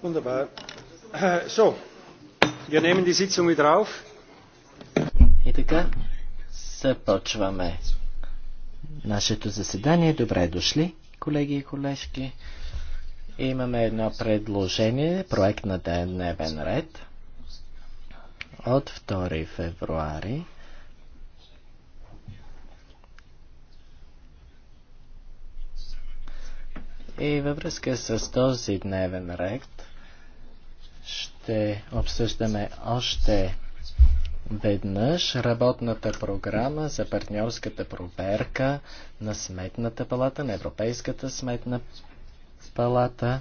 Wunderbar. Äh, so, wir nehmen die Sitzung wieder auf. И така, започваме нашето заседание. Добре дошли, колеги и колежки. Имаме едно предложение, проект на дневен ред от 2 февруари И във връзка с този дневен ред, ще обсъждаме още веднъж работната програма за партньорската проверка на Сметната палата, на Европейската сметна палата.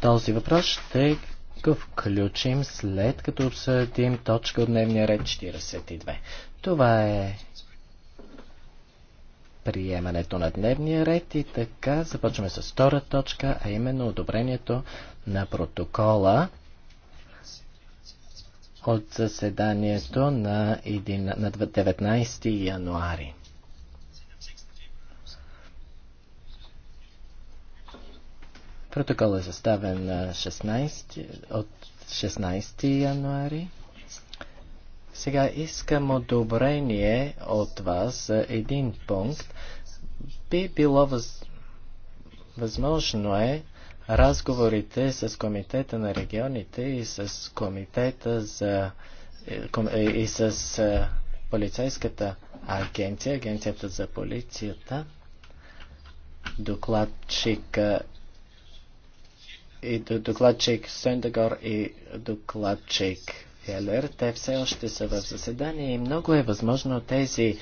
Този въпрос ще го включим след като обсъдим точка от дневния ред 42. Това е приемането на дневния ред и така започваме с втора точка, а именно одобрението на протокола от заседанието на 19 януари. Протокол е съставен на 16, от 16 януари. Сега искам одобрение от вас за един пункт. Би било възможно е разговорите с Комитета на регионите и с Комитета за е, е, и с е, полицейската агенция, агенцията за полицията, докладчик и докладчик Сендегор и докладчик Фелер, те все още са в заседание и много е възможно тези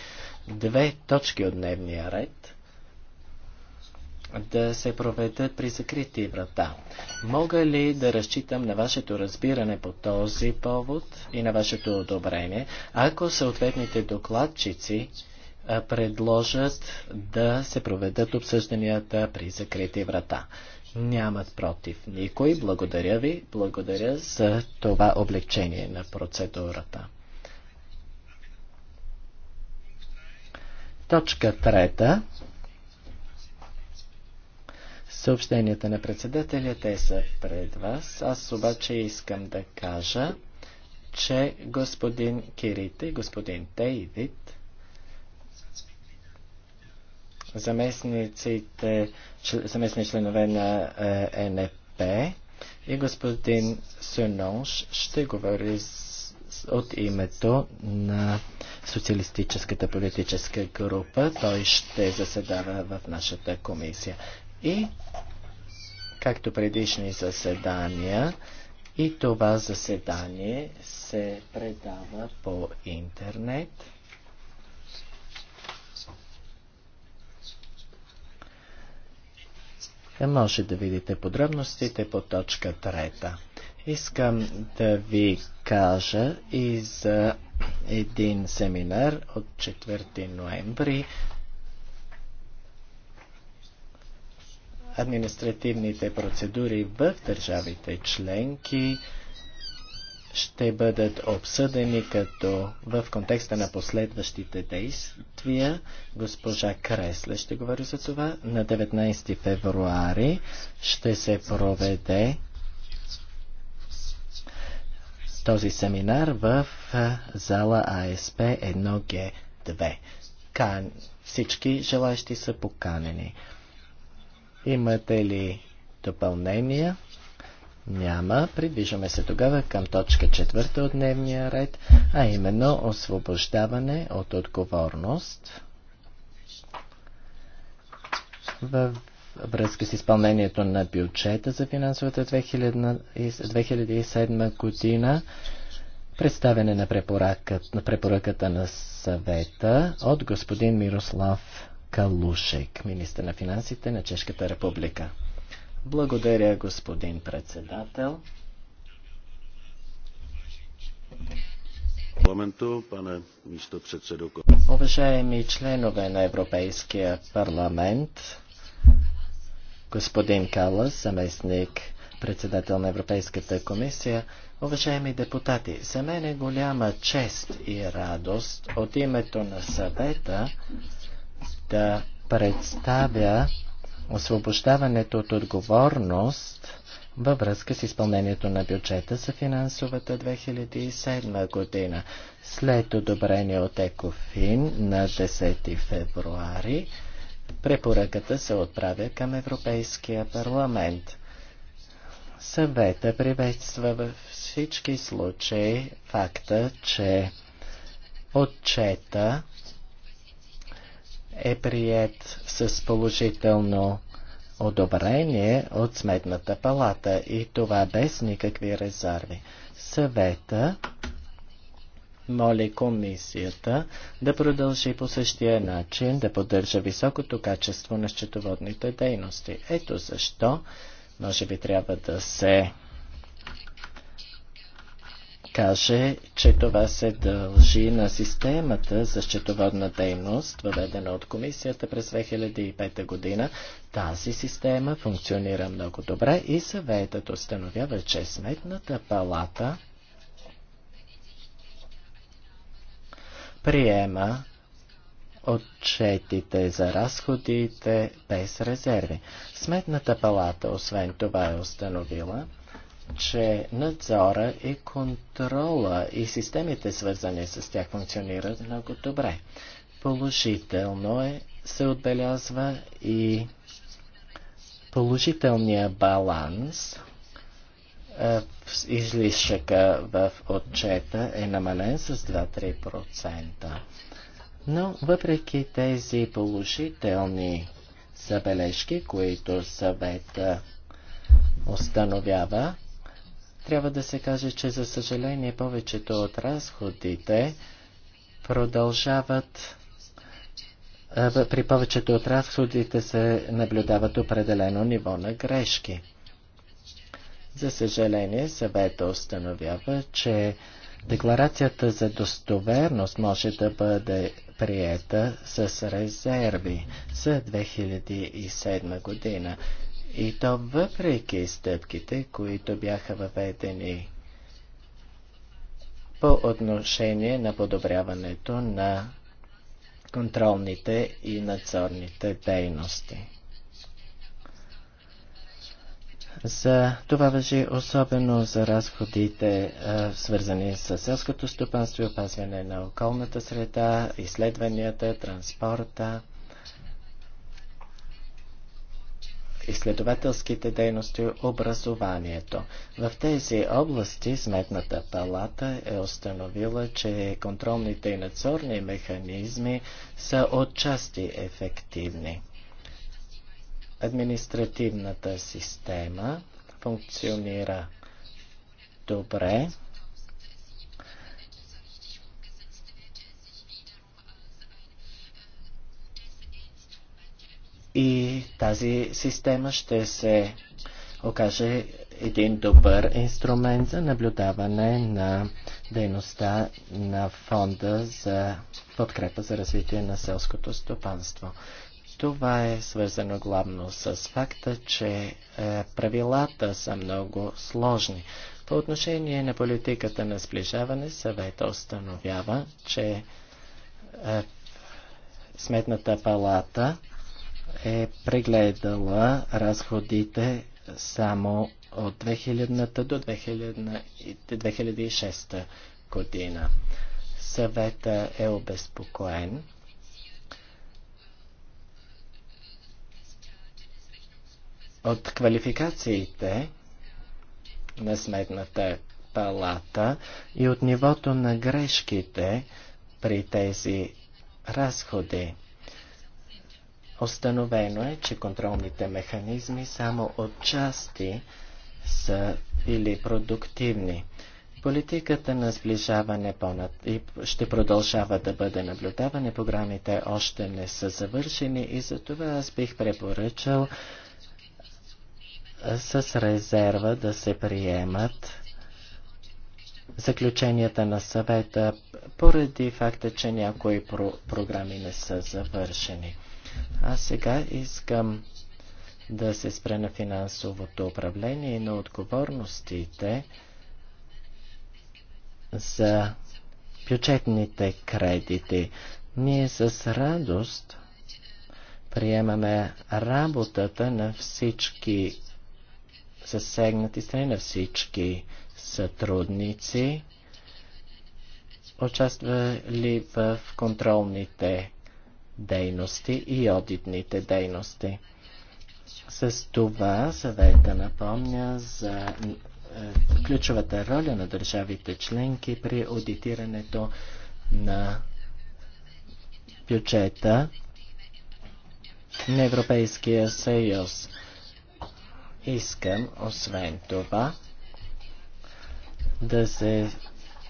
две точки от дневния ред да се проведат при закрити врата. Мога ли да разчитам на вашето разбиране по този повод и на вашето одобрение, ако съответните докладчици предложат да се проведат обсъжданията при закрити врата? Нямат против никой. Благодаря ви. Благодаря за това облегчение на процедурата. Точка трета съобщенията на председателя, те са пред вас. Аз обаче искам да кажа, че господин Кирите и господин Тейвид, заместниците, заместни членове на е, НП и господин Сюнонш ще говори с, от името на социалистическата политическа група. Той ще заседава в нашата комисия. И, както предишни заседания, и това заседание се предава по интернет. Е, може да видите подробностите по точка трета. Искам да ви кажа и за един семинар от 4 ноември административните процедури в държавите членки ще бъдат обсъдени като в контекста на последващите действия. Госпожа Кресле ще говори за това. На 19 февруари ще се проведе този семинар в зала АСП 1Г2. Всички желаящи са поканени. Имате ли допълнения? Няма. Придвижваме се тогава към точка четвърта от дневния ред, а именно освобождаване от отговорност във връзка с изпълнението на бюджета за финансовата 2007 година, представяне на на, препоръката на съвета от господин Мирослав Калушек, министър на финансите на Чешката република. Благодаря, господин председател. Уважаеми членове на Европейския парламент, господин Калас, заместник председател на Европейската комисия, уважаеми депутати, за мен е голяма чест и радост от името на съвета да представя освобождаването от отговорност във връзка с изпълнението на бюджета за финансовата 2007 година. След одобрение от ЕКОФИН на 10 февруари, препоръката се отправя към Европейския парламент. Съвета приветства във всички случаи факта, че отчета е прият с положително одобрение от Сметната палата и това без никакви резерви. Съвета моли комисията да продължи по същия начин да поддържа високото качество на счетоводните дейности. Ето защо може би трябва да се каже, че това се дължи на системата за счетоводна дейност, въведена от комисията през 2005 година. Тази система функционира много добре и съветът установява, че сметната палата приема отчетите за разходите без резерви. Сметната палата, освен това, е установила, че надзора и контрола и системите свързани с тях функционират много добре. Положително е, се отбелязва и положителния баланс е, излишъка в отчета е намален с 2-3%. Но въпреки тези положителни забележки, които съвета установява, трябва да се каже, че за съжаление повечето от разходите продължават при повечето от разходите се наблюдават определено ниво на грешки. За съжаление, съвета установява, че декларацията за достоверност може да бъде приета с резерви за 2007 година. И то въпреки стъпките, които бяха въведени по отношение на подобряването на контролните и надзорните дейности. За това въжи особено за разходите, свързани с селското стопанство и опазване на околната среда, изследванията, транспорта. изследователските дейности, образованието. В тези области Сметната палата е установила, че контролните и надзорни механизми са отчасти ефективни. Административната система функционира добре. и тази система ще се окаже един добър инструмент за наблюдаване на дейността на фонда за подкрепа за развитие на селското стопанство. Това е свързано главно с факта, че е, правилата са много сложни. По отношение на политиката на сближаване, съвета установява, че е, Сметната палата е прегледала разходите само от 2000 та до 2006 2006 година. Съвета е обезпокоен. От квалификациите на сметната палата и от нивото на грешките при тези разходи. Остановено е, че контролните механизми само отчасти са били продуктивни. Политиката на сближаване понад и ще продължава да бъде наблюдаване. Програмите още не са завършени и за това аз бих препоръчал с резерва да се приемат заключенията на съвета поради факта, че някои про програми не са завършени. А сега искам да се спре на финансовото управление и на отговорностите за бюджетните кредити. Ние с радост приемаме работата на всички съсегнати страни, на всички сътрудници, участвали в контролните дейности и одитните дейности. С това съвета напомня за е, ключовата роля на държавите членки при аудитирането на бюджета на Европейския съюз. Искам, освен това, да се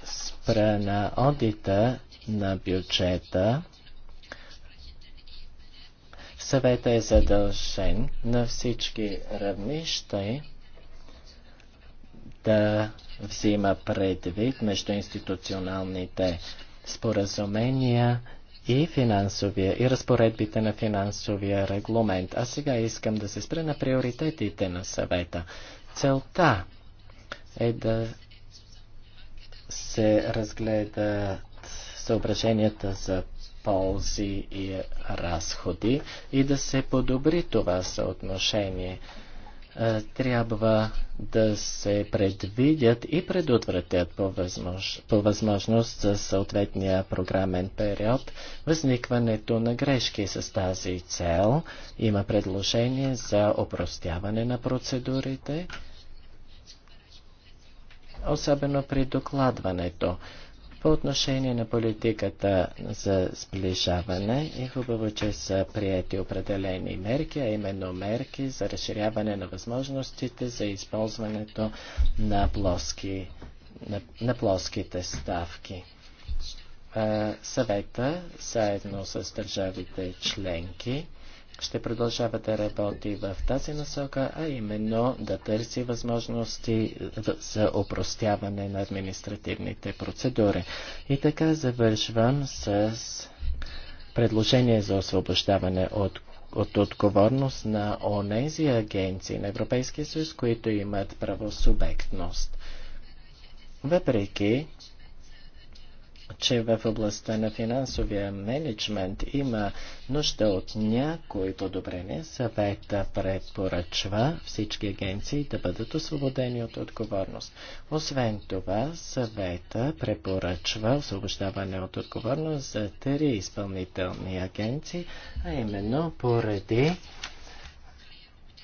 спра на одита на бюджета Съветът е задължен на всички равнища да взима предвид между институционалните споразумения и финансовия и разпоредбите на финансовия регламент. А сега искам да се спре на приоритетите на съвета. Целта е да се разгледат съображенията за ползи и разходи и да се подобри това съотношение. Е, трябва да се предвидят и предотвратят по, възмож... по възможност за съответния програмен период възникването на грешки с тази цел. Има предложение за опростяване на процедурите, особено при докладването. По отношение на политиката за сближаване е хубаво, че са прияти определени мерки, а именно мерки за разширяване на възможностите за използването на, плоски, на, на плоските ставки. Съвета, заедно с държавите членки, ще продължава да работи в тази насока, а именно да търси възможности за опростяване на административните процедури. И така завършвам с предложение за освобождаване от от отговорност на онези агенции на Европейския съюз, които имат правосубектност. Въпреки че в областта на финансовия менеджмент има нужда от някои подобрения. Съвета препоръчва всички агенции да бъдат освободени от отговорност. Освен това, съвета препоръчва освобождаване от отговорност за три изпълнителни агенции, а именно поради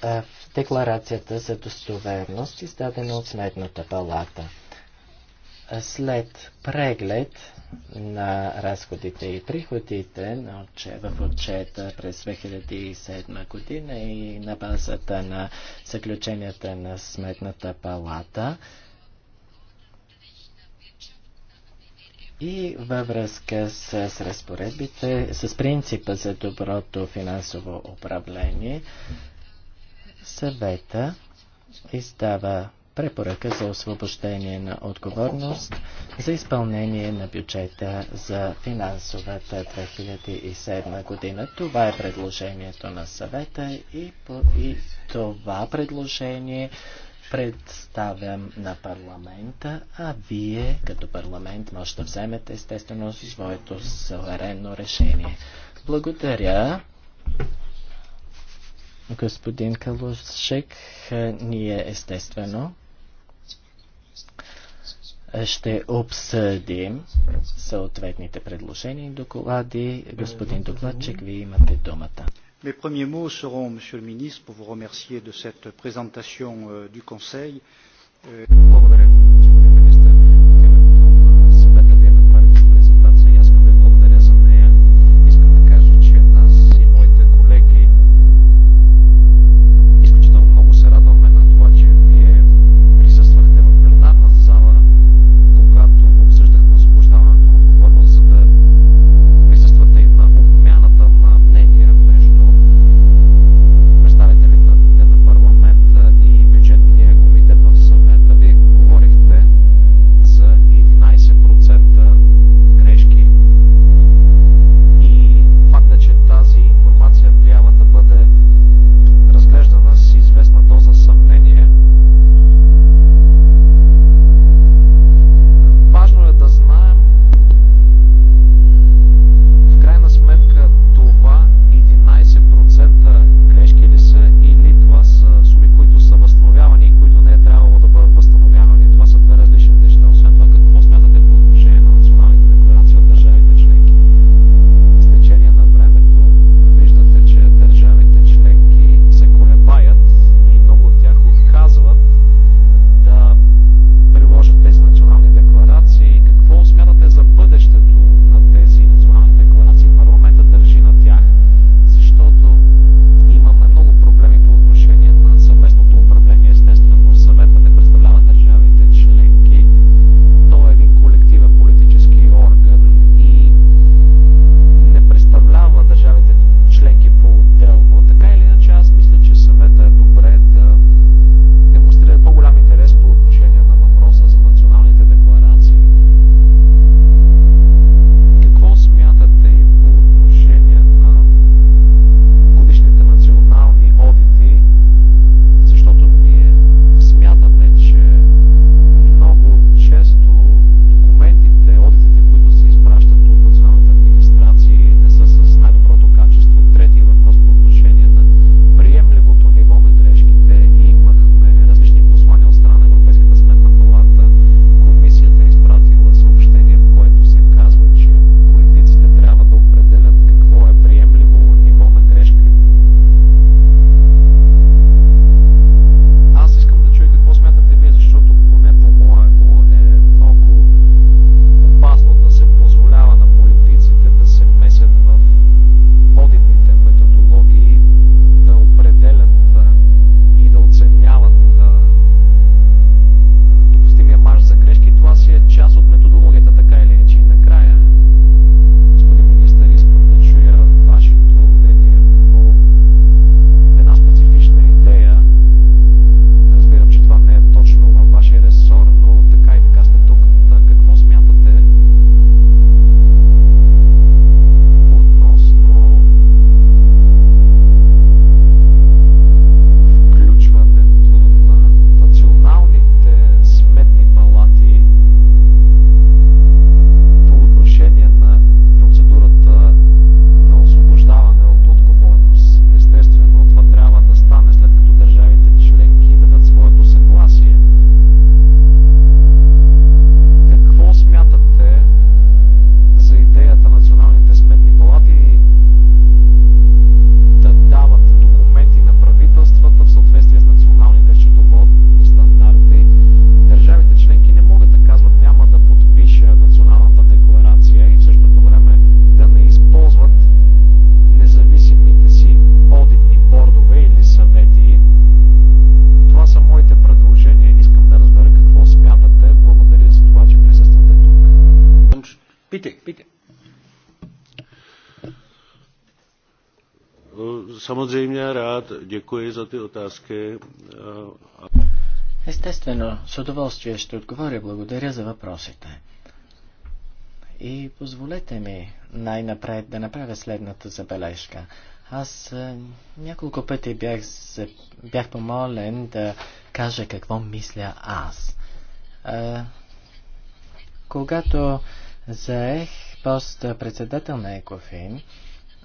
в декларацията за достоверност, издадена от Сметната палата. След преглед на разходите и приходите на в отчета през 2007 година и на базата на заключенията на Сметната палата и във връзка с разпоредбите, с принципа за доброто финансово управление, съвета издава препоръка за освобождение на отговорност за изпълнение на бюджета за финансовата 2007 година. Това е предложението на съвета и, по, и това предложение представям на парламента, а вие като парламент можете да вземете естествено своето суверенно решение. Благодаря. Господин Калушек, ние естествено ще обсъдим съответните предложения и доклади. Господин докладчик, вие имате думата. Mes premiers mots seront, Monsieur le Ministre, pour vous remercier de cette présentation euh, du Conseil. Euh, Естествено, с удоволствие ще отговоря. Благодаря за въпросите. И позволете ми най-напред да направя следната забележка. Аз е, няколко пъти бях, бях помолен да кажа какво мисля аз. А, е, когато заех пост председател на Екофин,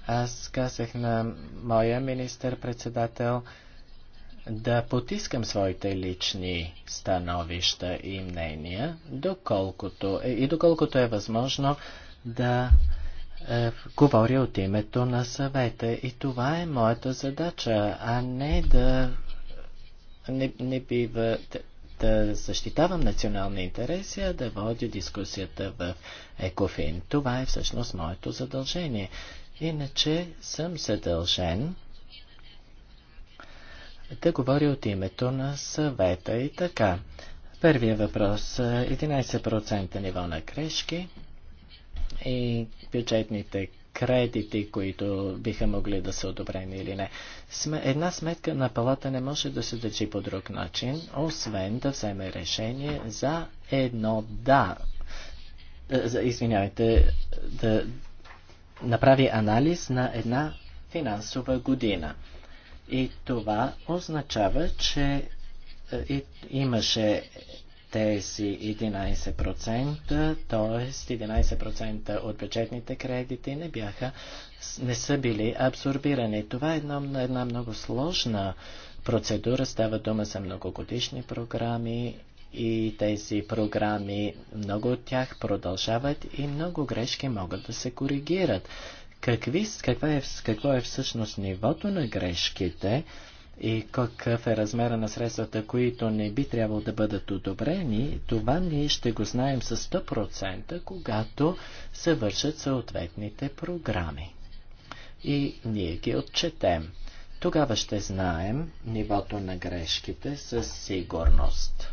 аз казах на моя министър-председател, да потискам своите лични становища и мнения, доколкото, е, и доколкото е възможно да е, говоря от името на съвета. И това е моята задача, а не да не, не бива да, защитавам национални интереси, а да водя дискусията в Екофин. Това е всъщност моето задължение. Иначе съм задължен да говори от името на съвета и така. Първия въпрос. 11% ниво на грешки и бюджетните кредити, които биха могли да са одобрени или не. Една сметка на палата не може да се държи по друг начин, освен да вземе решение за едно да. Е, извинявайте, да направи анализ на една финансова година. И това означава, че е, и, имаше тези 11%, т.е. 11% от бюджетните кредити не бяха, не са били абсорбирани. Това е една, една много сложна процедура. Става дума за многогодишни програми и тези програми, много от тях продължават и много грешки могат да се коригират. Какви, каква е, какво е всъщност нивото на грешките и какъв е размера на средствата, които не би трябвало да бъдат одобрени, това ние ще го знаем със 100%, когато се вършат съответните програми. И ние ги отчетем. Тогава ще знаем нивото на грешките със сигурност.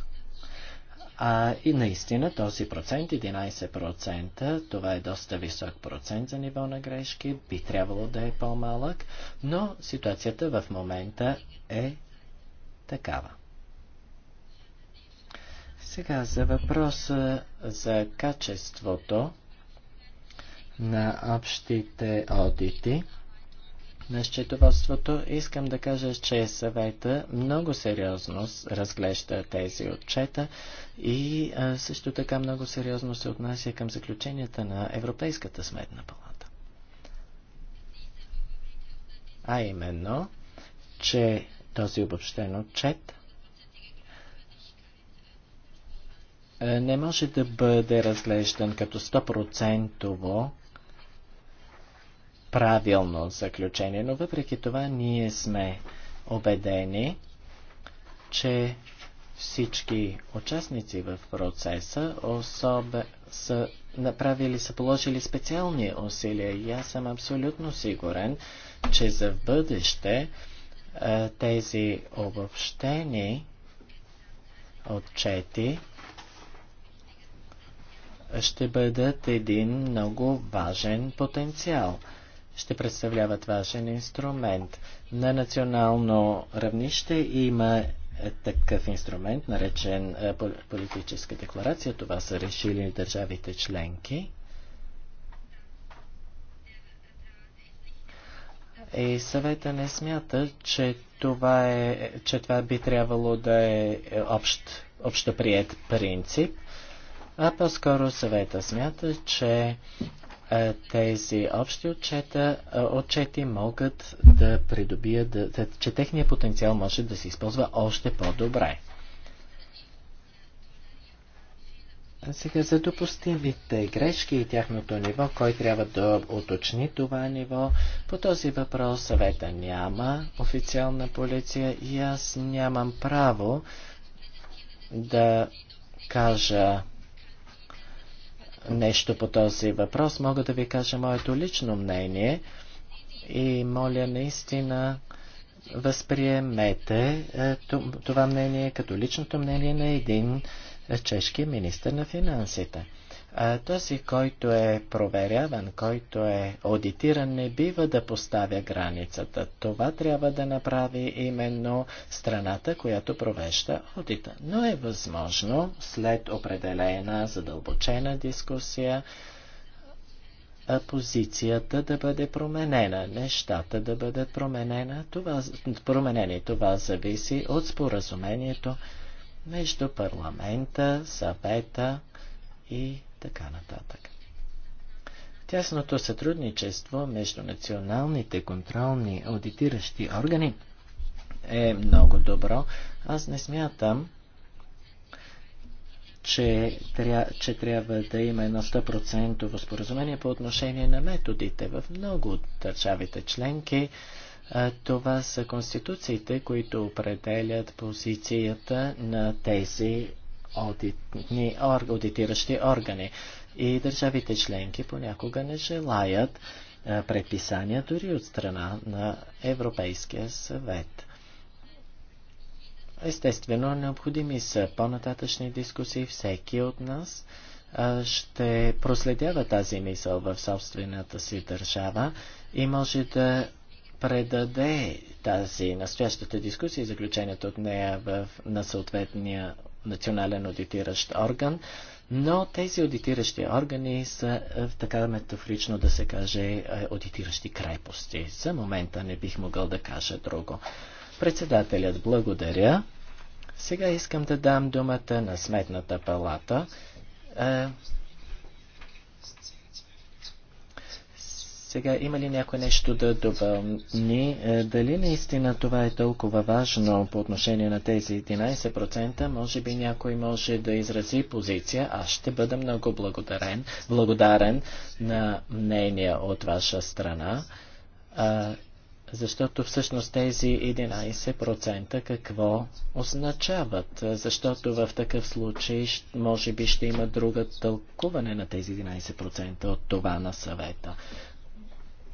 А, и наистина този процент, 11%, това е доста висок процент за ниво на грешки, би трябвало да е по-малък, но ситуацията в момента е такава. Сега за въпроса за качеството на общите одити на счетоводството, искам да кажа, че съвета много сериозно разглежда тези отчета и също така много сериозно се отнася към заключенията на Европейската сметна палата. А именно, че този обобщен отчет не може да бъде разглеждан като 100% правилно заключение, но въпреки това ние сме убедени, че всички участници в процеса особе, са направили, са положили специални усилия и аз съм абсолютно сигурен, че за в бъдеще е, тези обобщени отчети ще бъдат един много важен потенциал ще представляват важен инструмент. На национално равнище има такъв инструмент, наречен е, политическа декларация. Това са решили държавите членки. И съвета не смята, че това, е, че това би трябвало да е, е общ, общоприет принцип, а по-скоро съвета смята, че е, тези общи отчета, е, отчети могат да придобият, да, че техният потенциал може да се използва още по-добре. Сега за допустимите грешки и тяхното ниво, кой трябва да уточни това ниво, по този въпрос съвета няма официална полиция и аз нямам право да кажа нещо по този въпрос, мога да ви кажа моето лично мнение и моля наистина възприемете е, това мнение като личното мнение на един чешки министр на финансите. Този, който е проверяван, който е аудитиран, не бива да поставя границата. Това трябва да направи именно страната, която провежда аудита. Но е възможно, след определена задълбочена дискусия, позицията да бъде променена, нещата да бъдат променена, това, променени. Това зависи от споразумението между парламента, съвета и така нататък. Тясното сътрудничество между националните контролни аудитиращи органи е много добро. Аз не смятам, че, тря, че трябва да има едно 100% споразумение по отношение на методите. В много от държавите членки това са конституциите, които определят позицията на тези одитни, ор, аудитиращи органи. И държавите членки понякога не желаят предписания дори от страна на Европейския съвет. Естествено, необходими са по-нататъчни дискусии. Всеки от нас ще проследява тази мисъл в собствената си държава и може да предаде тази настоящата дискусия и заключението от нея в, на съответния национален аудитиращ орган, но тези аудитиращи органи са, е, така метафорично да се каже, е, аудитиращи крайпости. За момента не бих могъл да кажа друго. Председателят благодаря. Сега искам да дам думата на Сметната палата. Е, Сега има ли някой нещо да допълни? Е, дали наистина това е толкова важно по отношение на тези 11%? Може би някой може да изрази позиция. Аз ще бъда много благодарен, благодарен на мнение от ваша страна. А, защото всъщност тези 11% какво означават? Защото в такъв случай може би ще има друга тълкуване на тези 11% от това на съвета.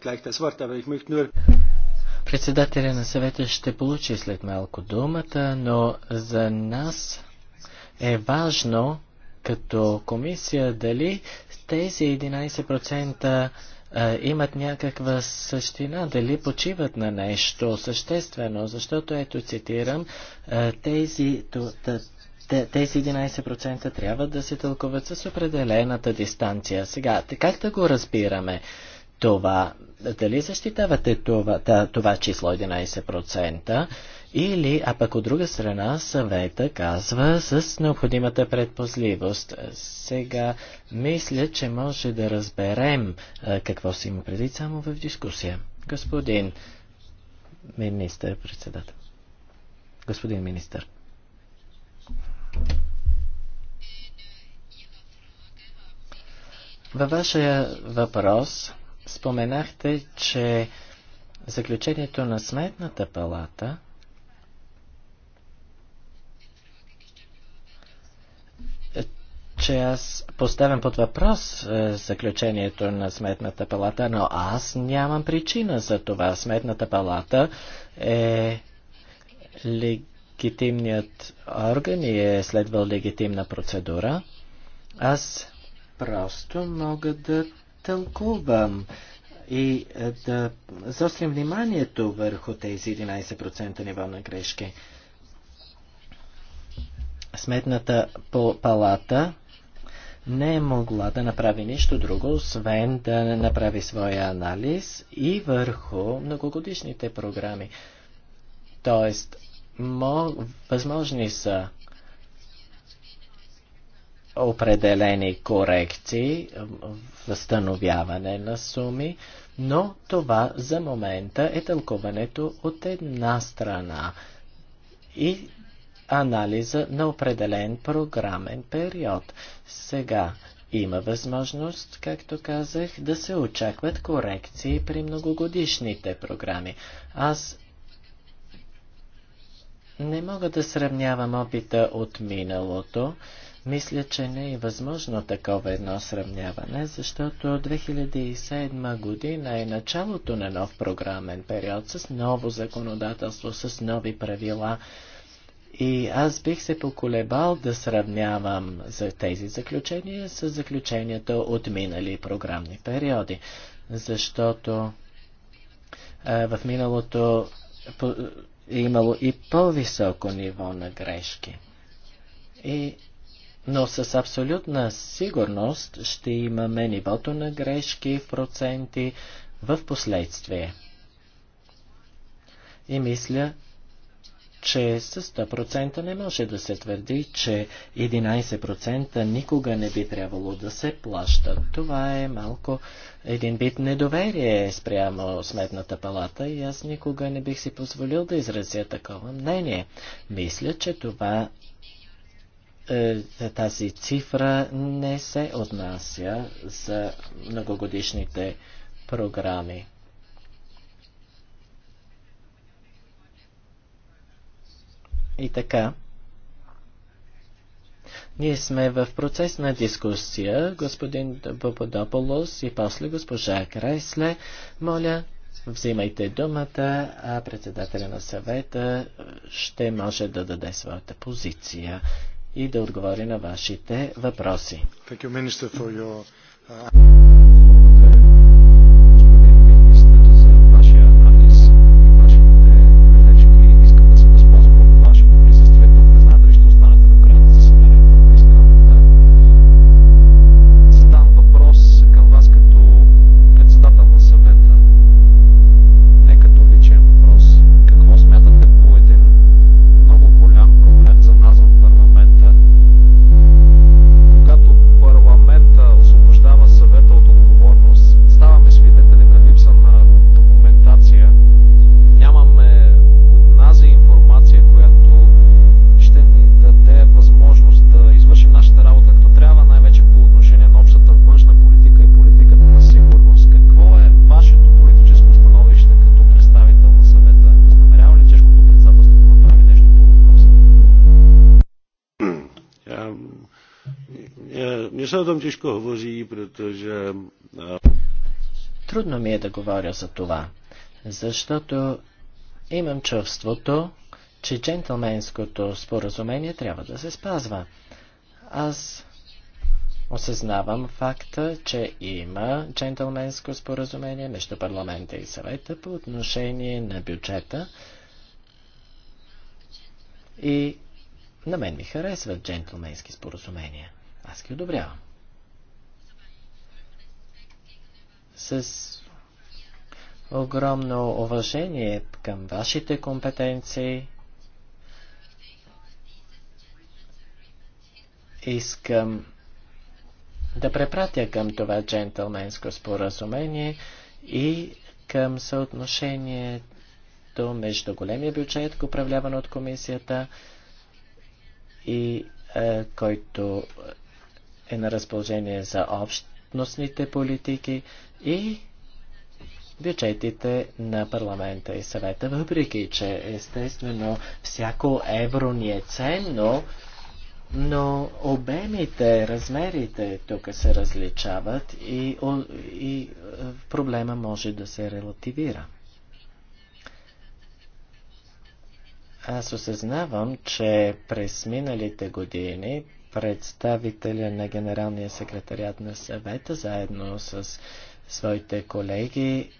gleich das Wort, aber ich möchte nur... Председателя на съвета ще получи след малко думата, но за нас е важно като комисия дали тези 11% имат някаква същина, дали почиват на нещо съществено, защото ето цитирам, тези, тези 11% трябва да се тълкуват с определената дистанция. Сега, как да го разбираме това? дали защитавате това, това число 11% или, а пък от друга страна, съвета казва с необходимата предпозливост. Сега, мисля, че може да разберем какво си има предвид само в дискусия. Господин министър, председател. Господин министър. Във вашия въпрос Споменахте, че заключението на Сметната палата е, че аз поставям под въпрос е, заключението на Сметната палата, но аз нямам причина за това. Сметната палата е легитимният орган и е следвал легитимна процедура. Аз просто мога да тълкувам и е, да заострим вниманието върху тези 11% ниво на грешки. Сметната палата не е могла да направи нищо друго, освен да направи своя анализ и върху многогодишните програми. Тоест, възможни са определени корекции, възстановяване на суми, но това за момента е тълкуването от една страна и анализа на определен програмен период. Сега има възможност, както казах, да се очакват корекции при многогодишните програми. Аз не мога да сравнявам опита от миналото мисля, че не е възможно такова едно сравняване, защото 2007 година е началото на нов програмен период с ново законодателство, с нови правила. И аз бих се поколебал да сравнявам за тези заключения с заключенията от минали програмни периоди, защото а, в миналото е имало и по-високо ниво на грешки. И но с абсолютна сигурност ще имаме нивото на грешки в проценти в последствие. И мисля, че с 100% не може да се твърди, че 11% никога не би трябвало да се плащат. Това е малко един вид недоверие спрямо Сметната палата и аз никога не бих си позволил да изразя такова мнение. Мисля, че това е, тази цифра не се отнася за многогодишните програми. И така, ние сме в процес на дискусия. Господин Бободополос и после госпожа Крайсле, моля, взимайте думата, а председателя на съвета ще може да даде своята позиция и да отговори на вашите въпроси. Uh, se o tom těžko hovoří, Трудно ми е да говоря за това, защото имам чувството, че джентлменското споразумение трябва да се спазва. Аз осъзнавам факта, че има джентлменско споразумение между парламента и съвета по отношение на бюджета и на мен ми харесват джентлменски споразумения. Аз ги одобрявам. С огромно уважение към вашите компетенции искам да препратя към това джентълменско споразумение и към съотношението между големия бюджет, управляван от комисията и е, който е на разположение за общностните политики и бюджетите на парламента и съвета, въпреки че естествено всяко евро ни е ценно, но обемите, размерите тук се различават и, и е, проблема може да се релативира. Аз осъзнавам, че през миналите години представителя на Генералния секретариат на съвета, заедно с своите колеги,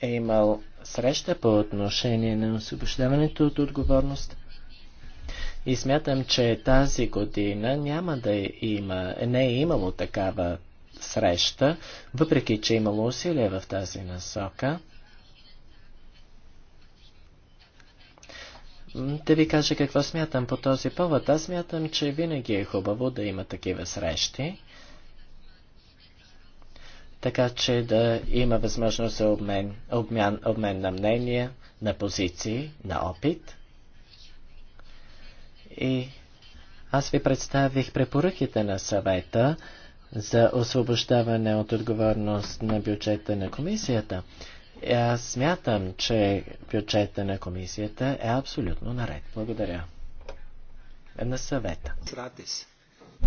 е имал среща по отношение на освобождаването от отговорност. И смятам, че тази година няма да има, не е имало такава среща, въпреки че е имало усилия в тази насока. да ви кажа какво смятам по този повод. Аз смятам, че винаги е хубаво да има такива срещи, така че да има възможност за обмен, обмен, обмен на мнения, на позиции, на опит. И аз ви представих препоръките на съвета за освобождаване от отговорност на бюджета на комисията. Е, аз смятам, че бюджета на комисията е абсолютно наред. Благодаря. На съвета.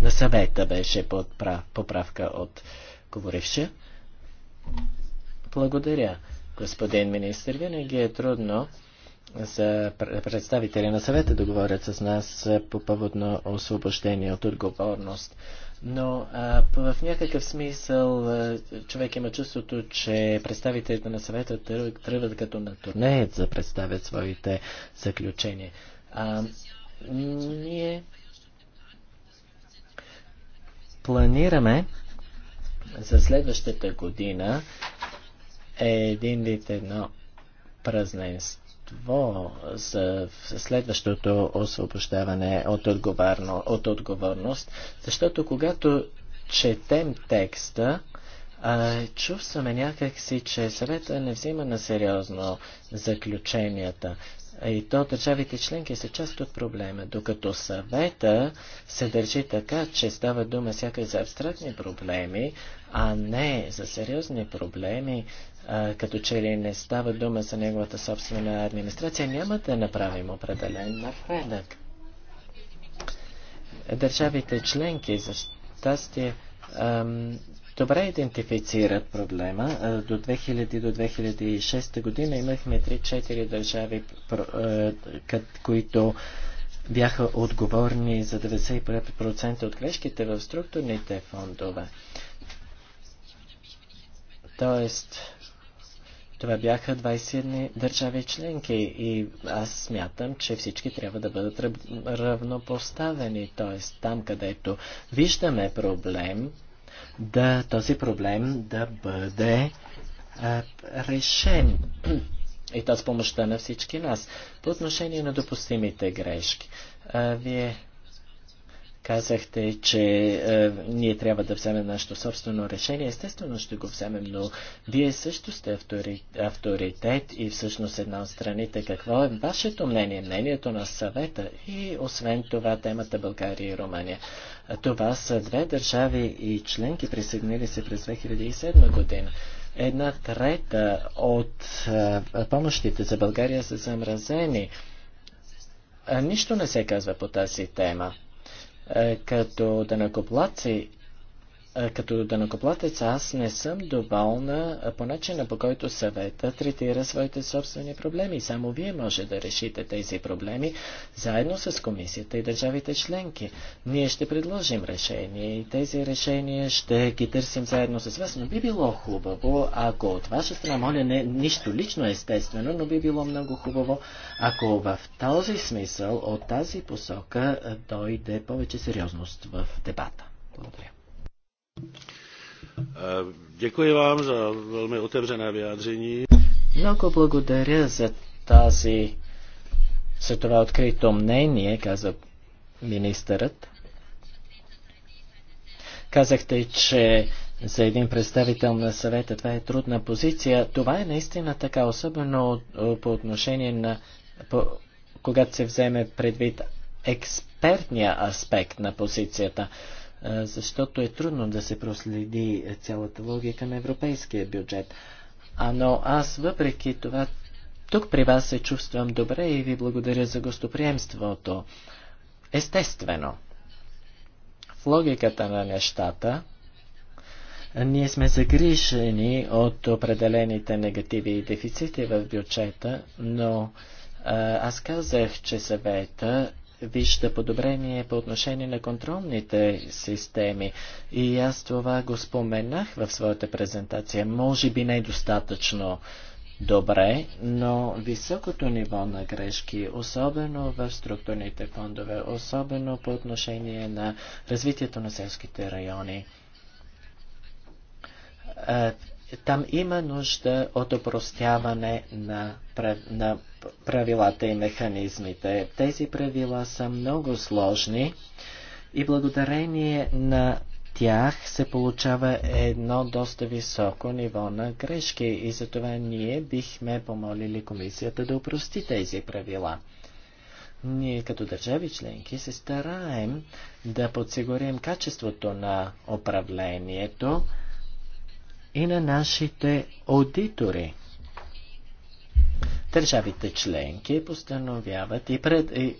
На съвета беше подправ, поправка от говорившия. Благодаря, господин министр. Винаги е трудно за представители на съвета да говорят с нас по повод на освобождение от отговорност. Но а, в някакъв смисъл а, човек има чувството, че представителите на съвета тръгват като на турне за представят своите заключения. А, ние планираме за следващата година е един вид едно празненство вещество за следващото освобождаване от, отговорно, от отговорност, защото когато четем текста, чувстваме някакси, че съвета не взима на сериозно заключенията. И то държавите членки са част от проблема, докато съвета се държи така, че става дума сякаш за абстрактни проблеми, а не за сериозни проблеми, като че ли не става дума за неговата собствена администрация, няма да направим определен напредък. Държавите членки, за щастие, добре идентифицират проблема. До 2000 до 2006 година имахме 3-4 държави, които бяха отговорни за 95% от грешките в структурните фондове. Тоест, това бяха 21 държави членки и аз смятам, че всички трябва да бъдат равнопоставени. Т.е. там, където виждаме проблем, да, този проблем да бъде а, решен. И то с помощта на всички нас. По отношение на допустимите грешки. А, вие Казахте, че е, ние трябва да вземем нашето собствено решение. Естествено ще го вземем, но вие също сте автори, авторитет и всъщност една от страните. Какво е вашето мнение, мнението на съвета и освен това темата България и Румъния? Това са две държави и членки присъединили се през 2007 година. Една трета от е, помощите за България са замразени. Е, нищо не се казва по тази тема. Е, като данакоплаци като данокоплатец аз не съм доволна по начина по който съвета третира своите собствени проблеми. Само вие може да решите тези проблеми заедно с комисията и държавите членки. Ние ще предложим решение и тези решения ще ги търсим заедно с вас, но би било хубаво, ако от ваша страна, моля, не нищо лично естествено, но би било много хубаво, ако в този смисъл, от тази посока дойде повече сериозност в дебата. Благодаря. Děkuji vám za velmi otevřené vyjádření. Много благодаря за тази за това открито мнение, каза министърът. Казахте, че за един представител на съвета това е трудна позиция. Това е наистина така, особено по отношение на, по, когато се вземе предвид експертния аспект на позицията защото е трудно да се проследи цялата логика на европейския бюджет. А, но аз въпреки това тук при вас се чувствам добре и ви благодаря за гостоприемството. Естествено, в логиката на нещата, ние сме загрижени от определените негативи и дефицити в бюджета, но аз казах, че съвета вижда подобрение по отношение на контролните системи. И аз това го споменах в своята презентация. Може би не е достатъчно добре, но високото ниво на грешки, особено в структурните фондове, особено по отношение на развитието на селските райони, там има нужда от опростяване на, на правилата и механизмите. Тези правила са много сложни и благодарение на тях се получава едно доста високо ниво на грешки и затова ние бихме помолили комисията да опрости тези правила. Ние като държави членки се стараем да подсигурим качеството на управлението, и на нашите аудитори. Държавите членки постановяват и, пред, и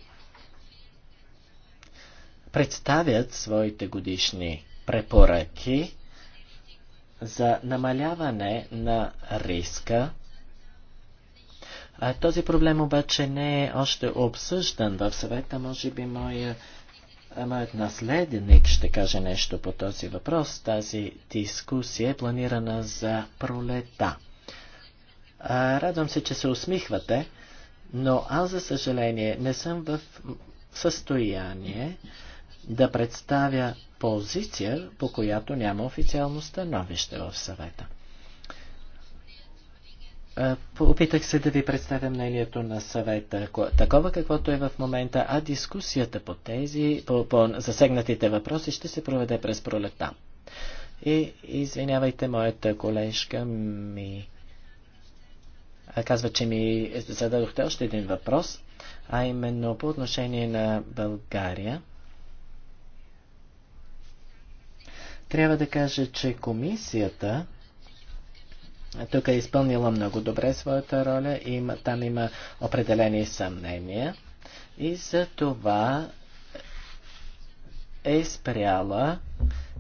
представят своите годишни препоръки за намаляване на риска. А този проблем обаче не е още обсъждан в съвета. Може би моя Моят наследник ще каже нещо по този въпрос. Тази дискусия е планирана за пролета. А, радвам се, че се усмихвате, но аз, за съжаление, не съм в състояние да представя позиция, по която няма официално становище в съвета. Опитах се да ви представя мнението на съвета, такова каквото е в момента, а дискусията по тези, по, по засегнатите въпроси ще се проведе през пролета. И извинявайте, моята колежка ми казва, че ми зададохте още един въпрос, а именно по отношение на България. Трябва да кажа, че комисията тук е изпълнила много добре своята роля, и там има определени съмнения и за това е спряла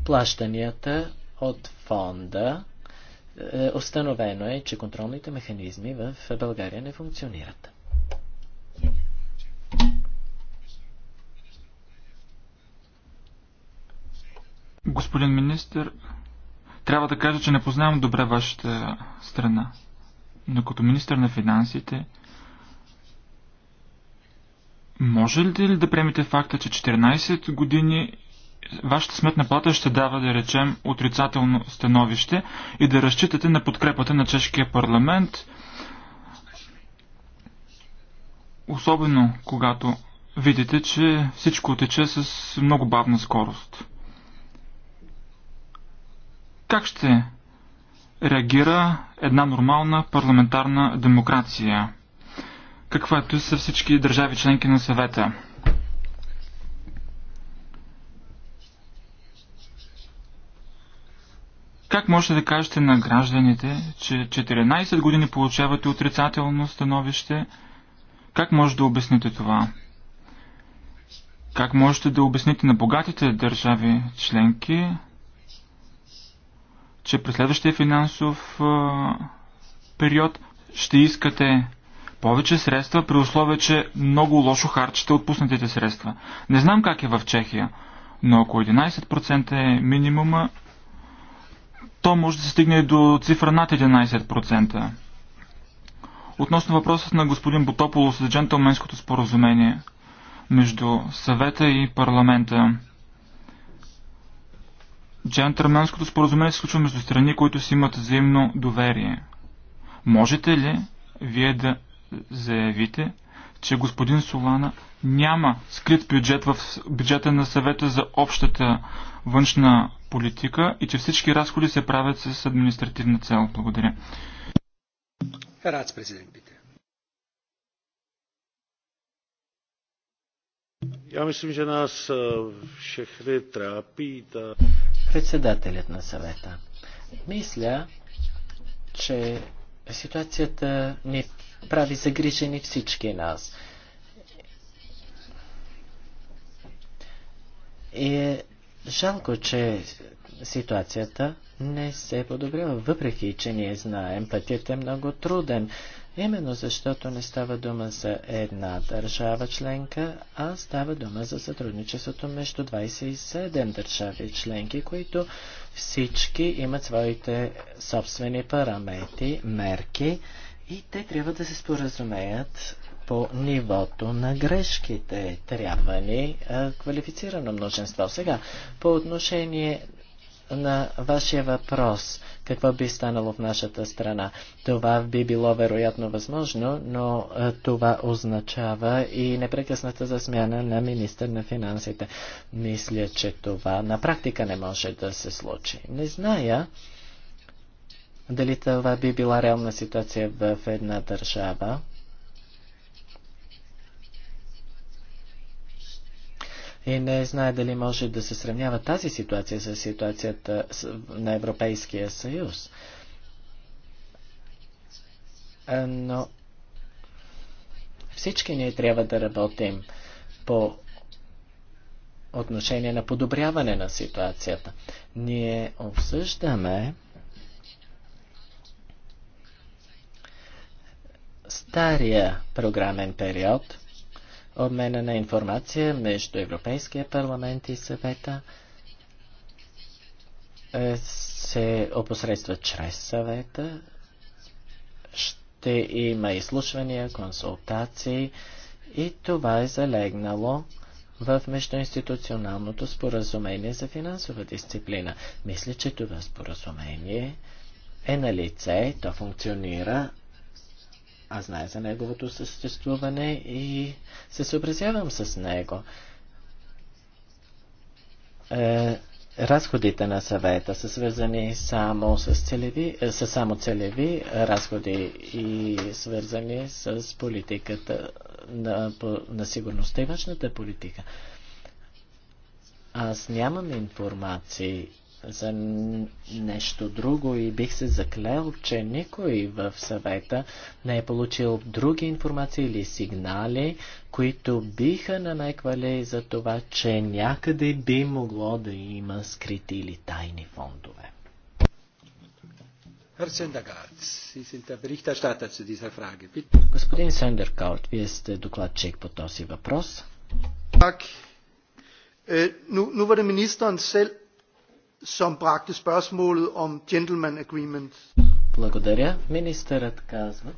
плащанията от фонда. Е, установено е, че контролните механизми в България не функционират. Господин министр, трябва да кажа, че не познавам добре вашата страна. Но като министър на финансите, може ли да приемете факта, че 14 години вашата сметна плата ще дава, да речем, отрицателно становище и да разчитате на подкрепата на чешкия парламент, особено когато видите, че всичко тече с много бавна скорост. Как ще реагира една нормална парламентарна демокрация, каквато е са всички държави членки на съвета? Как можете да кажете на гражданите, че 14 години получавате отрицателно становище? Как може да обясните това? Как можете да обясните на богатите държави членки, че през следващия финансов период ще искате повече средства, при условие, че много лошо харчите отпуснатите средства. Не знам как е в Чехия, но ако 11% е минимума, то може да се стигне до цифра над 11%. Относно въпросът на господин Ботополо с джентълменското споразумение между съвета и парламента – джентърменското споразумение се случва между страни, които си имат взаимно доверие. Можете ли вие да заявите, че господин Солана няма скрит бюджет в бюджета на съвета за общата външна политика и че всички разходи се правят с административна цел. Благодаря. Рад с президентите. Ja myslím, že nás všechny Председателят на съвета. Мисля, че ситуацията ни прави загрижени всички нас. И е жалко, че ситуацията не се е подобрява, въпреки че ние знаем, пътят е много труден. Именно защото не става дума за една държава членка, а става дума за сътрудничеството между 27 държави членки, които всички имат своите собствени параметри, мерки и те трябва да се споразумеят по нивото на грешките. Трябва ни квалифицирано множество. Сега, по отношение на вашия въпрос, какво би станало в нашата страна? Това би било вероятно възможно, но е, това означава и непрекъсната засмяна на министър на финансите. Мисля, че това на практика не може да се случи. Не зная дали това би била реална ситуация в една държава. и не знае дали може да се сравнява тази ситуация с ситуацията на Европейския съюз. Но всички ние трябва да работим по отношение на подобряване на ситуацията. Ние обсъждаме стария програмен период – обмена на информация между Европейския парламент и съвета е, се опосредства чрез съвета. Ще има изслушвания, консултации и това е залегнало в междуинституционалното споразумение за финансова дисциплина. Мисля, че това споразумение е на лице, то функционира, аз знае за неговото съществуване и се съобразявам с него. Е, разходите на съвета са свързани само с целеви, е, са само целеви разходи и свързани с политиката на, на сигурността и външната политика. Аз нямам информации за нещо друго и бих се заклел, че никой в съвета не е получил други информации или сигнали, които биха намеквали за това, че някъде би могло да има скрити или тайни фондове. Господин Сендеркаут, вие сте докладчик по този въпрос. Так. Nu, nu var det som bragte spørgsmålet om gentleman agreement. Благодаря. Министърът казва.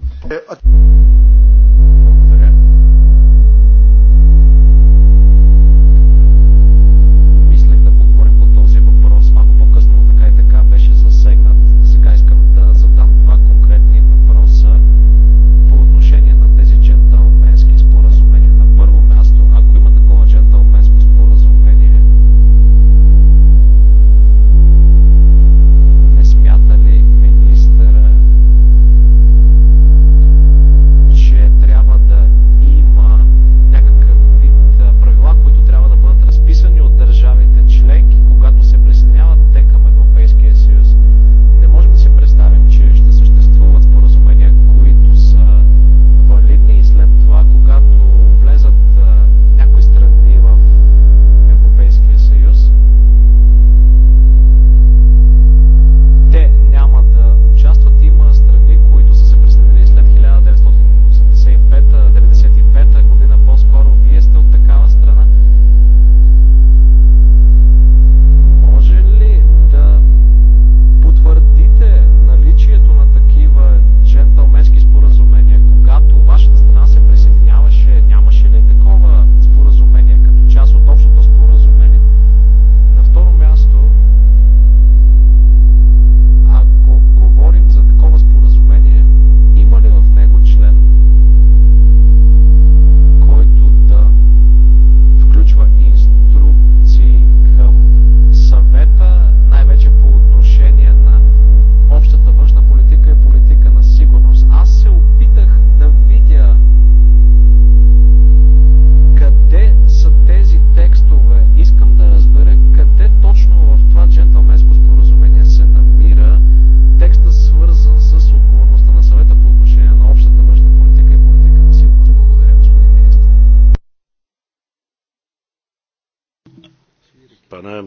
Pane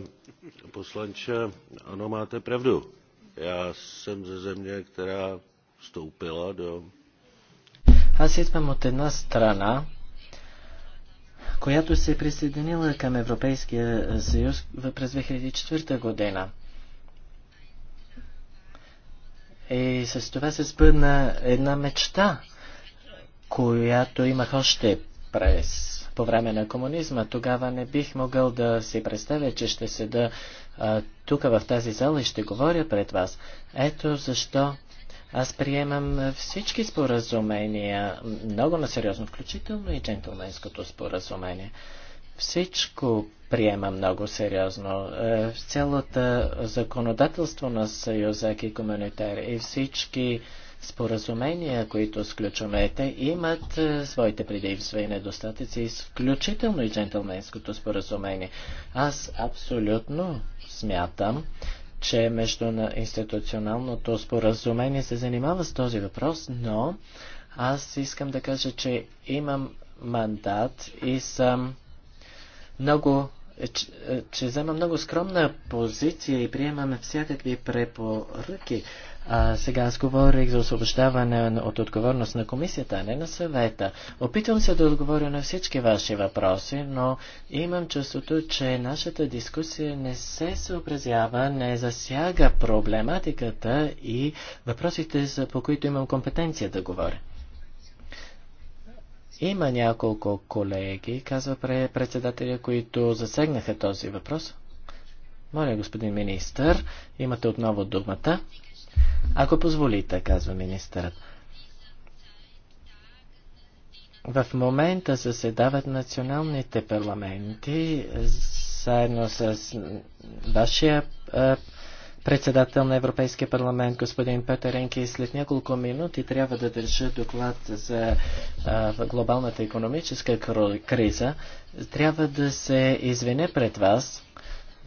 poslanče, ano, máte pravdu. Já jsem ze země, která vstoupila do... Аз идвам от една страна, която се присъединила към Европейския съюз през 2004 година. И с това се спъдна една мечта, която имах още през по време на комунизма. Тогава не бих могъл да си представя, че ще седа а, тук в тази зала и ще говоря пред вас. Ето защо аз приемам всички споразумения много насериозно, включително и джентлменското споразумение. Всичко приема много сериозно. Е, Цялото законодателство на Съюза е и комунитар и всички споразумения, които сключваме, те имат е, своите предимства и недостатъци, включително и джентълменското споразумение. Аз абсолютно смятам, че междуинституционалното споразумение се занимава с този въпрос, но аз искам да кажа, че имам мандат и съм много е, че, е, че взема много скромна позиция и приемаме всякакви препоръки. А, сега аз говорих за освобождаване от отговорност на комисията, а не на съвета. Опитвам се да отговоря на всички ваши въпроси, но имам чувството, че нашата дискусия не се съобразява, не засяга проблематиката и въпросите, за по които имам компетенция да говоря. Има няколко колеги, казва председателя, които засегнаха този въпрос. Моля, господин министър, имате отново думата. Ако позволите, казва министърът. В момента заседават националните парламенти е, заедно с вашия е, председател на Европейския парламент, господин Петър Енки. След няколко минути трябва да държа доклад за а, е, глобалната економическа криза. Трябва да се извиня пред вас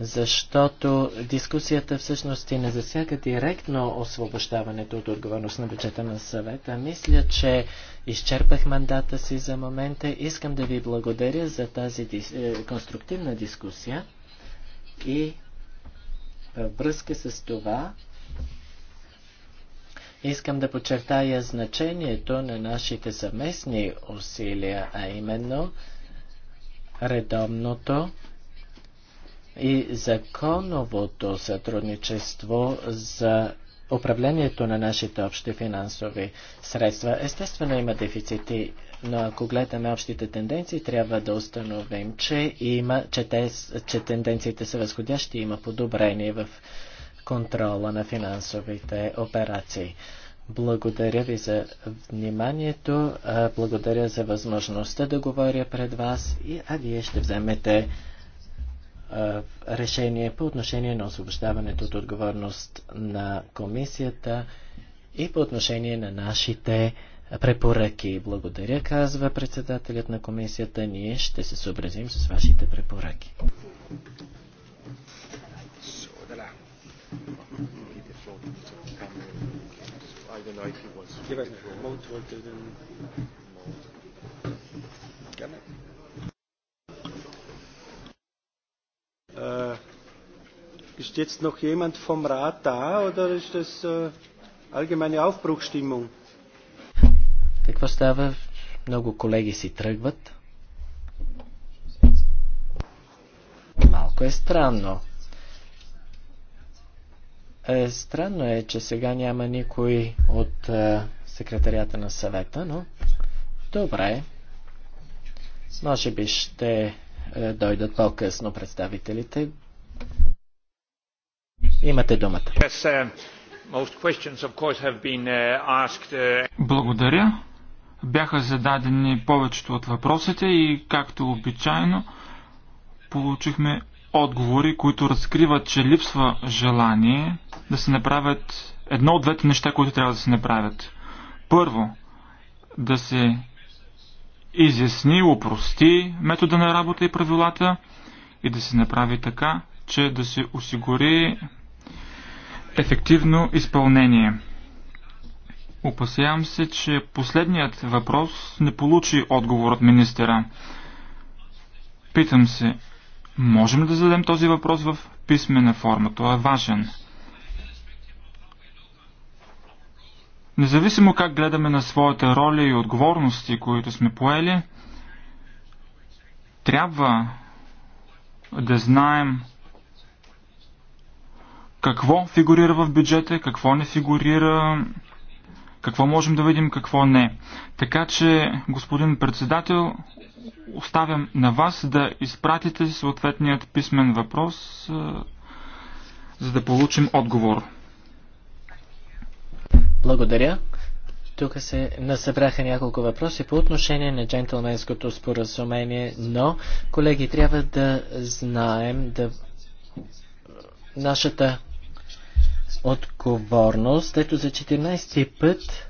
защото дискусията всъщност и не засяга директно освобождаването от отговорност на бюджета на съвета. Мисля, че изчерпах мандата си за момента. Искам да ви благодаря за тази дис... Е, конструктивна дискусия и във връзка с това искам да подчертая значението на нашите съвместни усилия, а именно редомното и законовото сътрудничество за управлението на нашите общи финансови средства. Естествено има дефицити, но ако гледаме общите тенденции, трябва да установим, че, има, че, те, че тенденциите са възходящи и има подобрение в контрола на финансовите операции. Благодаря ви за вниманието, благодаря за възможността да говоря пред вас, а вие ще вземете решение по отношение на освобождаването от отговорност на комисията и по отношение на нашите препоръки. Благодаря, казва председателят на комисията. Ние ще се съобразим с вашите препоръки. I don't know if he Uh, ist jetzt noch jemand vom Rat da oder ist das uh, allgemeine Aufbruchstimmung? Какво става? Много колеги си тръгват. Малко е странно. Е, странно е, че сега няма никой от е, секретарията на съвета, но добре. Може би ще е, дойдат по-късно представителите. Имате думата. Uh, uh, uh, Благодаря. Бяха зададени повечето от въпросите и, както обичайно, получихме отговори, които разкриват, че липсва желание да се направят едно от двете неща, които трябва да се направят. Първо, да се изясни, упрости метода на работа и правилата и да се направи така, че да се осигури ефективно изпълнение. Опасявам се, че последният въпрос не получи отговор от министера. Питам се, можем ли да зададем този въпрос в писмена форма? Той е важен. Независимо как гледаме на своята роля и отговорности, които сме поели, трябва да знаем какво фигурира в бюджета, какво не фигурира, какво можем да видим, какво не. Така че, господин председател, оставям на вас да изпратите съответният писмен въпрос, за да получим отговор. Благодаря. Тук се насъбраха няколко въпроси по отношение на джентлменското споразумение, но, колеги, трябва да знаем да нашата отговорност. Ето за 14 път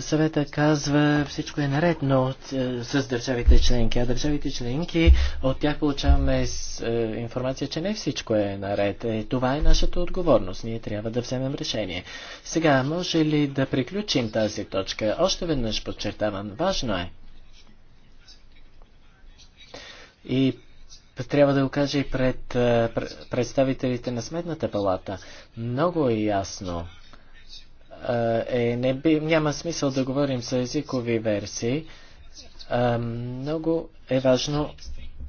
съвета казва всичко е наред, но е, с държавите членки. А държавите членки, от тях получаваме е, информация, че не всичко е наред. Е, това е нашата отговорност. Ние трябва да вземем решение. Сега, може ли да приключим тази точка? Още веднъж подчертавам, важно е. И трябва да го кажа и пред е, представителите на Сметната палата. Много е ясно е, не би, няма смисъл да говорим за езикови версии. Е, много е важно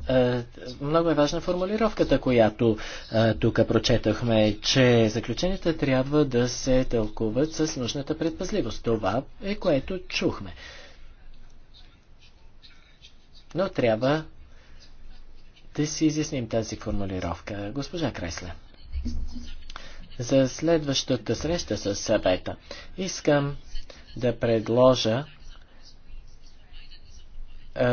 е, много е важна формулировката, която е, тук прочетахме, че заключенията трябва да се тълкуват с нужната предпазливост. Това е което чухме. Но трябва да си изясним тази формулировка. Госпожа Кресле за следващата среща с съвета. Искам да предложа е,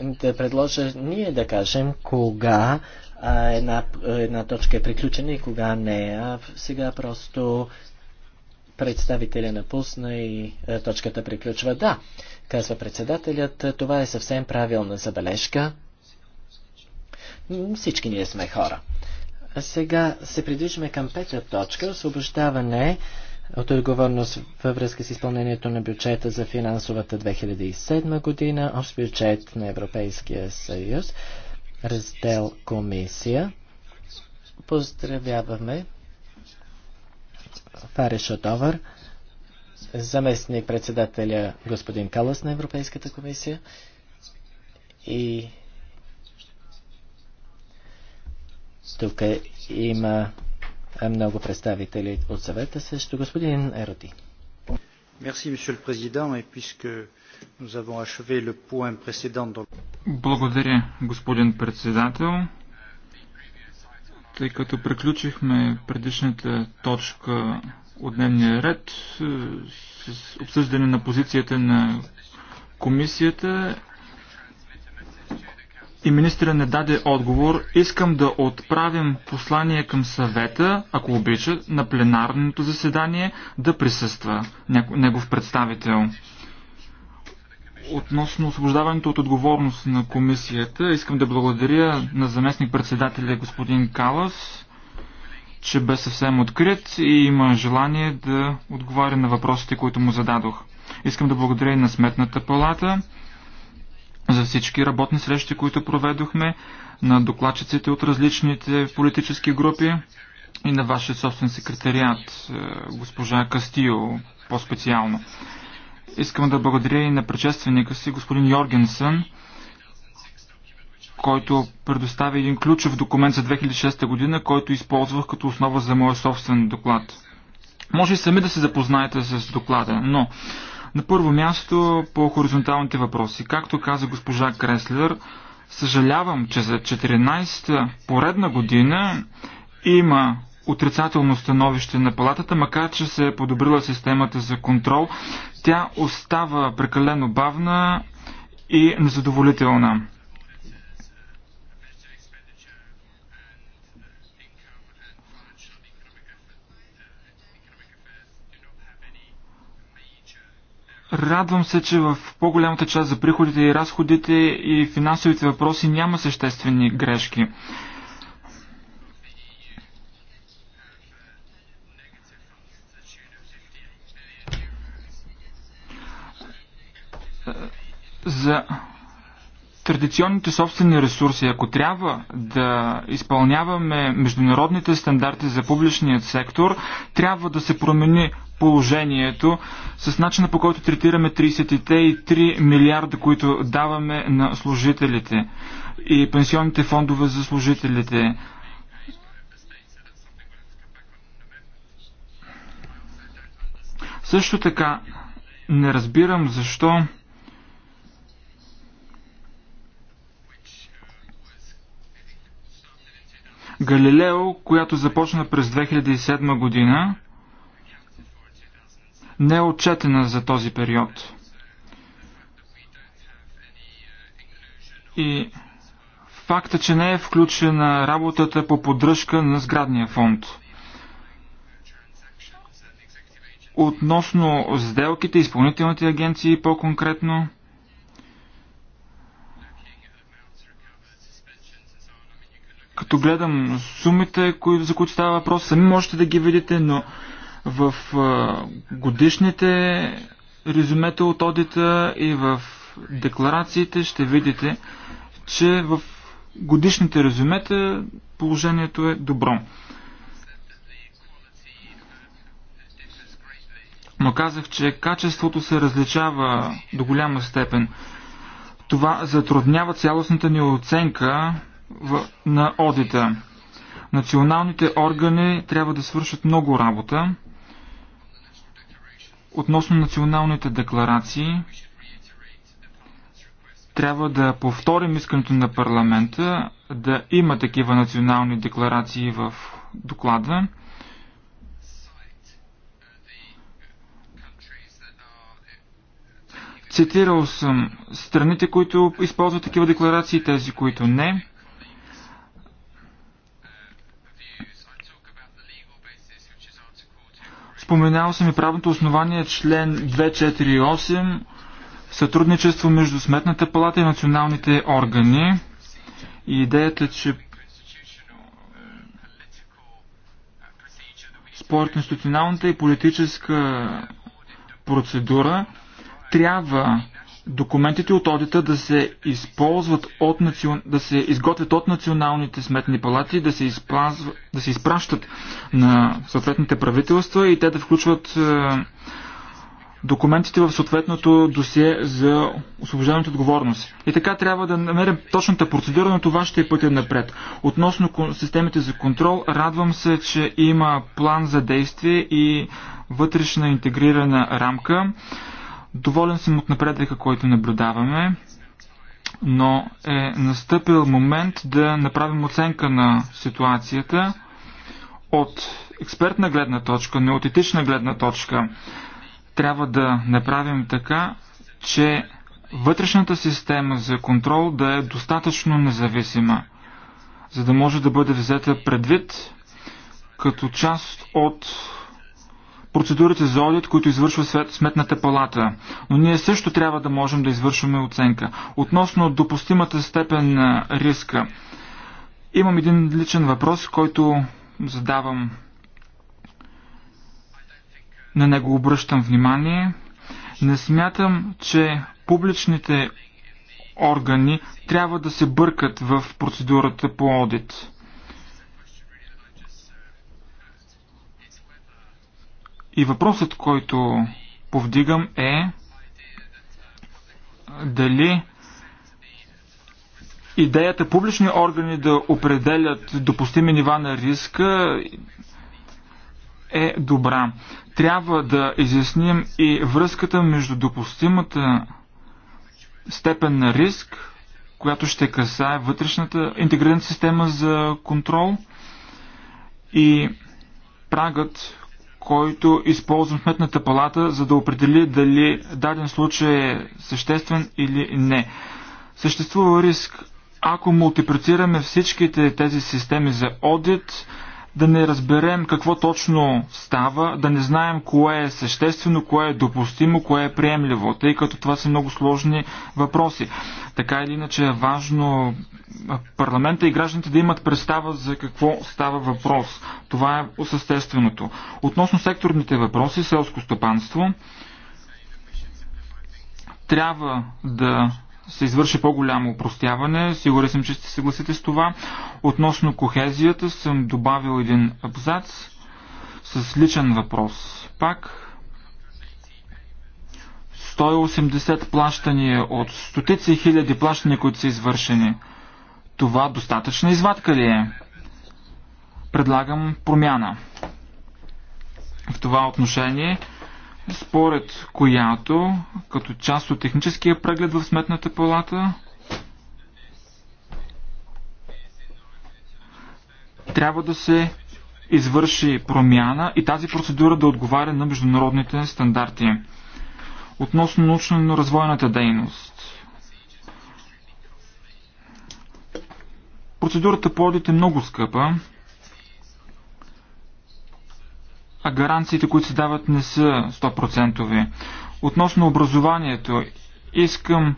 да предложа ние да кажем кога една, една точка е приключена и кога не. А сега просто представителя напусна и е, точката приключва. Да, казва председателят, това е съвсем правилна забележка. Всички ние сме хора. Сега се придвижваме към пета точка – освобождаване от отговорност във връзка с изпълнението на бюджета за финансовата 2007 година, общ бюджет на Европейския съюз, раздел комисия. Поздравяваме Фареш Отовър, заместник председателя господин Калас на Европейската комисия и Тук има е, много представители от съвета също. Господин Ероти. Merci, monsieur le le président. Et puisque nous avons achevé point précédent dans... Благодаря, господин председател. Тъй като приключихме предишната точка от дневния ред е, с обсъждане на позицията на комисията и министра не даде отговор, искам да отправим послание към съвета, ако обича, на пленарното заседание да присъства негов представител. Относно освобождаването от отговорност на комисията, искам да благодаря на заместник председателя господин Калас, че бе съвсем открит и има желание да отговаря на въпросите, които му зададох. Искам да благодаря и на Сметната палата, за всички работни срещи, които проведохме, на докладчиците от различните политически групи и на вашия собствен секретариат, е, госпожа Кастио по-специално. Искам да благодаря и на предшественика си, господин Йоргенсън, който предостави един ключов документ за 2006 година, който използвах като основа за моя собствен доклад. Може и сами да се запознаете с доклада, но на първо място по хоризонталните въпроси. Както каза госпожа Креслер, съжалявам, че за 14-та поредна година има отрицателно становище на палатата, макар че се е подобрила системата за контрол, тя остава прекалено бавна и незадоволителна. Радвам се, че в по-голямата част за приходите и разходите и финансовите въпроси няма съществени грешки. За традиционните собствени ресурси, ако трябва да изпълняваме международните стандарти за публичният сектор, трябва да се промени положението с начина по който третираме 33 милиарда, които даваме на служителите и пенсионните фондове за служителите. Също така не разбирам защо Галилео, която започна през 2007 година, не е отчетена за този период. И факта, че не е включена работата по поддръжка на сградния фонд. Относно сделките, изпълнителните агенции по-конкретно – Като гледам сумите, за които става въпрос, сами можете да ги видите, но в годишните резюмета от одита и в декларациите ще видите, че в годишните резюмета положението е добро. но казах, че качеството се различава до голяма степен. Това затруднява цялостната ни оценка на одита. Националните органи трябва да свършат много работа относно националните декларации. Трябва да повторим искането на парламента да има такива национални декларации в доклада. Цитирал съм страните, които използват такива декларации тези, които не. Споменал съм и правното основание член 248 сътрудничество между Сметната палата и националните органи. И идеята, че според институционалната и политическа процедура трябва документите от одита да се използват от национ... да се изготвят от националните сметни палати, да се, изпразв... да се изпращат на съответните правителства и те да включват е, документите в съответното досие за освобождаването отговорност. И така трябва да намерим точната процедура, но това ще е пътя напред. Относно системите за контрол, радвам се, че има план за действие и вътрешна интегрирана рамка. Доволен съм от напредъка, който наблюдаваме, но е настъпил момент да направим оценка на ситуацията от експертна гледна точка, не от етична гледна точка. Трябва да направим така, че вътрешната система за контрол да е достатъчно независима, за да може да бъде взета предвид като част от процедурите за одит, които извършва Сметната палата. Но ние също трябва да можем да извършваме оценка. Относно допустимата степен на риска, имам един личен въпрос, който задавам. На него обръщам внимание. Не смятам, че публичните органи трябва да се бъркат в процедурата по одит. И въпросът, който повдигам е дали идеята публични органи да определят допустими нива на риска е добра. Трябва да изясним и връзката между допустимата степен на риск, която ще касае вътрешната интегрирана система за контрол и прагът, който използвам сметната палата, за да определи дали даден случай е съществен или не. Съществува риск, ако мултиплицираме всичките тези системи за одит, да не разберем какво точно става, да не знаем кое е съществено, кое е допустимо, кое е приемливо, тъй като това са много сложни въпроси. Така или иначе е важно парламента и гражданите да имат представа за какво става въпрос. Това е състественото. Относно секторните въпроси, селско стопанство, трябва да се извърши по-голямо упростяване. Сигурен съм, че ще се съгласите с това. Относно кохезията съм добавил един абзац с личен въпрос. Пак 180 плащания от стотици хиляди плащания, които са извършени. Това достатъчна извадка ли е? Предлагам промяна. В това отношение според която, като част от техническия преглед в Сметната палата, трябва да се извърши промяна и тази процедура да отговаря на международните стандарти. Относно научно-развойната дейност. Процедурата по одит е много скъпа, а гаранциите, които се дават, не са 100%. Относно образованието, искам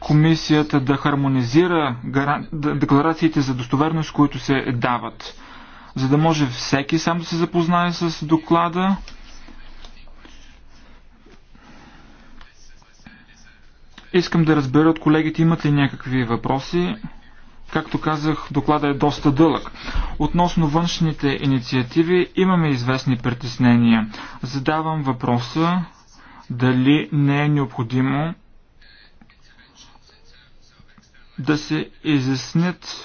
комисията да хармонизира гаран... декларациите за достоверност, които се дават, за да може всеки сам да се запознае с доклада. Искам да разбера от колегите имат ли някакви въпроси. Както казах, доклада е доста дълъг. Относно външните инициативи имаме известни притеснения. Задавам въпроса дали не е необходимо да се изяснят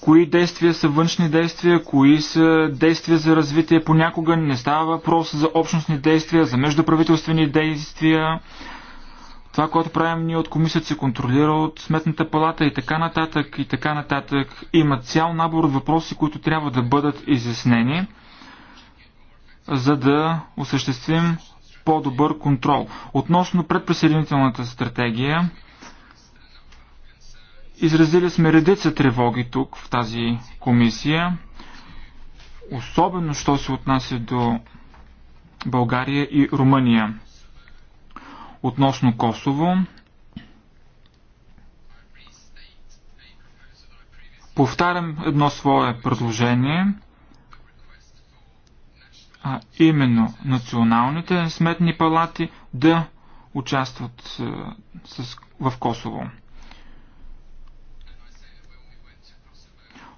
кои действия са външни действия, кои са действия за развитие. Понякога не става въпрос за общностни действия, за междуправителствени действия това, което правим ние от комисията се контролира от сметната палата и така нататък и така нататък. Има цял набор от въпроси, които трябва да бъдат изяснени, за да осъществим по-добър контрол. Относно предприсъединителната стратегия, изразили сме редица тревоги тук в тази комисия, особено що се отнася до България и Румъния. Относно Косово, повтарям едно свое предложение, а именно националните сметни палати да участват е, с, в Косово.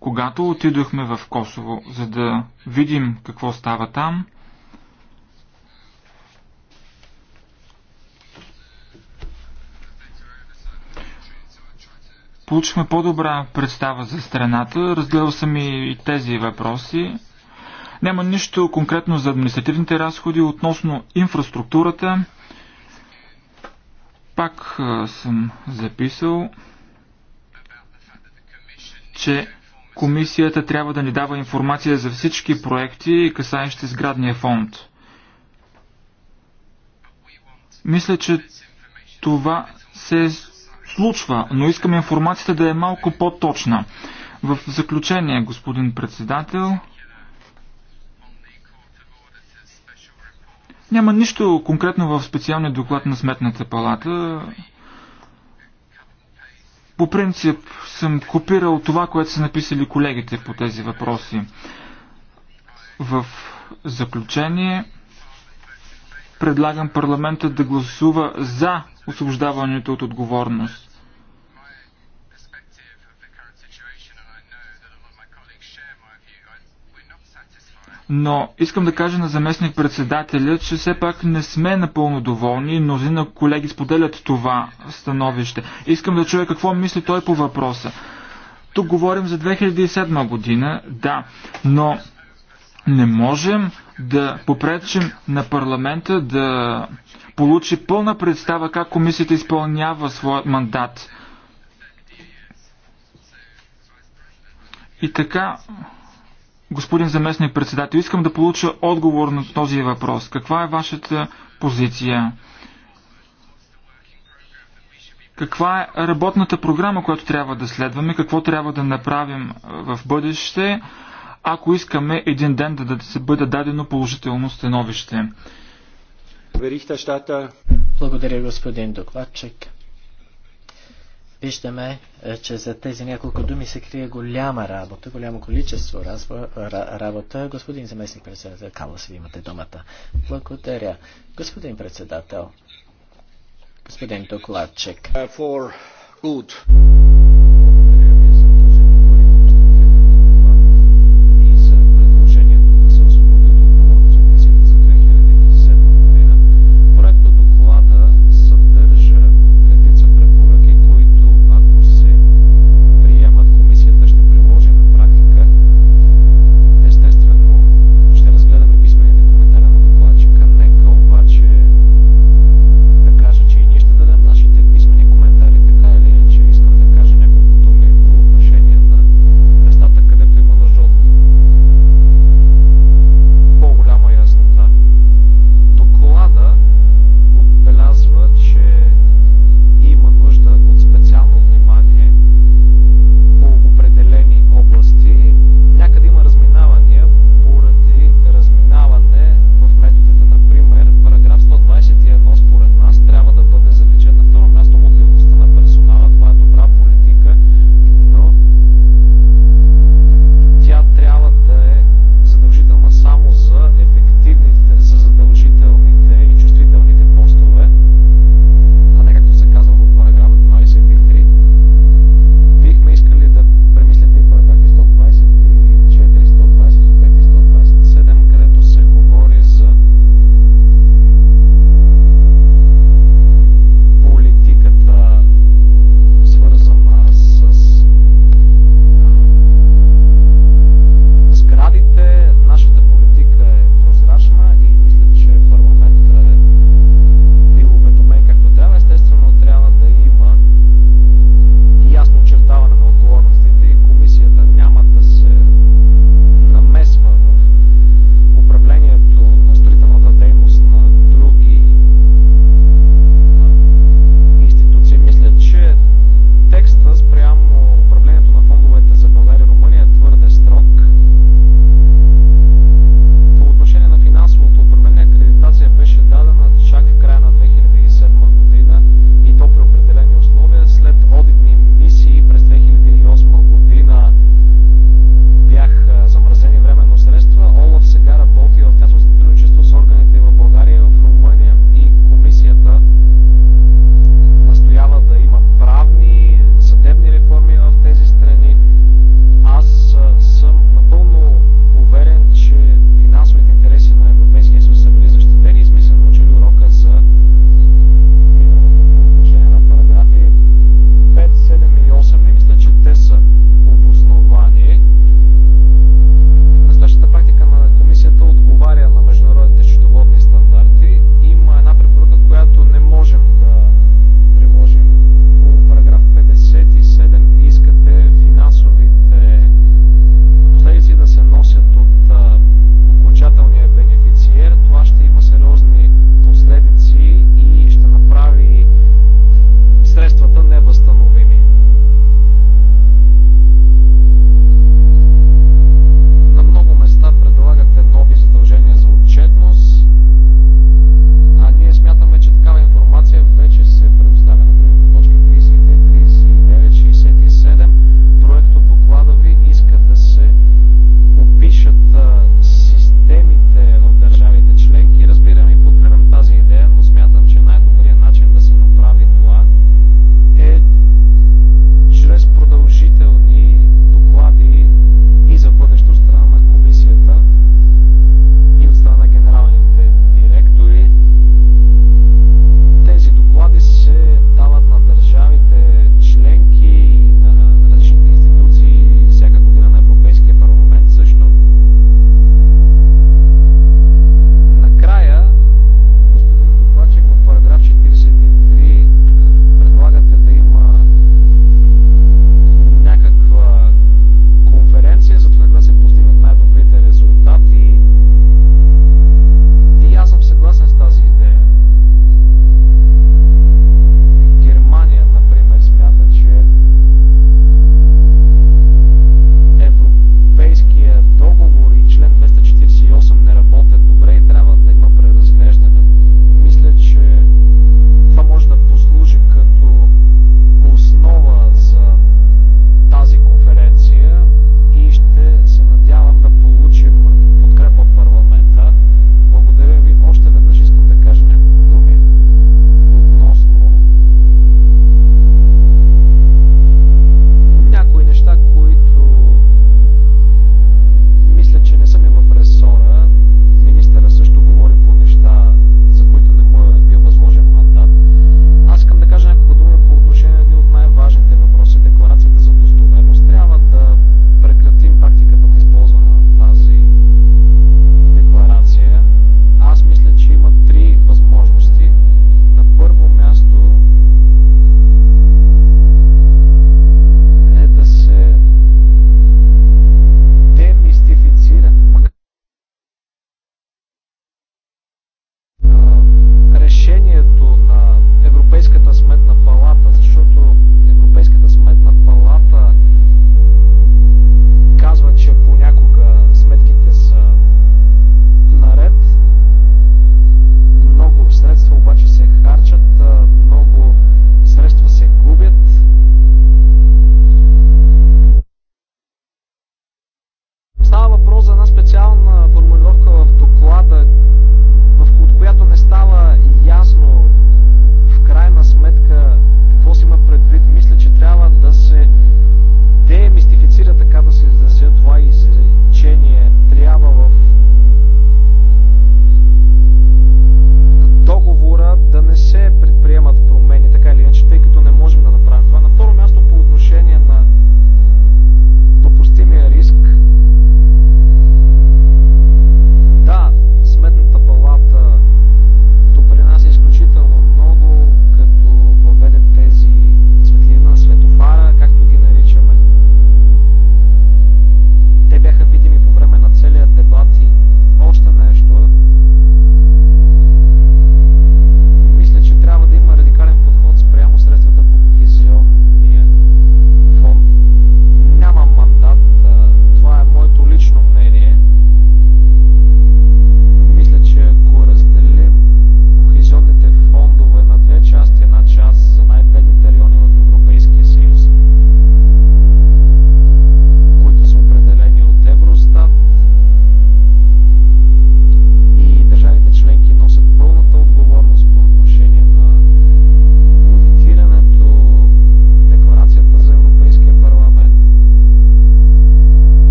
Когато отидохме в Косово, за да видим какво става там, Получихме по-добра представа за страната. Разгледал съм и тези въпроси. Няма нищо конкретно за административните разходи относно инфраструктурата. Пак съм записал, че комисията трябва да ни дава информация за всички проекти, касаещи сградния фонд. Мисля, че това се случва, но искам информацията да е малко по-точна. В заключение, господин председател, няма нищо конкретно в специалния доклад на Сметната палата. По принцип съм копирал това, което са написали колегите по тези въпроси. В заключение, предлагам парламента да гласува за освобождаването от отговорност. Но искам да кажа на заместник председателя, че все пак не сме напълно доволни, мнозина колеги споделят това становище. Искам да чуя какво мисли той по въпроса. Тук говорим за 2007 година, да, но не можем да попречим на парламента да получи пълна представа как комисията изпълнява своят мандат. И така, господин заместник председател, искам да получа отговор на този въпрос. Каква е вашата позиция? Каква е работната програма, която трябва да следваме? Какво трябва да направим в бъдеще? ако искаме един ден да, да се бъде дадено положително становище. Благодаря, господин докладчик. Виждаме, е, че за тези няколко думи се крие голяма работа, голямо количество разво, работа. Господин заместник председател Калас, ви имате думата. Благодаря. Господин председател, господин докладчик. For good.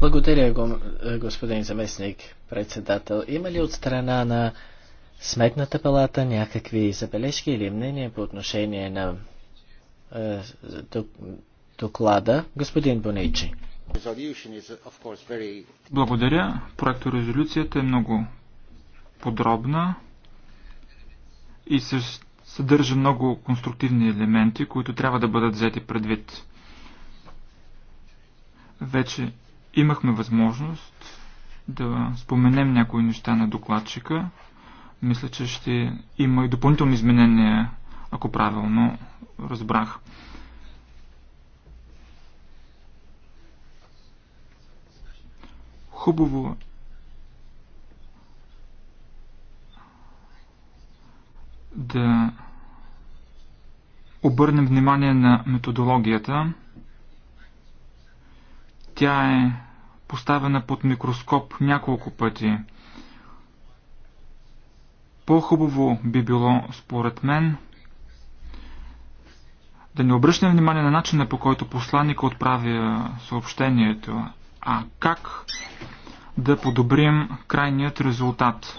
Благодаря, е, господин заместник председател. Има ли от страна на Сметната палата някакви забележки или мнения по отношение на е, доклада? Господин Боничи. Благодаря. Проекторезолюцията е много подробна и съдържа много конструктивни елементи, които трябва да бъдат взети предвид. Вече имахме възможност да споменем някои неща на докладчика. Мисля, че ще има и допълнителни изменения, ако правилно разбрах. Хубаво да обърнем внимание на методологията. Тя е поставена под микроскоп няколко пъти. По-хубаво би било, според мен, да не обръщаме внимание на начина по който посланника отправя съобщението, а как да подобрим крайният резултат.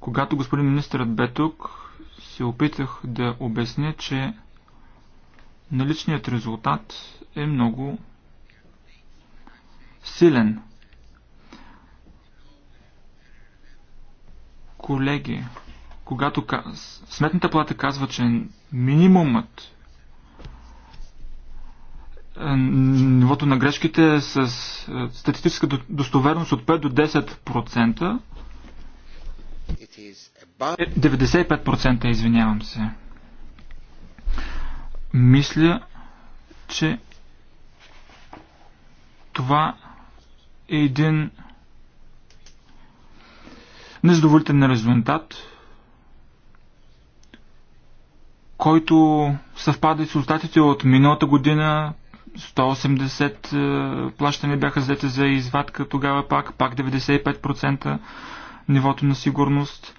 Когато господин министърът бе тук, се опитах да обясня, че наличният резултат е много силен. Колеги, когато каз... Сметната плата казва, че минимумът е, нивото на грешките е с е, статистическа достоверност от 5 до 10%, 95% извинявам се. Мисля, че това е един незадоволителен резултат, който съвпада с резултатите от миналата година. 180 е, плащания бяха взети за извадка тогава пак, пак 95% нивото на сигурност.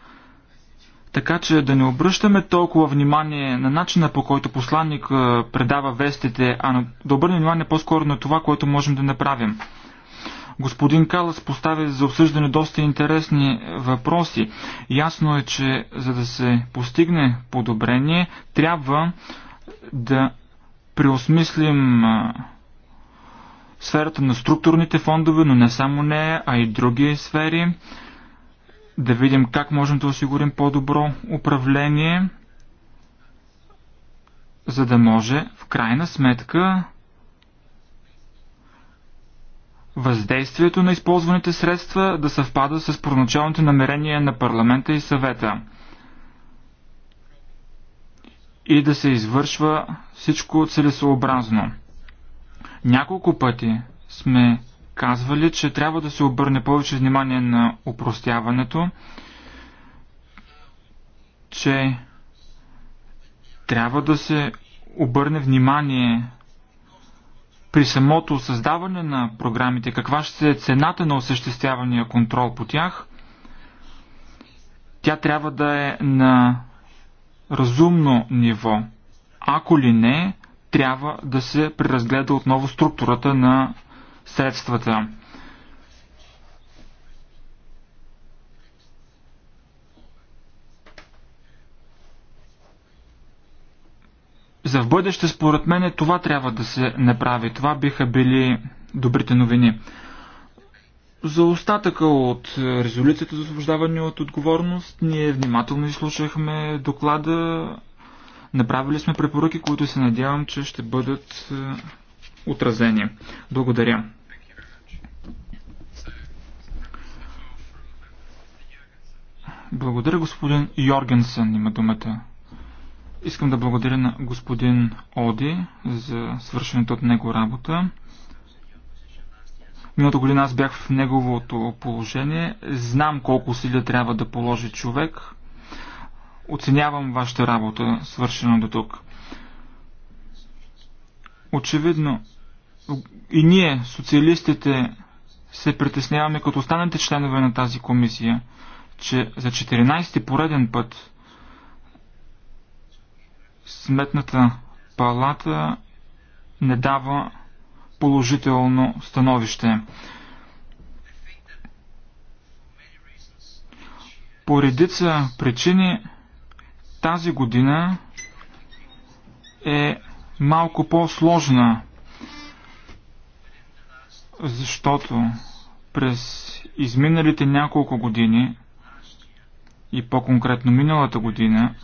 Така че да не обръщаме толкова внимание на начина по който посланник предава вестите, а да обърнем внимание по-скоро на това, което можем да направим. Господин Калас постави за обсъждане доста интересни е, въпроси. Ясно е, че за да се постигне подобрение, трябва да преосмислим сферата на структурните фондове, но не само нея, а и други сфери да видим как можем да осигурим по-добро управление, за да може в крайна сметка въздействието на използваните средства да съвпада с първоначалните намерения на парламента и съвета и да се извършва всичко целесообразно. Няколко пъти сме казвали, че трябва да се обърне повече внимание на упростяването, че трябва да се обърне внимание при самото създаване на програмите, каква ще е цената на осъществявания контрол по тях, тя трябва да е на разумно ниво. Ако ли не, трябва да се преразгледа отново структурата на средствата. За в бъдеще, според мен, това трябва да се направи. Това биха били добрите новини. За остатъка от резолюцията за освобождаване от отговорност, ние внимателно изслушахме доклада. Направили сме препоръки, които се надявам, че ще бъдат е, отразени. Благодаря. Благодаря, господин Йоргенсен има думата. Искам да благодаря на господин Оди за свършената от него работа. Миналата година аз бях в неговото положение. Знам колко усилия трябва да положи човек. Оценявам вашата работа, свършена до тук. Очевидно, и ние, социалистите, се притесняваме като останалите членове на тази комисия – че за 14-ти пореден път Сметната палата не дава положително становище. По редица причини тази година е малко по-сложна, защото през изминалите няколко години и по-конкретно миналата година,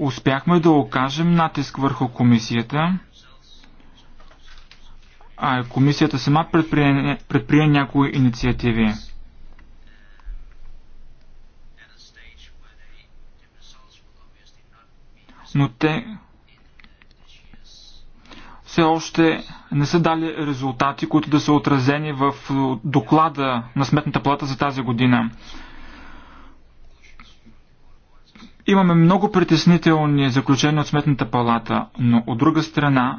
успяхме да окажем натиск върху комисията, а комисията сама предприе, предприе някои инициативи. Но те все още не са дали резултати, които да са отразени в доклада на Сметната плата за тази година. Имаме много притеснителни заключения от Сметната палата, но от друга страна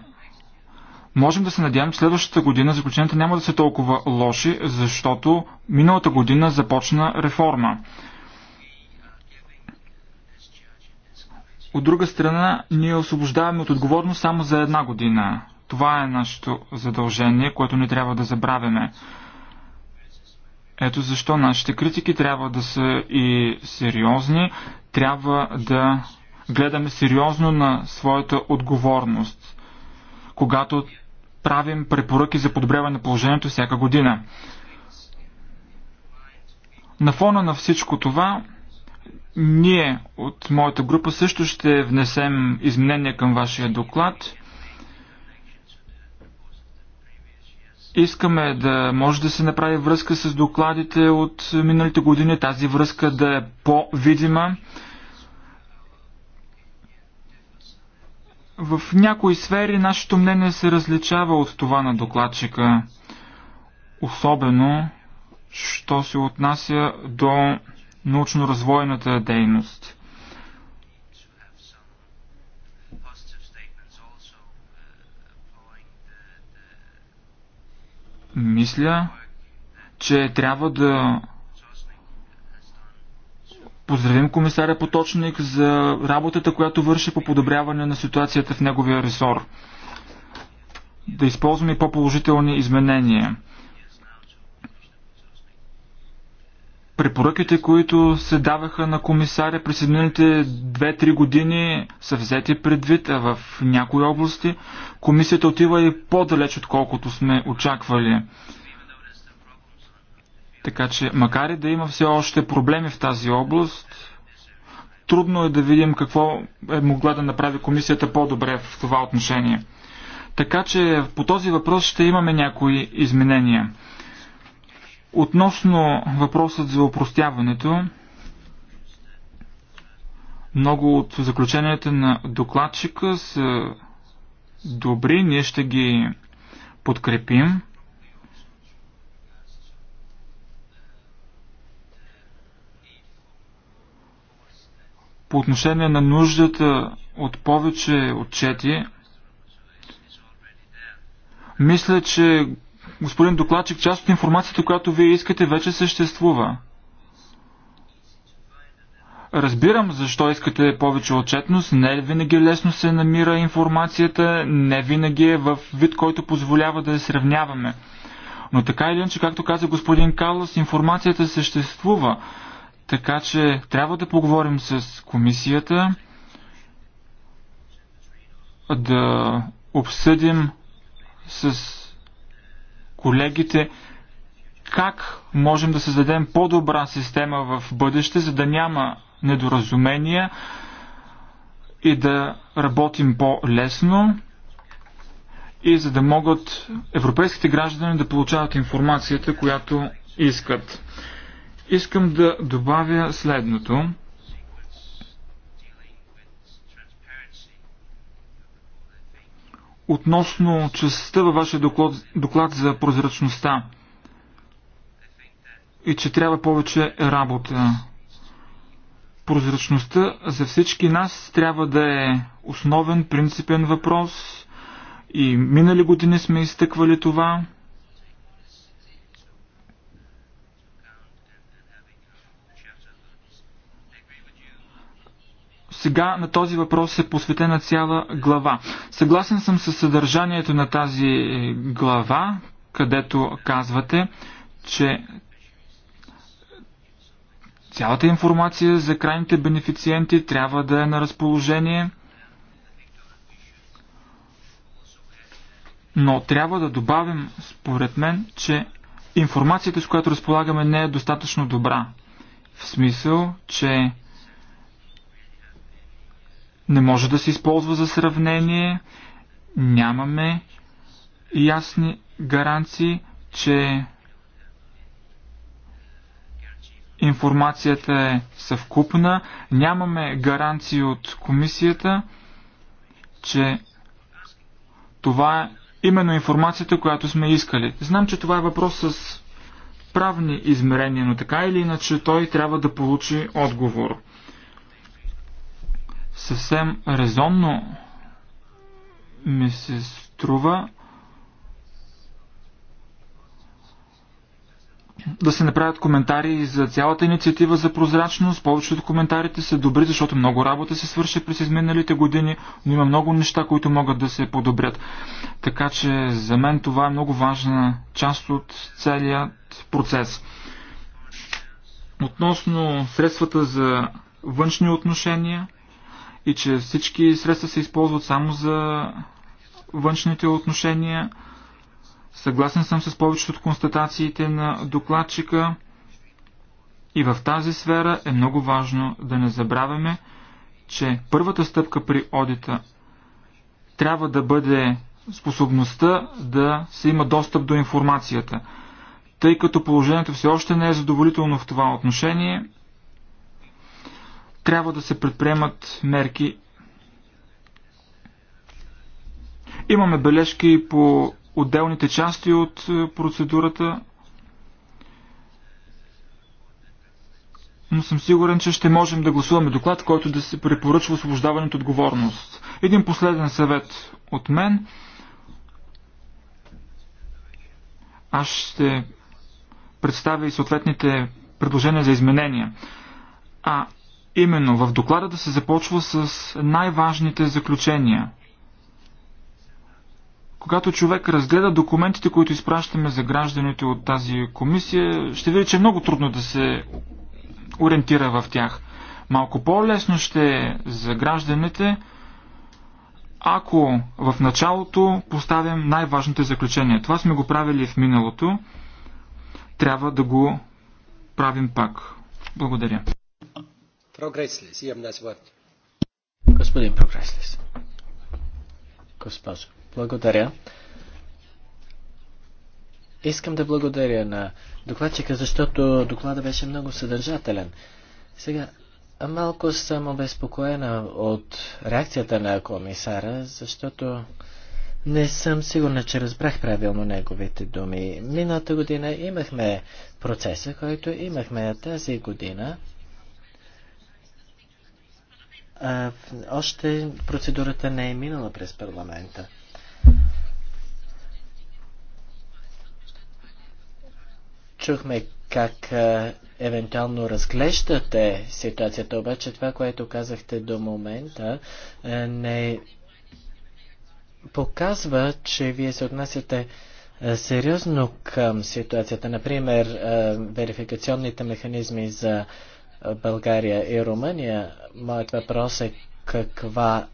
можем да се надявам, че следващата година заключенията няма да са толкова лоши, защото миналата година започна реформа. От друга страна, ние освобождаваме от отговорност само за една година. Това е нашето задължение, което не трябва да забравяме. Ето защо нашите критики трябва да са и сериозни, трябва да гледаме сериозно на своята отговорност, когато правим препоръки за подобряване на положението всяка година. На фона на всичко това, ние от моята група също ще внесем изменения към вашия доклад. Искаме да може да се направи връзка с докладите от миналите години, тази връзка да е по-видима. В някои сфери нашето мнение се различава от това на докладчика, особено, що се отнася до научно-развойната дейност. Мисля, че трябва да поздравим комисаря Поточник за работата, която върши по подобряване на ситуацията в неговия ресор. Да използваме по-положителни изменения. Препоръките, които се даваха на комисаря през едните 2-3 години са взети предвид, а в някои области комисията отива и по-далеч, отколкото сме очаквали. Така че, макар и да има все още проблеми в тази област, трудно е да видим какво е могла да направи комисията по-добре в това отношение. Така че по този въпрос ще имаме някои изменения. Относно въпросът за опростяването, много от заключенията на докладчика са добри, ние ще ги подкрепим. По отношение на нуждата от повече отчети, мисля, че Господин докладчик, част от информацията, която вие искате, вече съществува. Разбирам защо искате повече отчетност. Не винаги лесно се намира информацията, не винаги е в вид, който позволява да я сравняваме. Но така или иначе, както каза господин Карлос, информацията съществува. Така че трябва да поговорим с комисията, да обсъдим с колегите как можем да създадем по-добра система в бъдеще, за да няма недоразумения и да работим по-лесно и за да могат европейските граждани да получават информацията, която искат. Искам да добавя следното. относно частта във вашия доклад, доклад за прозрачността и че трябва повече работа. Прозрачността за всички нас трябва да е основен принципен въпрос и минали години сме изтъквали това. Сега на този въпрос е посветена цяла глава. Съгласен съм с съдържанието на тази е, глава, където казвате, че цялата информация за крайните бенефициенти трябва да е на разположение, но трябва да добавим, според мен, че информацията, с която разполагаме, не е достатъчно добра. В смисъл, че не може да се използва за сравнение, нямаме ясни гаранции, че информацията е съвкупна, нямаме гаранции от комисията, че това е именно информацията, която сме искали. Знам, че това е въпрос с правни измерения, но така или иначе той трябва да получи отговор. Съвсем резонно ми се струва да се направят коментари за цялата инициатива за прозрачност. Повечето от коментарите са добри, защото много работа се свърши през изминалите години, но има много неща, които могат да се подобрят. Така че за мен това е много важна част от целият процес. Относно средствата за външни отношения – и че всички средства се използват само за външните отношения. Съгласен съм с повечето от констатациите на докладчика. И в тази сфера е много важно да не забравяме, че първата стъпка при одита трябва да бъде способността да се има достъп до информацията. Тъй като положението все още не е задоволително в това отношение, трябва да се предприемат мерки. Имаме бележки по отделните части от е, процедурата, но съм сигурен, че ще можем да гласуваме доклад, който да се препоръчва освобождаване от отговорност. Един последен съвет от мен. Аз ще представя и съответните предложения за изменения. А Именно в доклада да се започва с най-важните заключения. Когато човек разгледа документите, които изпращаме за гражданите от тази комисия, ще види, че е много трудно да се ориентира в тях. Малко по-лесно ще е за гражданите, ако в началото поставям най-важните заключения. Това сме го правили в миналото. Трябва да го правим пак. Благодаря имам на свърт. Господин Прогреслес. Госпожо, благодаря. Искам да благодаря на докладчика, защото доклада беше много съдържателен. Сега, малко съм обезпокоена от реакцията на комисара, защото не съм сигурна, че разбрах правилно неговите думи. Миналата година имахме процеса, който имахме тази година още процедурата не е минала през парламента. Чухме как а, евентуално разглеждате ситуацията, обаче това, което казахте до момента, а, не показва, че вие се отнасяте сериозно към ситуацията. Например, верификационните механизми за България и Румъния. Моят въпрос е каква,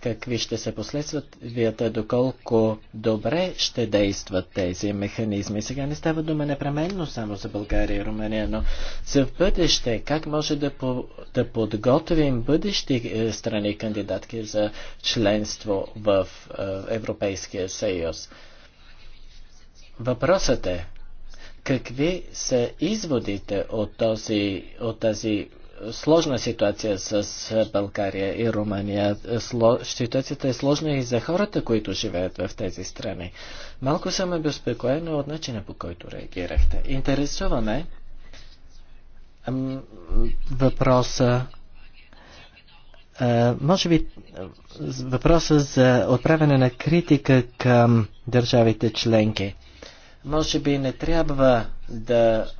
какви ще се последстват вията, доколко добре ще действат тези механизми. Сега не става дума непременно само за България и Румъния, но за бъдеще как може да, по, да подготвим бъдещи е, страни кандидатки за членство в е, Европейския съюз. Въпросът е, Какви са изводите от, този, от тази сложна ситуация с България и Румъния. Сло... Ситуацията е сложна и за хората, които живеят в тези страни. Малко съм обезпокоена от начина по който реагирахте. Интересуваме въпроса може би въпроса за отправяне на критика към държавите членки. Може би не трябва да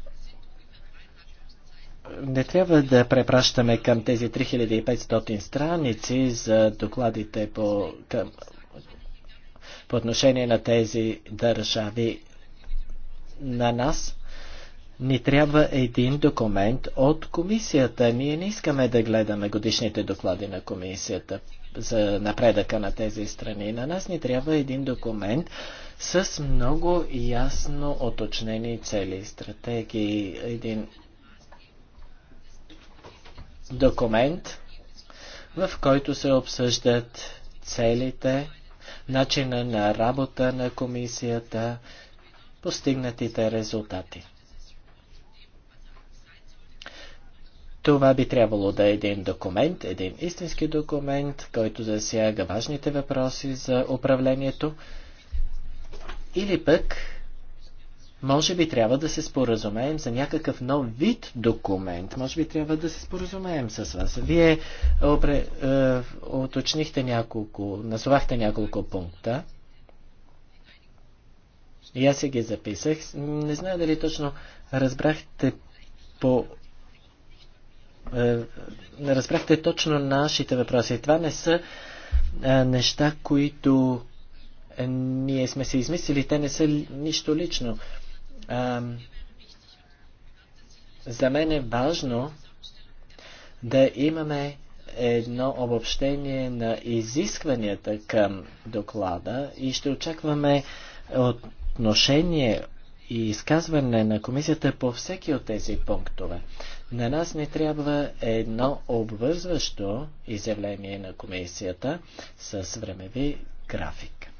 не трябва да препращаме към тези 3500 страници за докладите по, към, по отношение на тези държави. На нас ни трябва един документ от комисията. Ние не искаме да гледаме годишните доклади на комисията за напредъка на тези страни. На нас ни трябва един документ с много ясно оточнени цели, стратегии, един документ, в който се обсъждат целите, начина на работа на комисията, постигнатите резултати. Това би трябвало да е един документ, един истински документ, който засяга важните въпроси за управлението. Или пък, може би трябва да се споразумеем за някакъв нов вид документ. Може би трябва да се споразумеем с вас. Вие опре, е, уточнихте няколко, назовахте няколко пункта. И аз си ги записах. Не знам дали точно разбрахте по е, не разбрахте точно нашите въпроси. Това не са а, е, неща, които а, е, ние сме се измислили. Те не са нищо лично. А, за мен е важно да имаме едно обобщение на изискванията към доклада и ще очакваме отношение и изказване на комисията по всеки от тези пунктове. На нас не трябва едно обвързващо изявление на комисията с времеви график.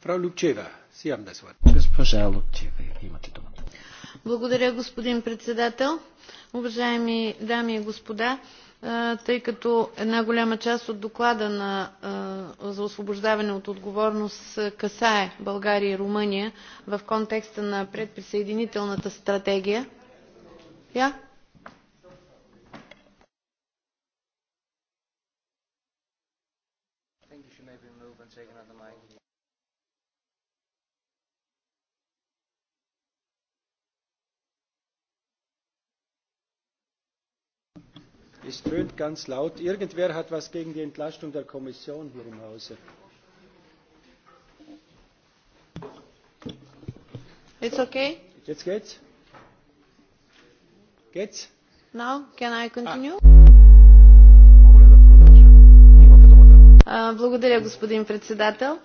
Фрау Лупчева, сиям да Госпожа Лупчева, имате думата. Благодаря, господин председател. Уважаеми дами и господа, тъй като една голяма част от доклада на, за освобождаване от отговорност касае България и Румъния в контекста на предприсъединителната стратегия. Yeah? Es tönt ganz laut. Irgendwer hat was gegen die Entlastung der Kommission hier im Hause. It's okay. Jetzt geht's. Geht's? Now can I continue? А, благодаря, господин председател.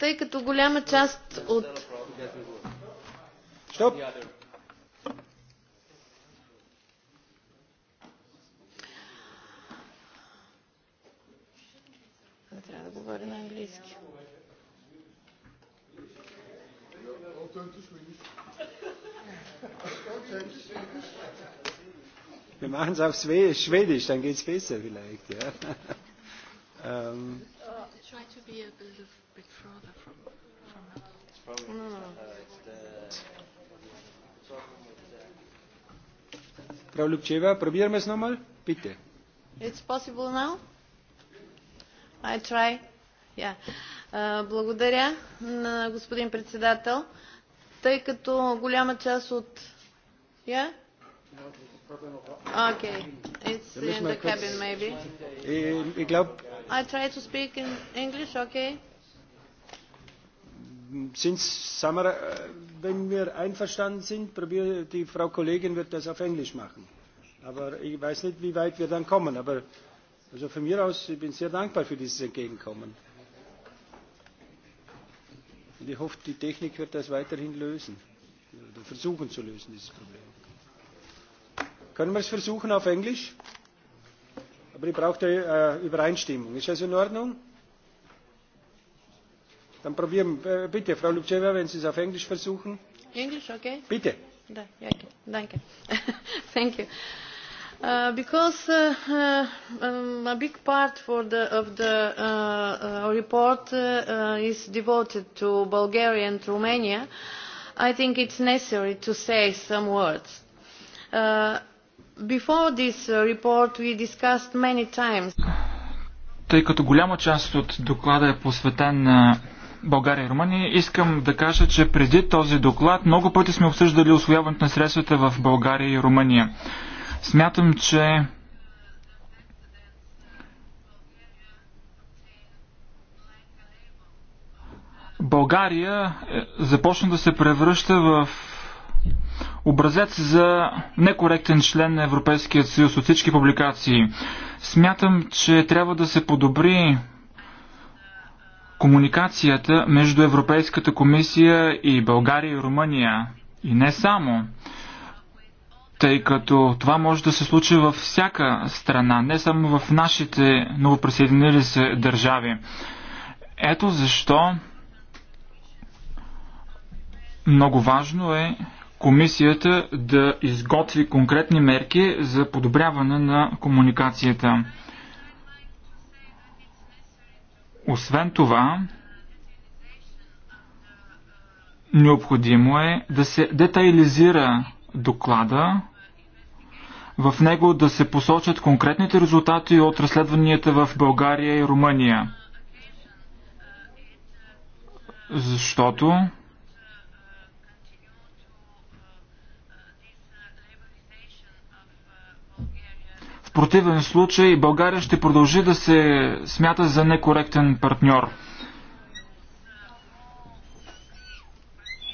Тъй като голяма част от... Стоп! говори на английски. Wir machen es auf Schwedisch, dann geht es besser vielleicht. Ja. Ähm. Try to be a little bit further from, from It's probably no, no, Uh, it's the problem with the... Frau Lubcheva, probieren wir es nochmal? Bitte. It's possible now? I try. Благодаря на господин председател. Тъй като голяма част от... Yeah? Okay. It's in the cabin, maybe. Ich glaube... I try to speak in English, okay? Sind Samara, wenn wir einverstanden sind, probier, die Frau Kollegin wird das auf Englisch machen. Aber ich weiß nicht, wie weit wir dann kommen. Aber also von mir aus, ich bin sehr dankbar für dieses Entgegenkommen. Und ich hoffe, die Technik wird das weiterhin lösen oder versuchen zu lösen, dieses Problem. Können wir es versuchen auf Englisch? Aber ich brauche äh, Übereinstimmung. Ist das in Ordnung? Dann probieren äh, bitte, Frau Lubceva, wenn Sie es auf Englisch versuchen. Englisch, okay? Bitte. Da, ja, danke. Thank you because uh, uh, um, a big part for the, of the uh, uh, report uh, uh, is devoted to Bulgaria and Romania, I think it's necessary to say some words. Uh, before this uh, report we discussed many times. Тъй като голяма част от доклада е посветен на България и Румъния, искам да кажа, че преди този доклад много пъти сме обсъждали освояването на средствата в България и Румъния. Смятам, че България е, започна да се превръща в образец за некоректен член на Европейския съюз от всички публикации. Смятам, че трябва да се подобри комуникацията между Европейската комисия и България и Румъния. И не само тъй като това може да се случи във всяка страна, не само в нашите новоприсъединили се държави. Ето защо много важно е комисията да изготви конкретни мерки за подобряване на комуникацията. Освен това, необходимо е да се детайлизира доклада в него да се посочат конкретните резултати от разследванията в България и Румъния. Защото в противен случай България ще продължи да се смята за некоректен партньор.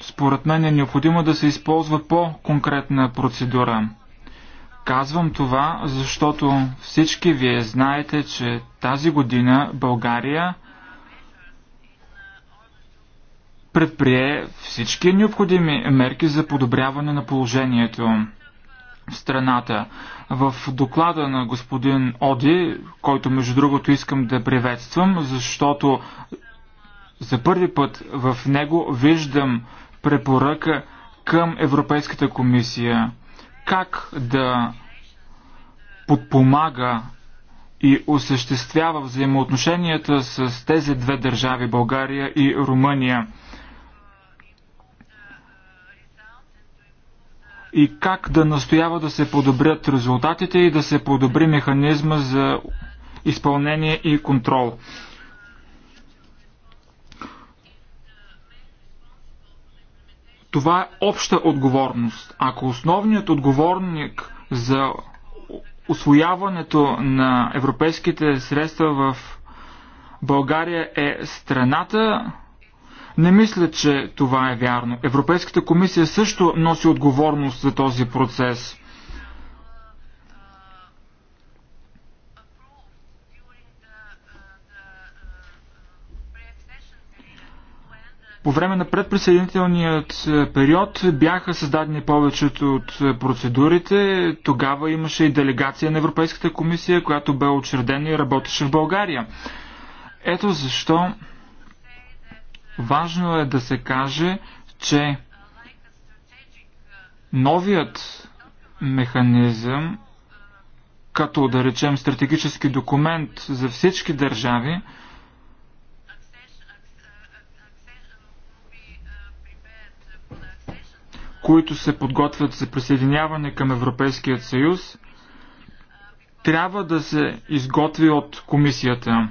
Според мен е необходимо да се използва по-конкретна процедура. Казвам това, защото всички вие знаете, че тази година България предприе всички необходими мерки за подобряване на положението в страната. В доклада на господин Оди, който между другото искам да приветствам, защото за първи път в него виждам препоръка към Европейската комисия как да подпомага и осъществява взаимоотношенията с тези две държави България и Румъния. И как да настоява да се подобрят резултатите и да се подобри механизма за изпълнение и контрол. Това е обща отговорност. Ако основният отговорник за освояването на европейските средства в България е страната, не мисля, че това е вярно. Европейската комисия също носи отговорност за този процес. По време на предприсъединителният е, период бяха създадени повечето от е, процедурите. Тогава имаше и делегация на Европейската комисия, която бе учредена и работеше в България. Ето защо важно е да се каже, че новият механизъм, като да речем стратегически документ за всички държави, които се подготвят за присъединяване към Европейският съюз, трябва да се изготви от комисията.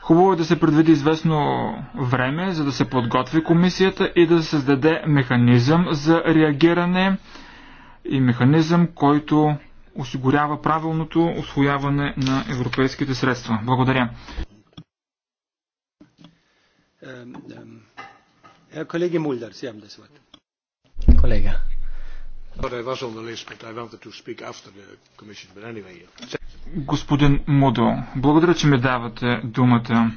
Хубаво е да се предвиди известно време, за да се подготви комисията и да се създаде механизъм за реагиране и механизъм, който осигурява правилното освояване на европейските средства. Благодаря. Herr Kollege Mulder, Sie haben das Wort. Kollege. Господин Мудо, благодаря, че ми давате думата.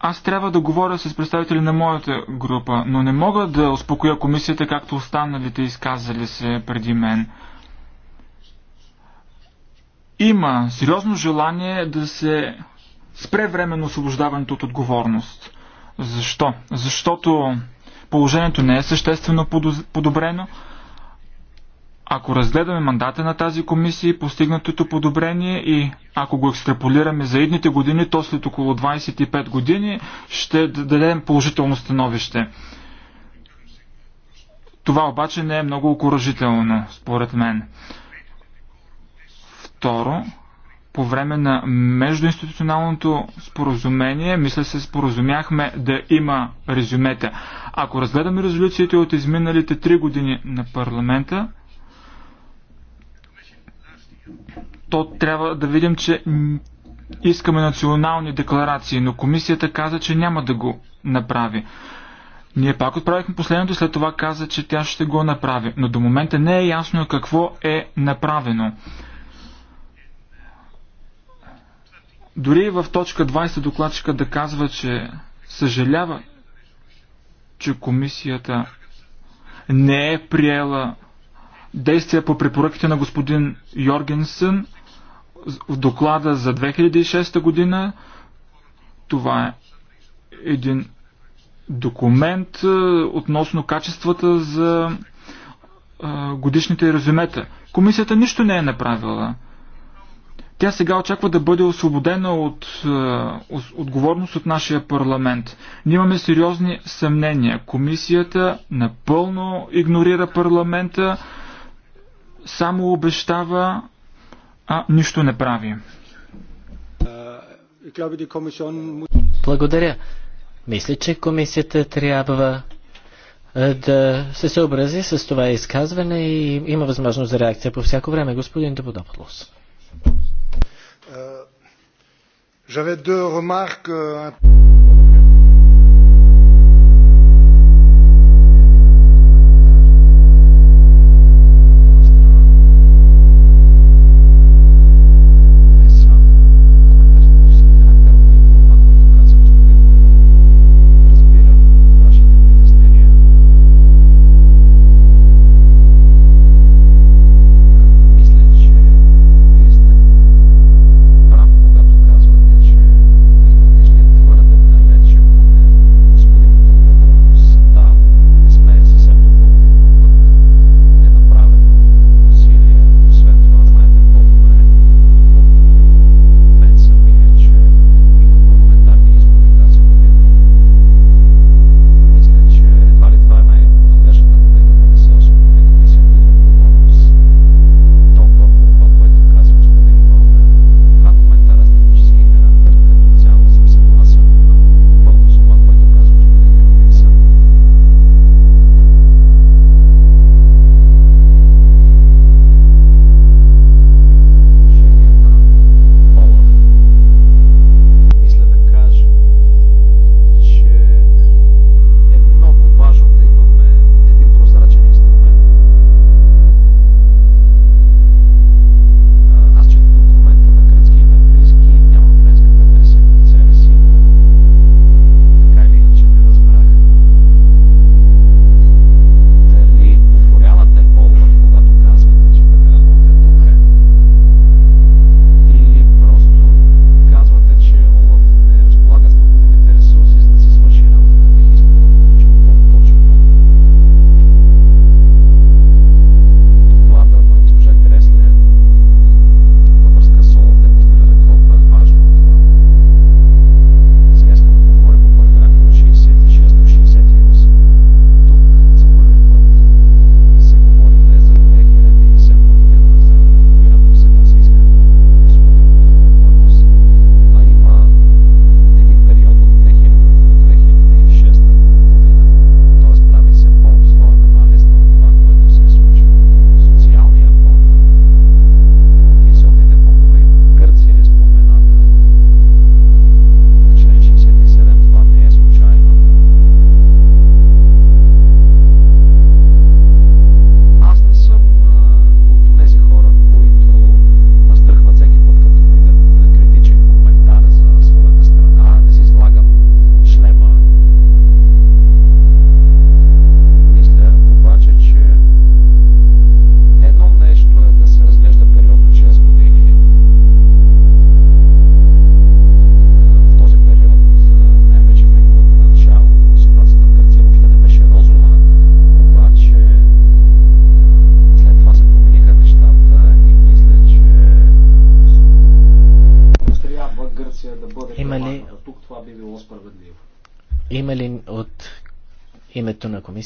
Аз трябва да говоря с представители на моята група, но не мога да успокоя комисията, както останалите изказали се преди мен. Има сериозно желание да се спре временно освобождаването от отговорност. Защо? Защото положението не е съществено подобрено. Ако разгледаме мандата на тази комисия и постигнатото подобрение и ако го екстраполираме за едните години, то след около 25 години ще дадем положително становище. Това обаче не е много окоръжително, според мен. Второ, по време на междуинституционалното споразумение, мисля се споразумяхме да има резюмета. Ако разгледаме резолюциите от изминалите три години на парламента, то трябва да видим, че искаме национални декларации, но комисията каза, че няма да го направи. Ние пак отправихме последното и след това каза, че тя ще го направи, но до момента не е ясно какво е направено. Дори в точка 20 докладчика да казва, че съжалява, че комисията не е приела действия по препоръките на господин Йоргенсън в доклада за 2006 година. Това е един документ е, относно качествата за е, годишните резюмета. Комисията нищо не е направила. Тя сега очаква да бъде освободена от е, отговорност от нашия парламент. Ние имаме сериозни съмнения. Комисията напълно игнорира парламента, само обещава, а нищо не прави. Благодаря. Мисля, че комисията трябва е, да се съобрази с това изказване и има възможност за реакция по всяко време. Господин Дободополос j'avais deux remarques. un peu.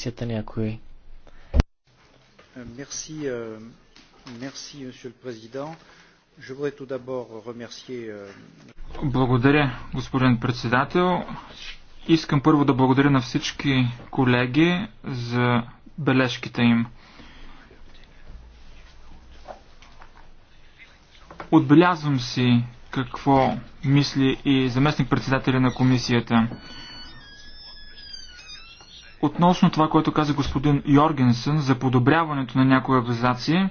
комисията някой? Мерси, мерси, euh, remercier... Euh, благодаря, господин председател. Искам първо да благодаря на всички колеги за бележките им. Отбелязвам си какво мисли и заместник председателя на комисията. Относно това, което каза господин Йоргенсън за подобряването на някои абзаци,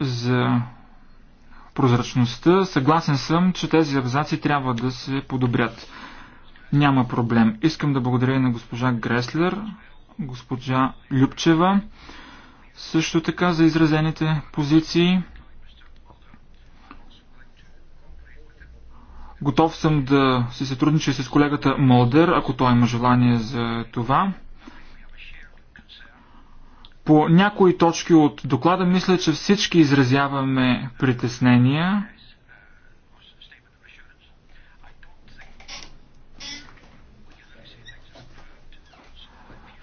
за прозрачността, съгласен съм, че тези абзаци трябва да се подобрят. Няма проблем. Искам да благодаря и на госпожа Греслер, госпожа Любчева, също така за изразените позиции. Готов съм да се сътруднича с колегата Молдер, ако той има желание за това. По някои точки от доклада мисля, че всички изразяваме притеснения.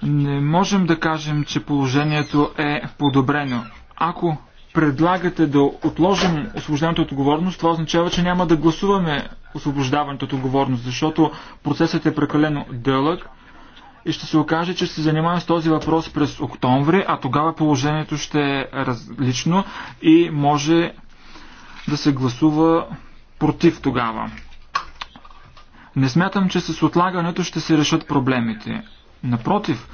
Не можем да кажем, че положението е подобрено. Ако предлагате да отложим освобождаването от отговорност, това означава, че няма да гласуваме освобождаването от отговорност, защото процесът е прекалено дълъг и ще се окаже, че ще се занимаваме с този въпрос през октомври, а тогава положението ще е различно и може да се гласува против тогава. Не смятам, че с отлагането ще се решат проблемите. Напротив,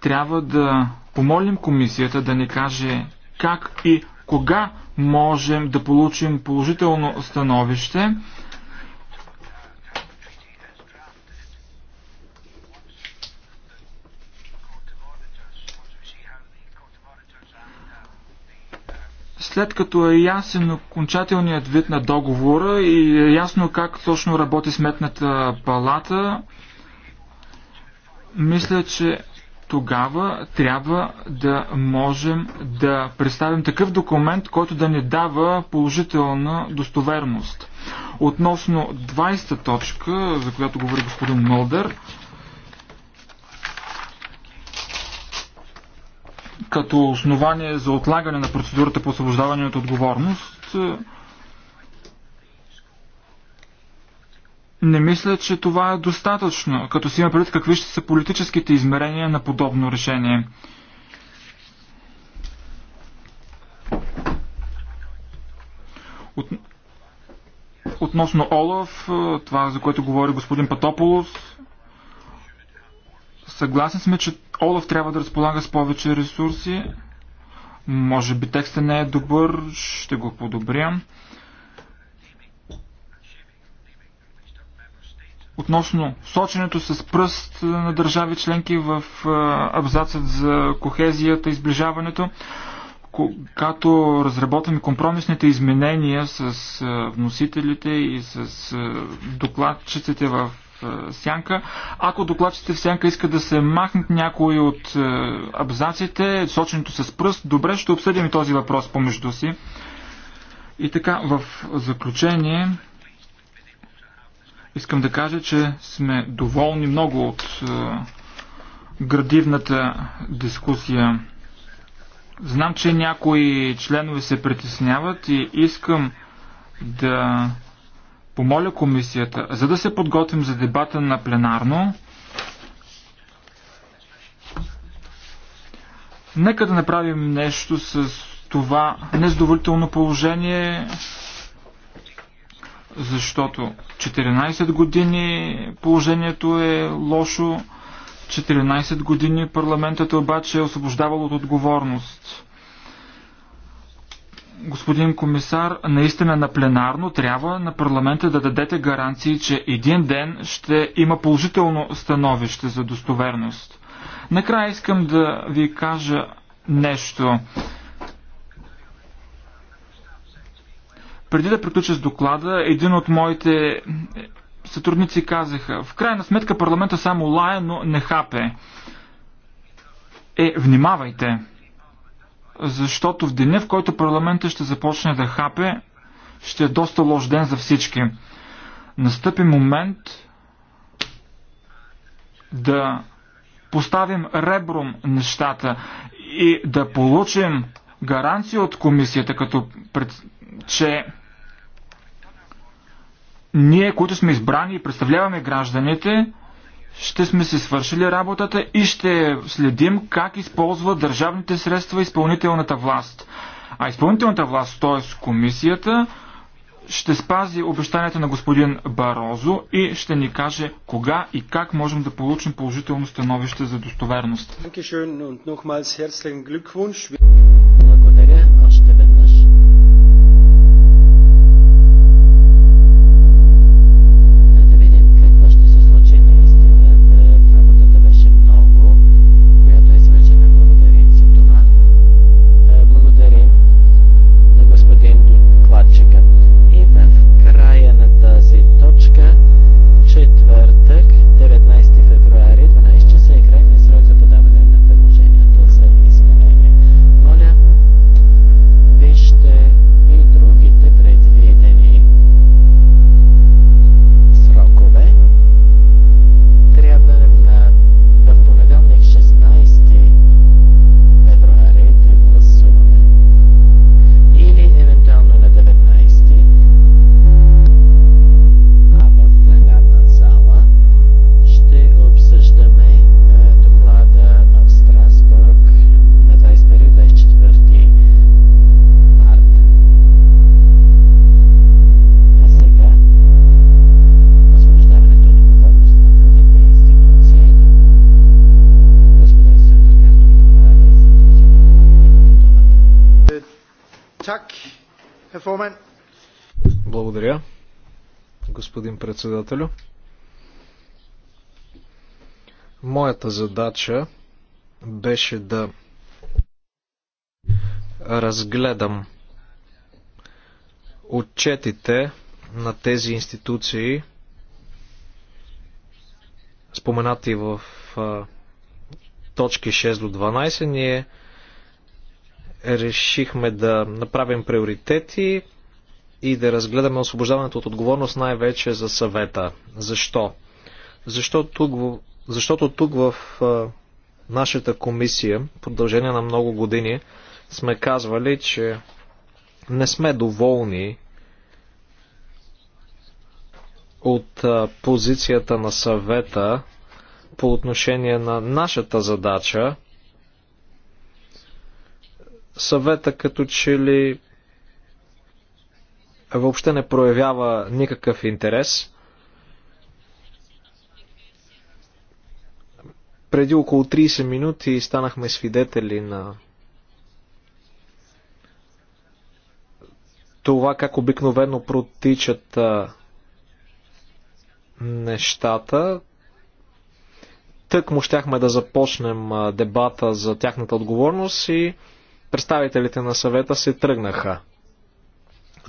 трябва да помолим комисията да ни каже как и кога можем да получим положително становище. След като е ясен окончателният вид на договора и е ясно как точно работи сметната палата, мисля, че тогава трябва да можем да представим такъв документ, който да ни дава положителна достоверност. Относно 20-та точка, за която говори господин Мълдър, като основание за отлагане на процедурата по освобождаване от отговорност, Не мисля, че това е достатъчно, като си има предвид какви ще са политическите измерения на подобно решение. От... Относно Олаф, това за което говори господин Патополос, съгласни сме, че Олаф трябва да разполага с повече ресурси. Може би текстът не е добър, ще го подобрям. относно соченето с пръст на държави членки в абзацът за кохезията и сближаването. Когато разработваме компромисните изменения с вносителите и с докладчиците в сянка. Ако докладчите в сянка искат да се махнат някои от абзаците, соченето с пръст, добре, ще обсъдим и този въпрос помежду си. И така, в заключение, Искам да кажа, че сме доволни много от е, градивната дискусия. Знам, че някои членове се притесняват и искам да помоля комисията, за да се подготвим за дебата на пленарно, нека да направим нещо с това незадоволително положение, защото 14 години положението е лошо, 14 години парламентът обаче е освобождавал от отговорност. Господин комисар, наистина на пленарно трябва на парламента да дадете гаранции, че един ден ще има положително становище за достоверност. Накрая искам да ви кажа нещо. Преди да приключа с доклада, един от моите сътрудници казаха, в крайна сметка парламента само лая, но не хапе. Е, внимавайте, защото в деня, в който парламента ще започне да хапе, ще е доста лош ден за всички. Настъпи момент да поставим ребром нещата и да получим гаранция от комисията, като пред... че ние, които сме избрани и представляваме гражданите, ще сме си свършили работата и ще следим как използва държавните средства изпълнителната власт. А изпълнителната власт, т.е. комисията, ще спази обещанията на господин Барозо и ще ни каже кога и как можем да получим положително становище за достоверност. Благодаря, господин председателю. Моята задача беше да разгледам отчетите на тези институции, споменати в точки 6 до 12, ние решихме да направим приоритети, и да разгледаме освобождаването от отговорност най-вече за съвета. Защо? Защо тук, защото тук в нашата комисия, в продължение на много години, сме казвали, че не сме доволни от позицията на съвета по отношение на нашата задача. Съвета като че ли въобще не проявява никакъв интерес. Преди около 30 минути станахме свидетели на това как обикновено протичат нещата. Тък му щяхме да започнем дебата за тяхната отговорност и представителите на съвета се тръгнаха.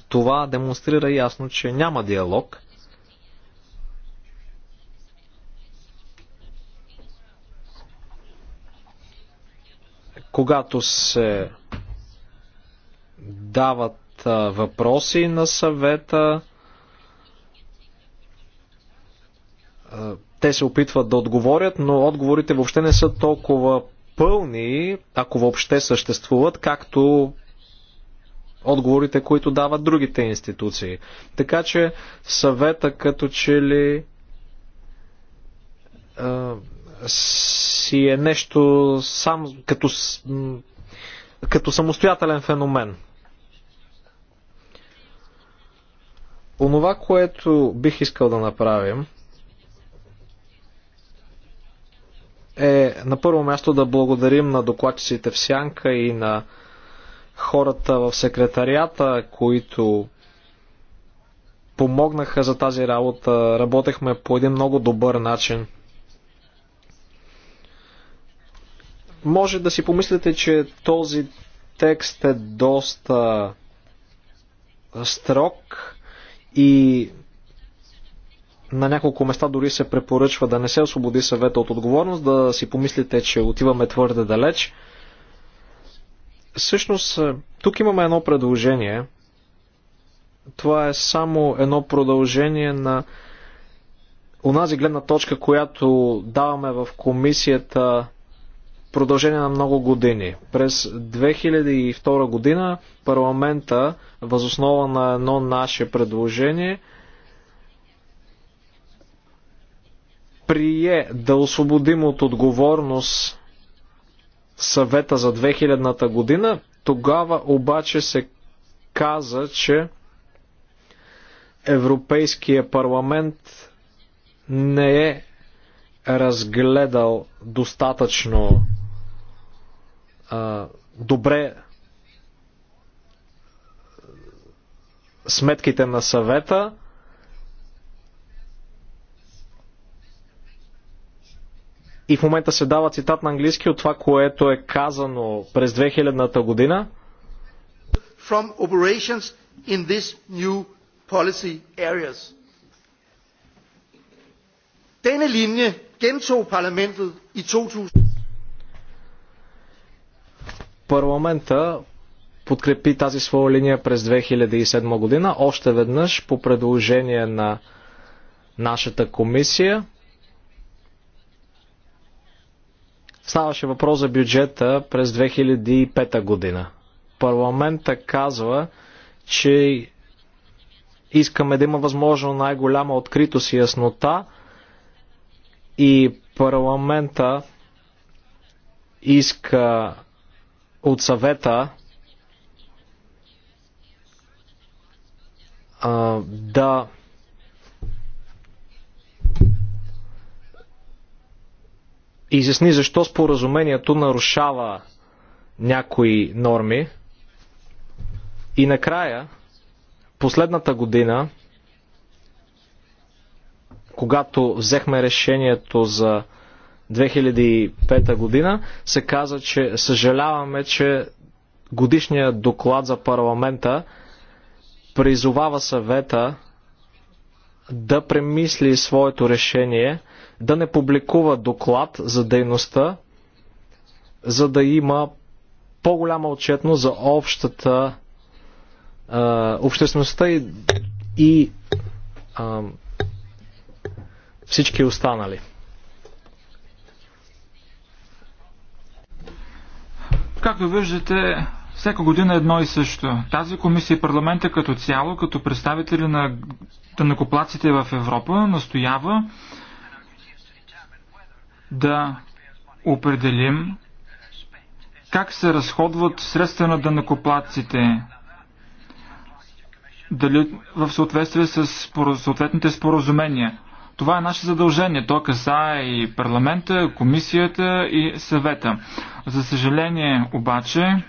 Това демонстрира ясно, че няма диалог. Когато се дават въпроси на съвета, те се опитват да отговорят, но отговорите въобще не са толкова пълни, ако въобще съществуват, както отговорите, които дават другите институции. Така че съвета като че ли си е нещо сам, като, като самостоятелен феномен. Онова, което бих искал да направим, е на първо място да благодарим на докладчиците в Сянка и на хората в секретарията, които помогнаха за тази работа. Работехме по един много добър начин. Може да си помислите, че този текст е доста строг и на няколко места дори се препоръчва да не се освободи съвета от отговорност, да си помислите, че отиваме твърде далеч. Всъщност, е, тук имаме едно предложение. Това е само едно продължение на онази гледна точка, която даваме в комисията продължение на много години. През 2002 година парламента, възоснова на едно наше предложение, прие да освободим от отговорност съвета за 2000-та година. Тогава обаче се каза, че Европейския парламент не е разгледал достатъчно а, добре сметките на съвета И в момента се дава цитат на английски от това, което е казано през 2000-та година. From operations in these new policy areas. Denne linje gentog parlamentet i 2000. Парламента подкрепи тази своя линия през 2007 година, още веднъж по предложение на нашата комисия. Ставаше въпрос за бюджета през 2005 година. Парламента казва, че искаме да има възможно най-голяма откритост и яснота и парламента иска от съвета а, да изясни защо споразумението нарушава някои норми. И накрая, последната година, когато взехме решението за 2005 година, се каза, че съжаляваме, че годишният доклад за парламента призовава съвета да премисли своето решение – да не публикува доклад за дейността, за да има по-голяма отчетност за общата е, обществеността и, и е, всички останали. Както виждате, всяка година е едно и също. Тази комисия и парламента като цяло, като представители на тънакоплаците в Европа, настоява да определим как се разходват средства на данъкоплатците, дали в съответствие с съответните споразумения. Това е наше задължение. То касае и парламента, комисията и съвета. За съжаление обаче,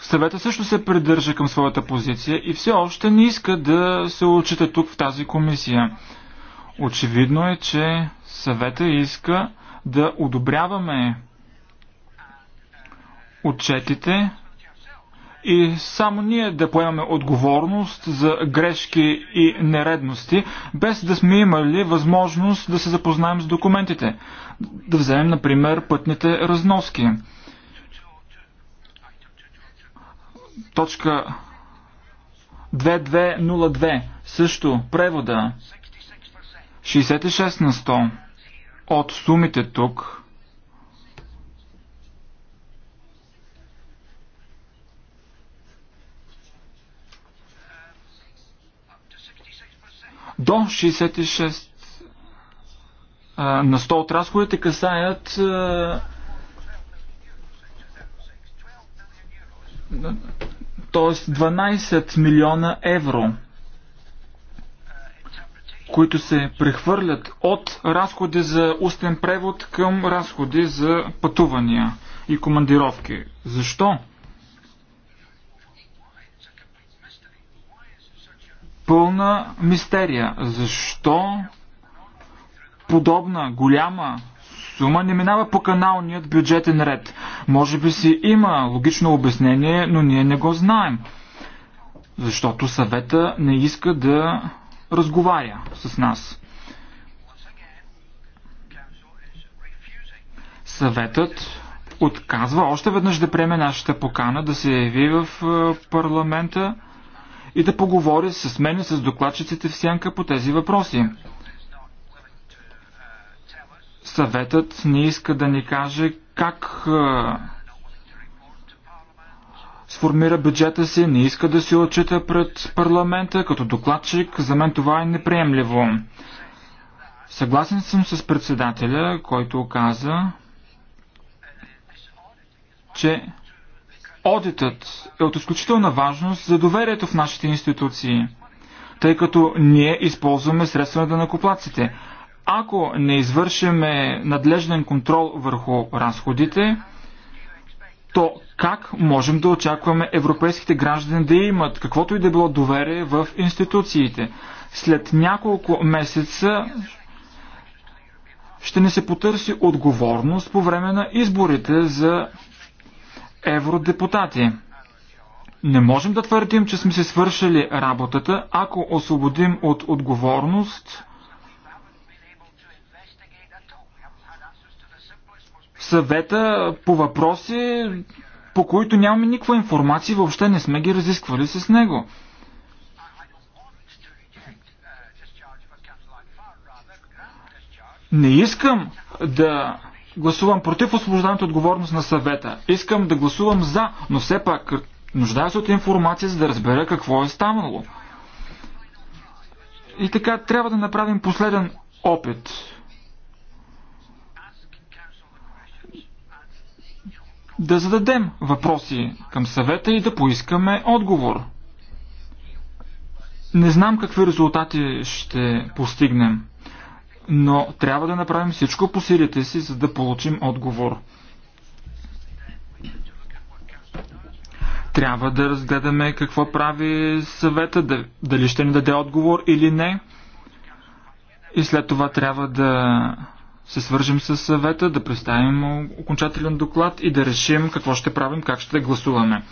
съвета също се придържа към своята позиция и все още не иска да се отчита тук в тази комисия. Очевидно е, че съвета иска да одобряваме отчетите и само ние да поемаме отговорност за грешки и нередности, без да сме имали възможност да се запознаем с документите. Да вземем, например, пътните разноски. Точка 2202. Също превода 66 на 100 от сумите тук до 66 а, на 100 от разходите касаят а, т.е. 12 милиона евро които се прехвърлят от разходи за устен превод към разходи за пътувания и командировки. Защо? Пълна мистерия. Защо подобна голяма сума не минава по каналният бюджетен ред? Може би си има логично обяснение, но ние не го знаем. Защото съвета не иска да разговаря с нас. Съветът отказва още веднъж да приеме нашата покана да се яви в е, парламента и да поговори с мен и с докладчиците в сянка по тези въпроси. Съветът не иска да ни каже как е, сформира бюджета си, не иска да се отчита пред парламента като докладчик. За мен това е неприемливо. Съгласен съм с председателя, който каза, че одитът е от изключителна важност за доверието в нашите институции, тъй като ние използваме средства на накоплаците. Ако не извършиме надлежен контрол върху разходите, то как можем да очакваме европейските граждани да имат каквото и да било доверие в институциите? След няколко месеца ще не се потърси отговорност по време на изборите за евродепутати. Не можем да твърдим, че сме се свършили работата, ако освободим от отговорност съвета по въпроси, по които нямаме никаква информация и въобще не сме ги разисквали с него. Не искам да гласувам против освобождането отговорност на съвета. Искам да гласувам за, но все пак нуждая се от информация, за да разбера какво е станало. И така трябва да направим последен опит. да зададем въпроси към съвета и да поискаме отговор. Не знам какви резултати ще постигнем, но трябва да направим всичко по силите си, за да получим отговор. Трябва да разгледаме какво прави съвета, дали ще ни даде отговор или не. И след това трябва да се свържем с съвета, да представим окончателен доклад и да решим какво ще правим, как ще гласуваме.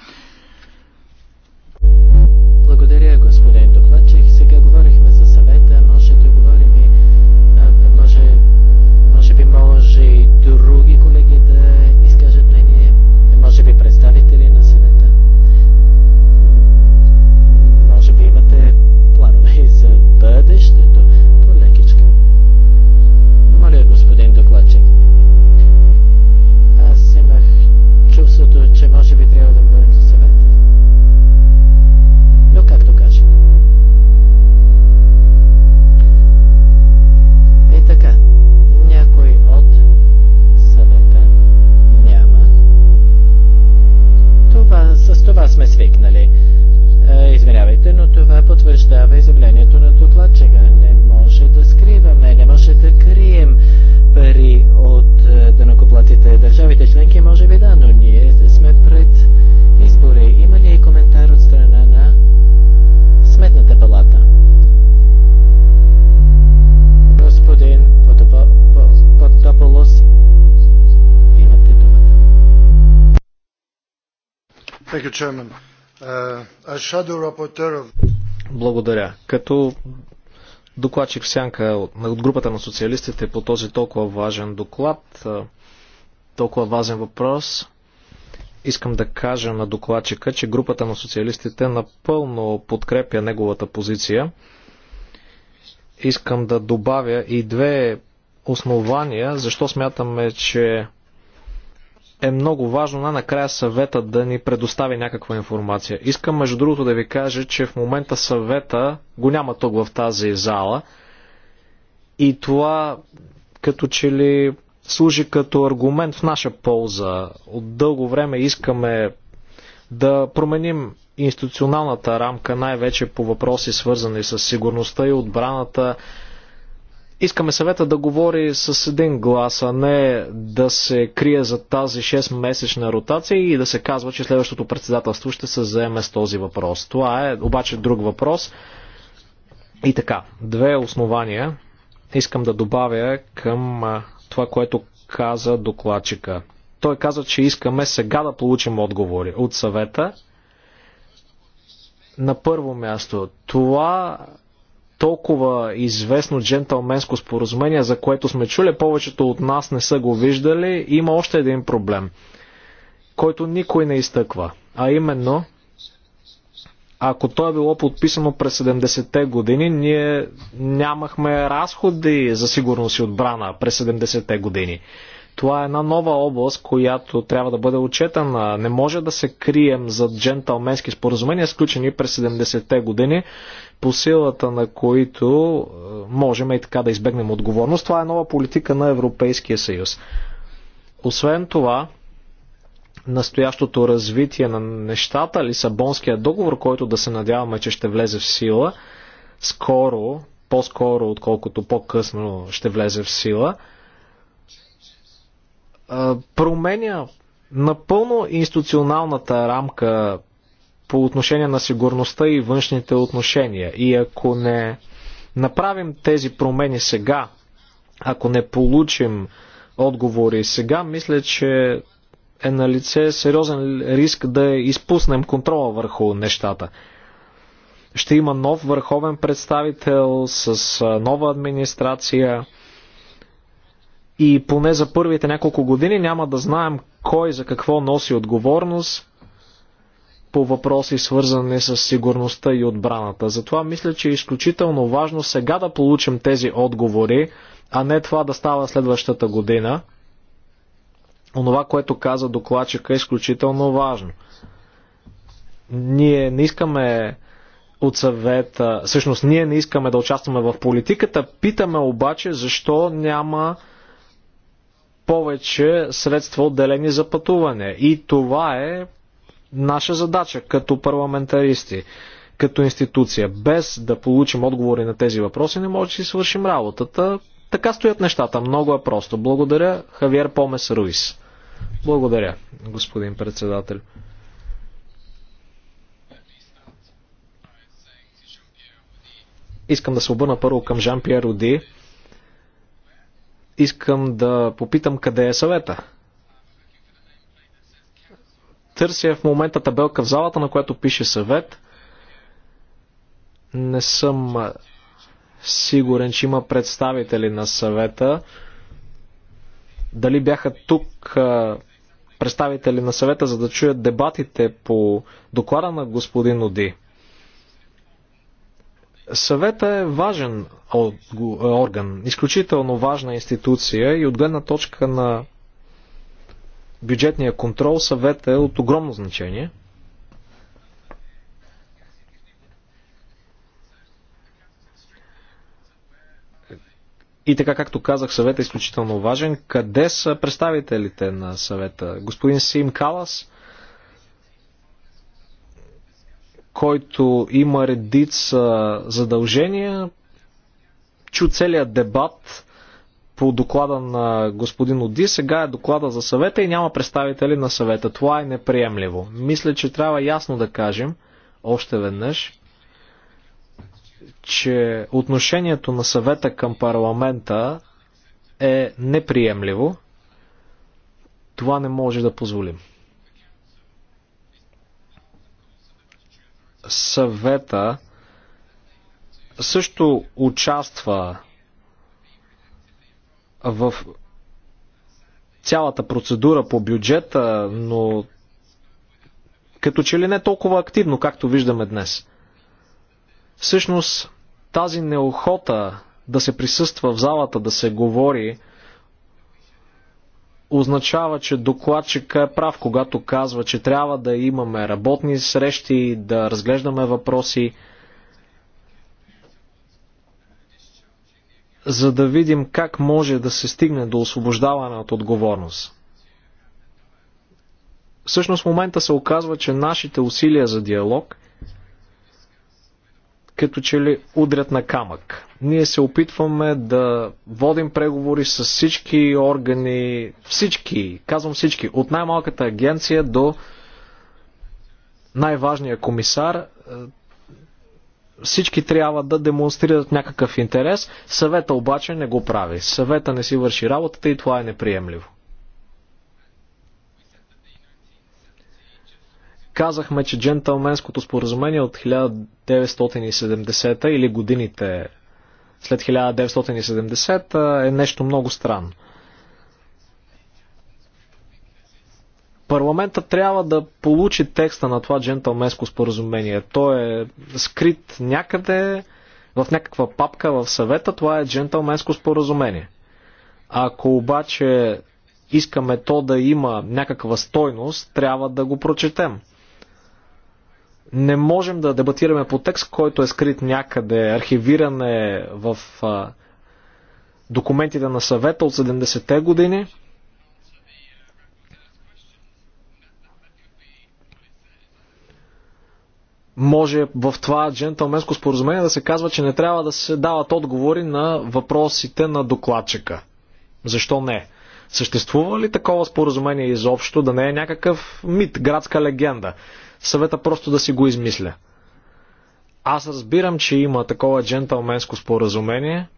Uh, Благодаря. Като докладчик в сянка от групата на социалистите по този толкова важен доклад, толкова важен въпрос, искам да кажа на докладчика, че групата на социалистите напълно подкрепя неговата позиция. Искам да добавя и две основания, защо смятаме, че е много важно на накрая съвета да ни предостави някаква информация. Искам между другото да ви кажа, че в момента съвета го няма тук в тази зала и това като че ли служи като аргумент в наша полза. От дълго време искаме да променим институционалната рамка, най-вече по въпроси свързани с сигурността и отбраната искаме съвета да говори с един глас, а не да се крие за тази 6-месечна ротация и да се казва, че следващото председателство ще се заеме с този въпрос. Това е обаче друг въпрос. И така, две основания искам да добавя към това, което каза докладчика. Той каза, че искаме сега да получим отговори от съвета. На първо място, това толкова известно джентълменско споразумение, за което сме чули, повечето от нас не са го виждали, има още един проблем, който никой не изтъква. А именно, ако то е било подписано през 70-те години, ние нямахме разходи за сигурност и отбрана през 70-те години. Това е една нова област, която трябва да бъде отчетена. Не може да се крием за джентълменски споразумения, сключени през 70-те години по силата на които е, можем и така да избегнем отговорност. Това е нова политика на Европейския съюз. Освен това, настоящото развитие на нещата, Лисабонския договор, който да се надяваме, че ще влезе в сила, скоро, по-скоро, отколкото по-късно ще влезе в сила, е, променя напълно институционалната рамка по отношение на сигурността и външните отношения. И ако не направим тези промени сега, ако не получим отговори сега, мисля, че е на лице сериозен риск да изпуснем контрола върху нещата. Ще има нов върховен представител с нова администрация и поне за първите няколко години няма да знаем кой за какво носи отговорност по въпроси свързани с сигурността и отбраната. Затова мисля, че е изключително важно сега да получим тези отговори, а не това да става следващата година. Онова, което каза докладчика е изключително важно. Ние не искаме от съвета, всъщност ние не искаме да участваме в политиката, питаме обаче защо няма повече средства отделени за пътуване. И това е наша задача като парламентаристи, като институция. Без да получим отговори на тези въпроси не може да си свършим работата. Така стоят нещата. Много е просто. Благодаря, Хавиер Помес Руис. Благодаря, господин председател. Искам да се обърна първо към Жан-Пьер Роди. Искам да попитам къде е съвета. Търся в момента табелка в залата, на която пише съвет. Не съм сигурен, че има представители на съвета. Дали бяха тук представители на съвета, за да чуят дебатите по доклада на господин Оди? Съвета е важен е орган, изключително важна институция и от гледна точка на бюджетния контрол съвет е от огромно значение. И така, както казах, съветът е изключително важен. Къде са представителите на съвета? Господин Сим Калас, който има редица задължения, чу целият дебат по доклада на господин Оди, сега е доклада за съвета и няма представители на съвета. Това е неприемливо. Мисля, че трябва ясно да кажем още веднъж, че отношението на съвета към парламента е неприемливо. Това не може да позволим. Съвета също участва в цялата процедура по бюджета, но като че ли не толкова активно, както виждаме днес. Всъщност, тази неохота да се присъства в залата, да се говори, означава, че докладчика е прав, когато казва, че трябва да имаме работни срещи, да разглеждаме въпроси. за да видим как може да се стигне до освобождаване от отговорност. Всъщност в момента се оказва, че нашите усилия за диалог като че ли удрят на камък. Ние се опитваме да водим преговори с всички органи, всички, казвам всички, от най-малката агенция до най-важния комисар всички трябва да демонстрират някакъв интерес. Съвета обаче не го прави. Съвета не си върши работата и това е неприемливо. Казахме, че джентълменското споразумение от 1970 или годините след 1970 е нещо много странно. Парламента трябва да получи текста на това джентълменско споразумение. То е скрит някъде в някаква папка в съвета. Това е джентълменско споразумение. Ако обаче искаме то да има някаква стойност, трябва да го прочетем. Не можем да дебатираме по текст, който е скрит някъде, архивиране в документите на съвета от 70-те години. може в това джентълменско споразумение да се казва, че не трябва да се дават отговори на въпросите на докладчика. Защо не? Съществува ли такова споразумение изобщо, да не е някакъв мит, градска легенда? Съвета просто да си го измисля. Аз разбирам, че има такова джентълменско споразумение.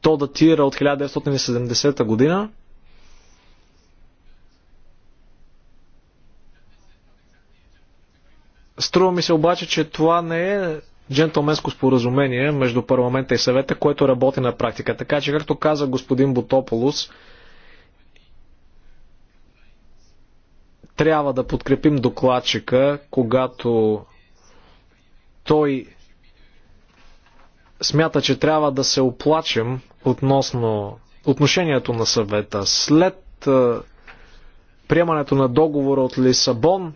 То датира от 1970 година. Струва ми се обаче, че това не е джентлменско споразумение между парламента и съвета, което работи на практика. Така че, както каза господин Бутополус, трябва да подкрепим докладчика, когато той смята, че трябва да се оплачем относно отношението на съвета. След е, приемането на договора от Лисабон,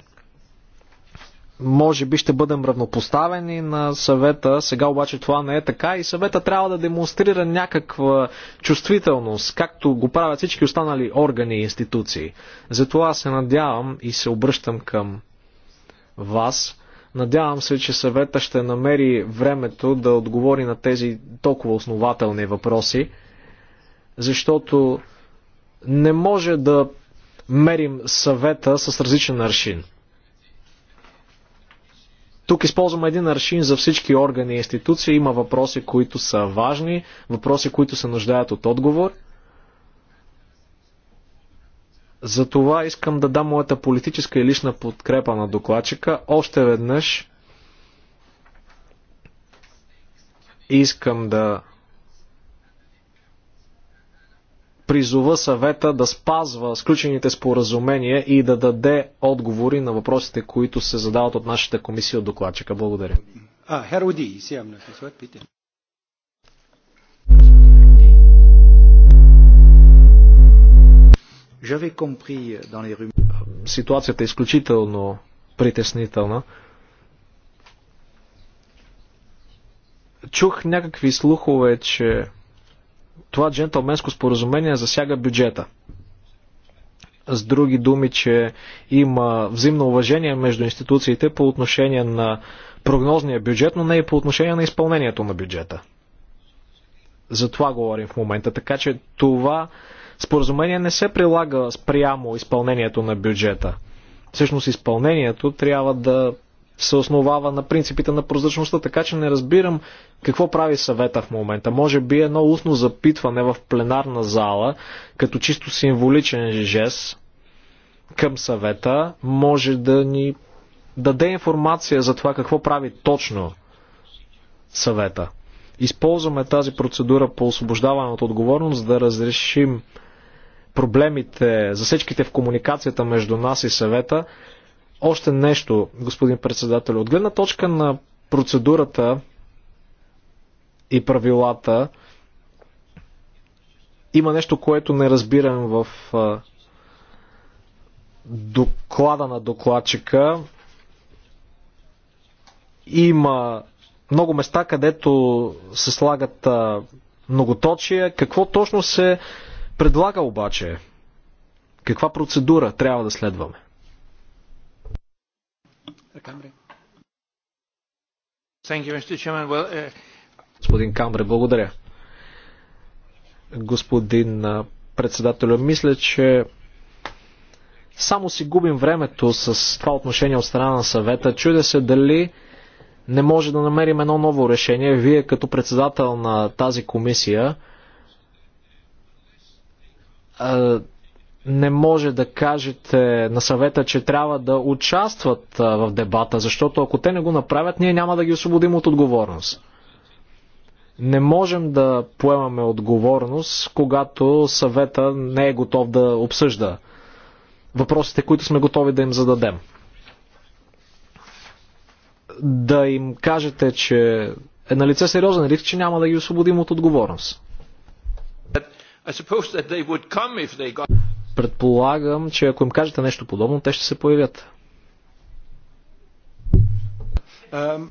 може би ще бъдем равнопоставени на съвета. Сега обаче това не е така и съвета трябва да демонстрира някаква чувствителност, както го правят всички останали органи и институции. Затова се надявам и се обръщам към вас. Надявам се, че съвета ще намери времето да отговори на тези толкова основателни въпроси, защото не може да мерим съвета с различен аршин. Тук използваме един аршин за всички органи и институции. Има въпроси, които са важни, въпроси, които се нуждаят от отговор. За това искам да дам моята политическа и лична подкрепа на докладчика. Още веднъж искам да призова съвета да спазва сключените споразумения и да даде отговори на въпросите, които се задават от нашата комисия от докладчика. Благодаря. А, Херуди, Ситуацията е изключително притеснителна. Чух някакви слухове, че това джентълменско споразумение засяга бюджета. С други думи, че има взаимно уважение между институциите по отношение на прогнозния бюджет, но не и по отношение на изпълнението на бюджета. За това говорим в момента. Така че това споразумение не се прилага спрямо изпълнението на бюджета. Всъщност изпълнението трябва да се основава на принципите на прозрачността, така че не разбирам какво прави съвета в момента. Може би едно устно запитване в пленарна зала, като чисто символичен жест към съвета, може да ни даде информация за това какво прави точно съвета. Използваме тази процедура по освобождаване от отговорност да разрешим проблемите, засечките в комуникацията между нас и съвета, още нещо, господин председател. От гледна точка на процедурата и правилата, има нещо, което не разбирам в доклада на докладчика. Има много места, където се слагат многоточия. Какво точно се предлага обаче? Каква процедура трябва да следваме? Господин Камбре, uh, благодаря. Господин председател, мисля, че само си губим времето с това отношение от страна на съвета. Чудя се дали не може да намерим едно ново решение. Вие като председател на тази комисия не може да кажете на съвета, че трябва да участват в дебата, защото ако те не го направят, ние няма да ги освободим от отговорност. Не можем да поемаме отговорност, когато съвета не е готов да обсъжда въпросите, които сме готови да им зададем. Да им кажете, че е на лице сериозен риск, че няма да ги освободим от отговорност. Предполагам, че ако им кажете нещо подобно, те ще се появят. Um...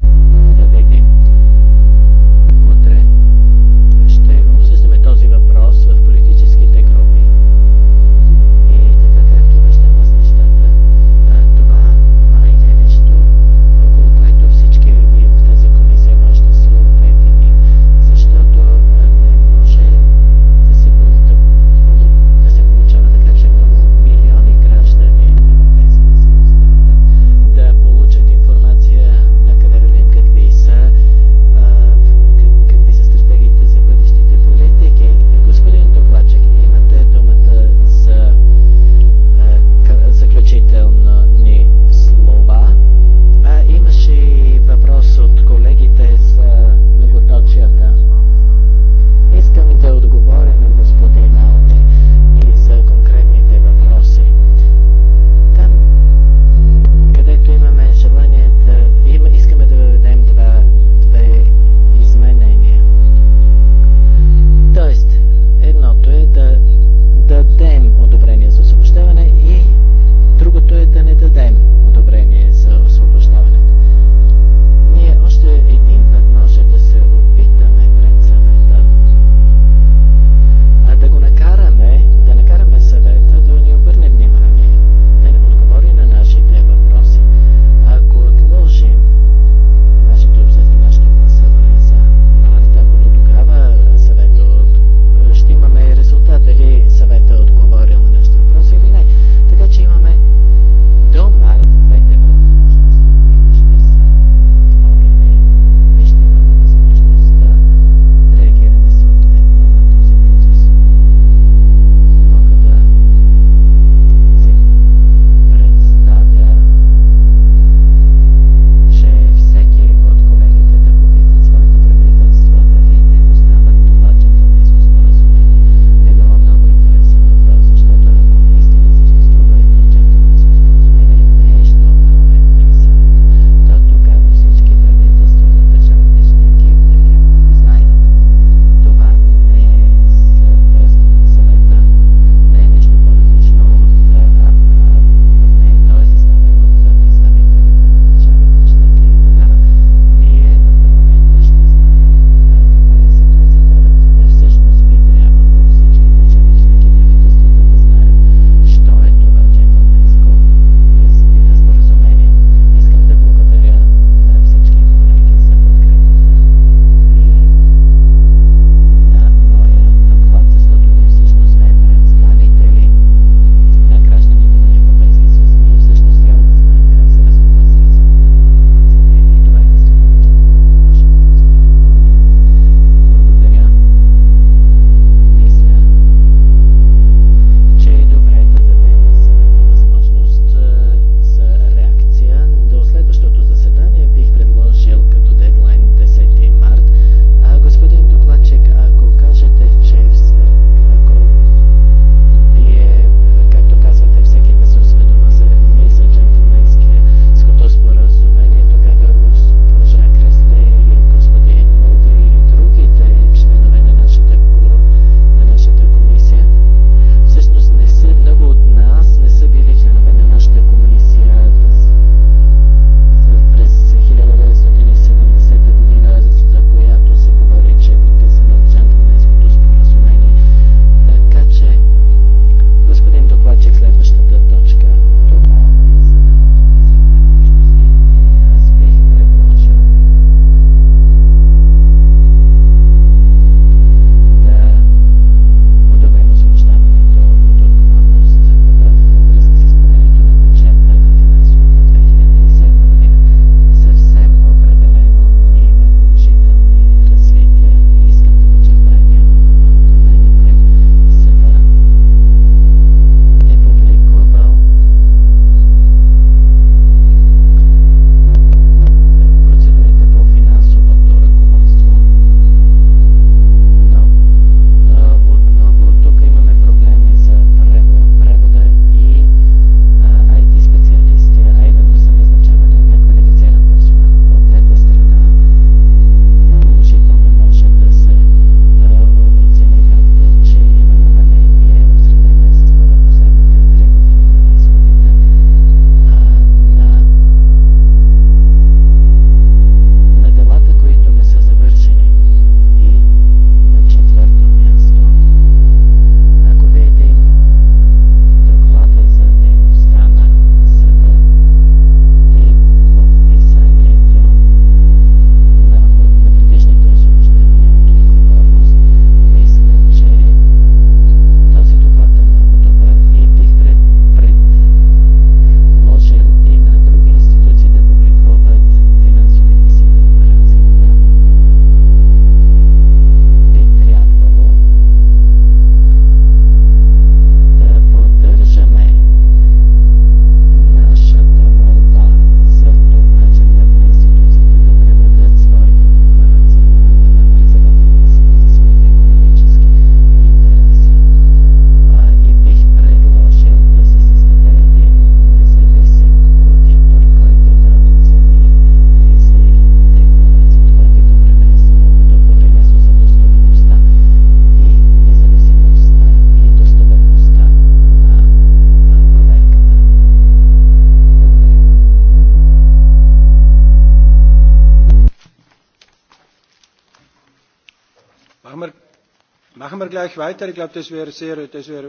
Vergleich weiter. Ich glaube, das wäre sehr, das wäre.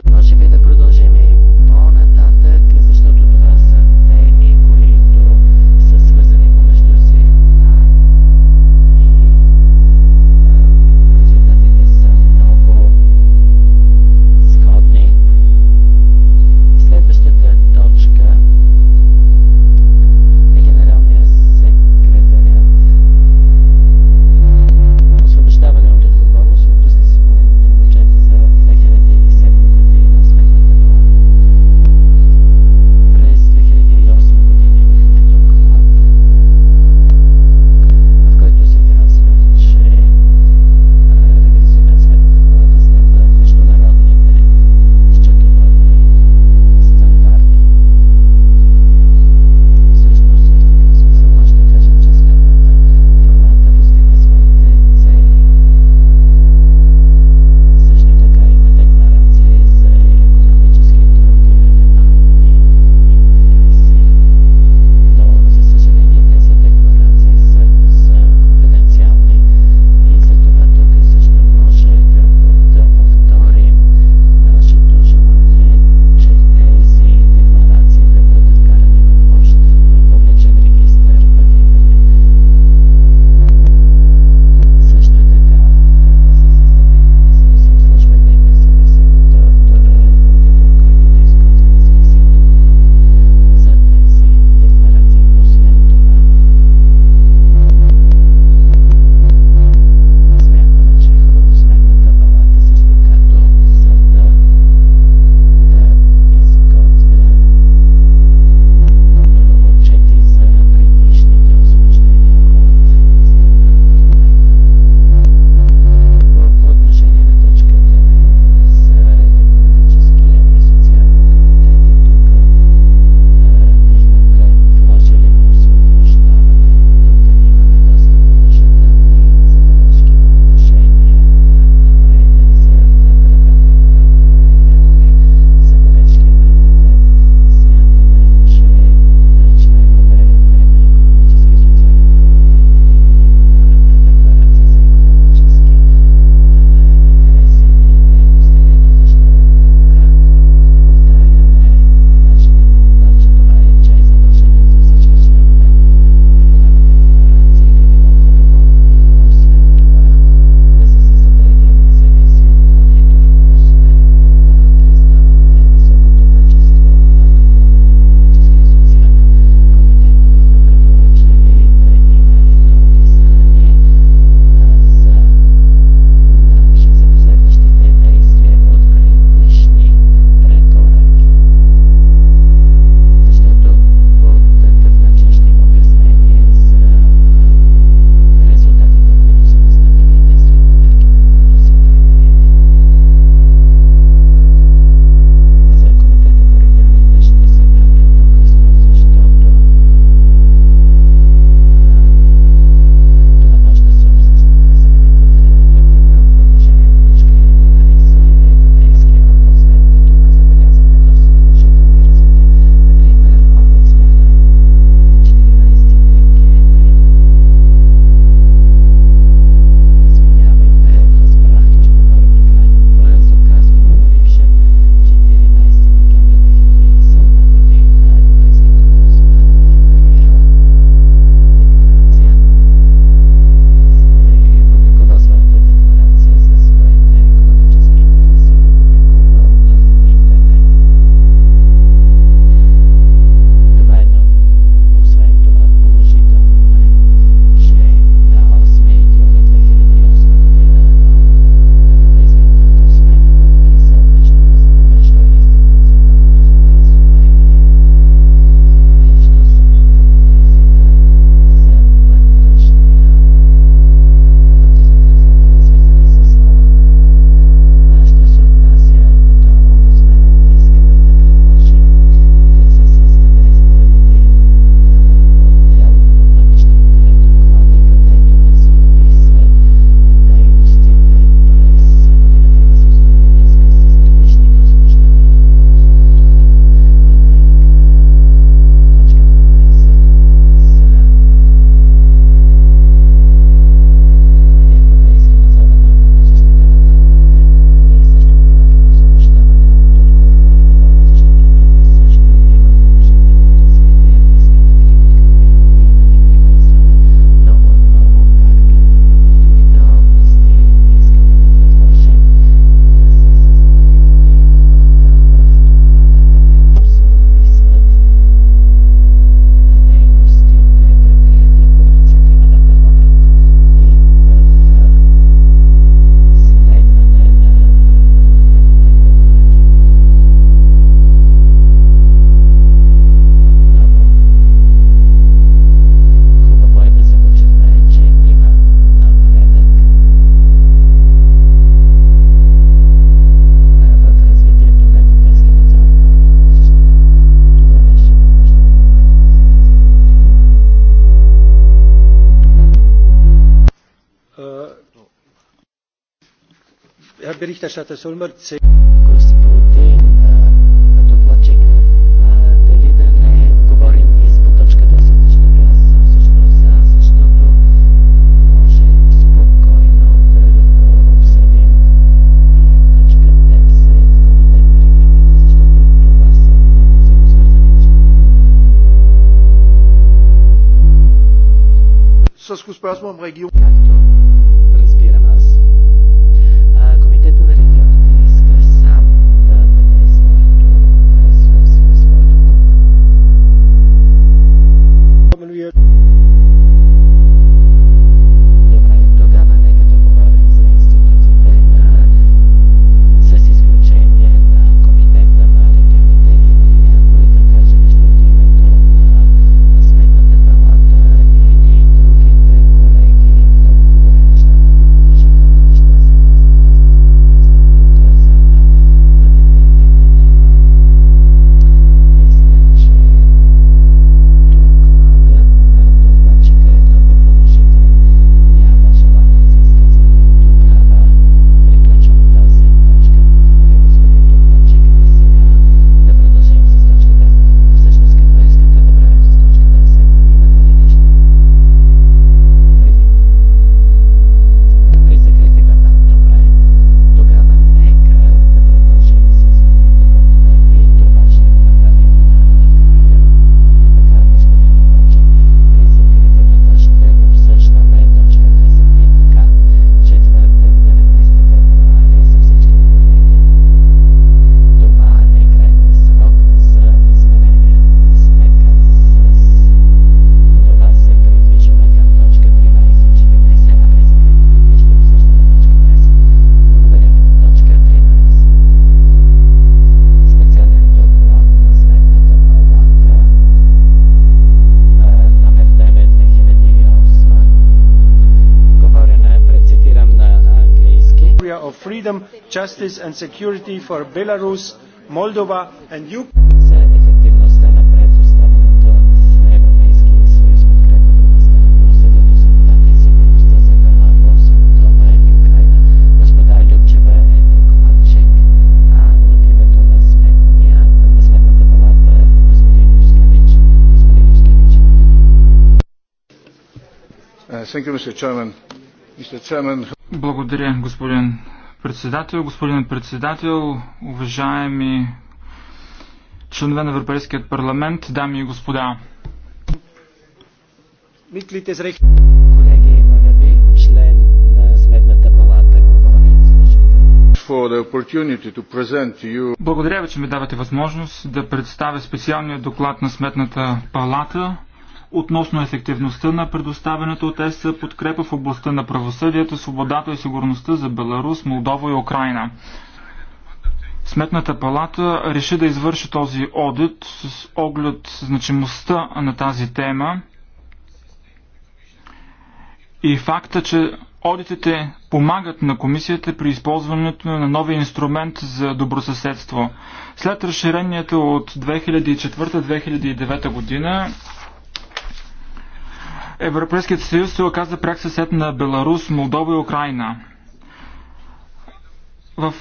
Berichterstatter Solmer с госпожа Регион. justice and security for Belarus, Moldova and Ukraine. Благодаря, господин председател, господин председател, уважаеми членове на Европейският парламент, дами и господа. Благодаря ви, че ми давате възможност да представя специалния доклад на Сметната палата относно ефективността на предоставената от ЕС подкрепа в областта на правосъдието, свободата и сигурността за Беларус, Молдова и Украина. Сметната палата реши да извърши този одит с оглед значимостта на тази тема и факта, че одитите помагат на комисията при използването на нови инструмент за добросъседство. След разширението от 2004-2009 година Европейският съюз се оказа пряк съсед на Беларус, Молдова и Украина. В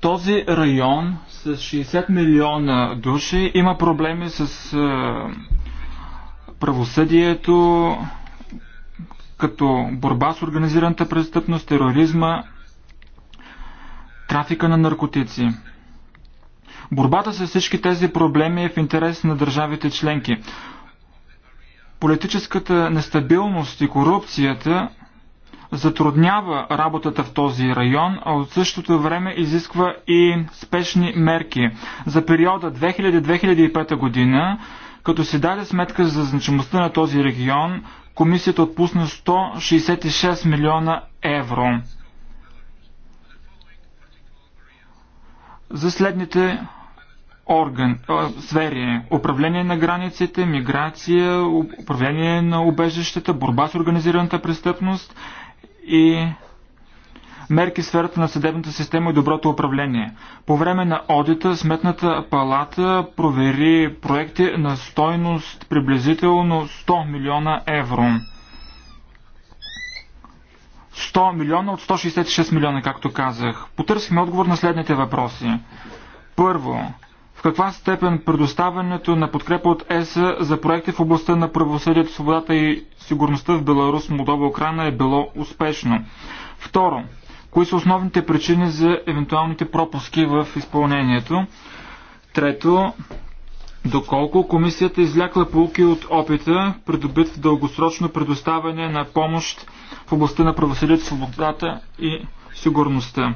този район с 60 милиона души има проблеми с е, правосъдието, като борба с организираната престъпност, тероризма, трафика на наркотици. Борбата с всички тези проблеми е в интерес на държавите членки политическата нестабилност и корупцията затруднява работата в този район, а от същото време изисква и спешни мерки. За периода 2000-2005 година, като се даде сметка за значимостта на този регион, комисията отпусна 166 милиона евро. За следните орган, а, сфери. Управление на границите, миграция, управление на убежищата, борба с организираната престъпност и мерки в сферата на съдебната система и доброто управление. По време на одита Сметната палата провери проекти на стойност приблизително 100 милиона евро. 100 милиона от 166 милиона, както казах. Потърсихме отговор на следните въпроси. Първо, в каква степен предоставянето на подкрепа от ЕС за проекти в областта на правосъдието, свободата и сигурността в Беларус, Молдова, Украина е било успешно? Второ, кои са основните причини за евентуалните пропуски в изпълнението? Трето, доколко комисията излякла полки от опита, придобит в дългосрочно предоставяне на помощ в областта на правосъдието, свободата и сигурността?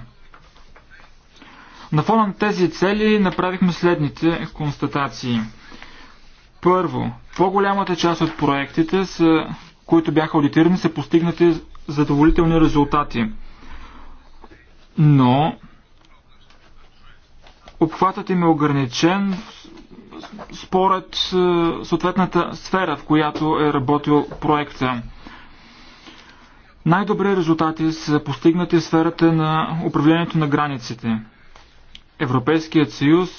На фона на тези цели направихме следните констатации. Първо, по-голямата част от проектите, са, които бяха аудитирани, са постигнати задоволителни резултати. Но обхватът им е ограничен според е, съответната сфера, в която е работил проекта. Най-добри резултати са постигнати в сферата на управлението на границите. Европейският съюз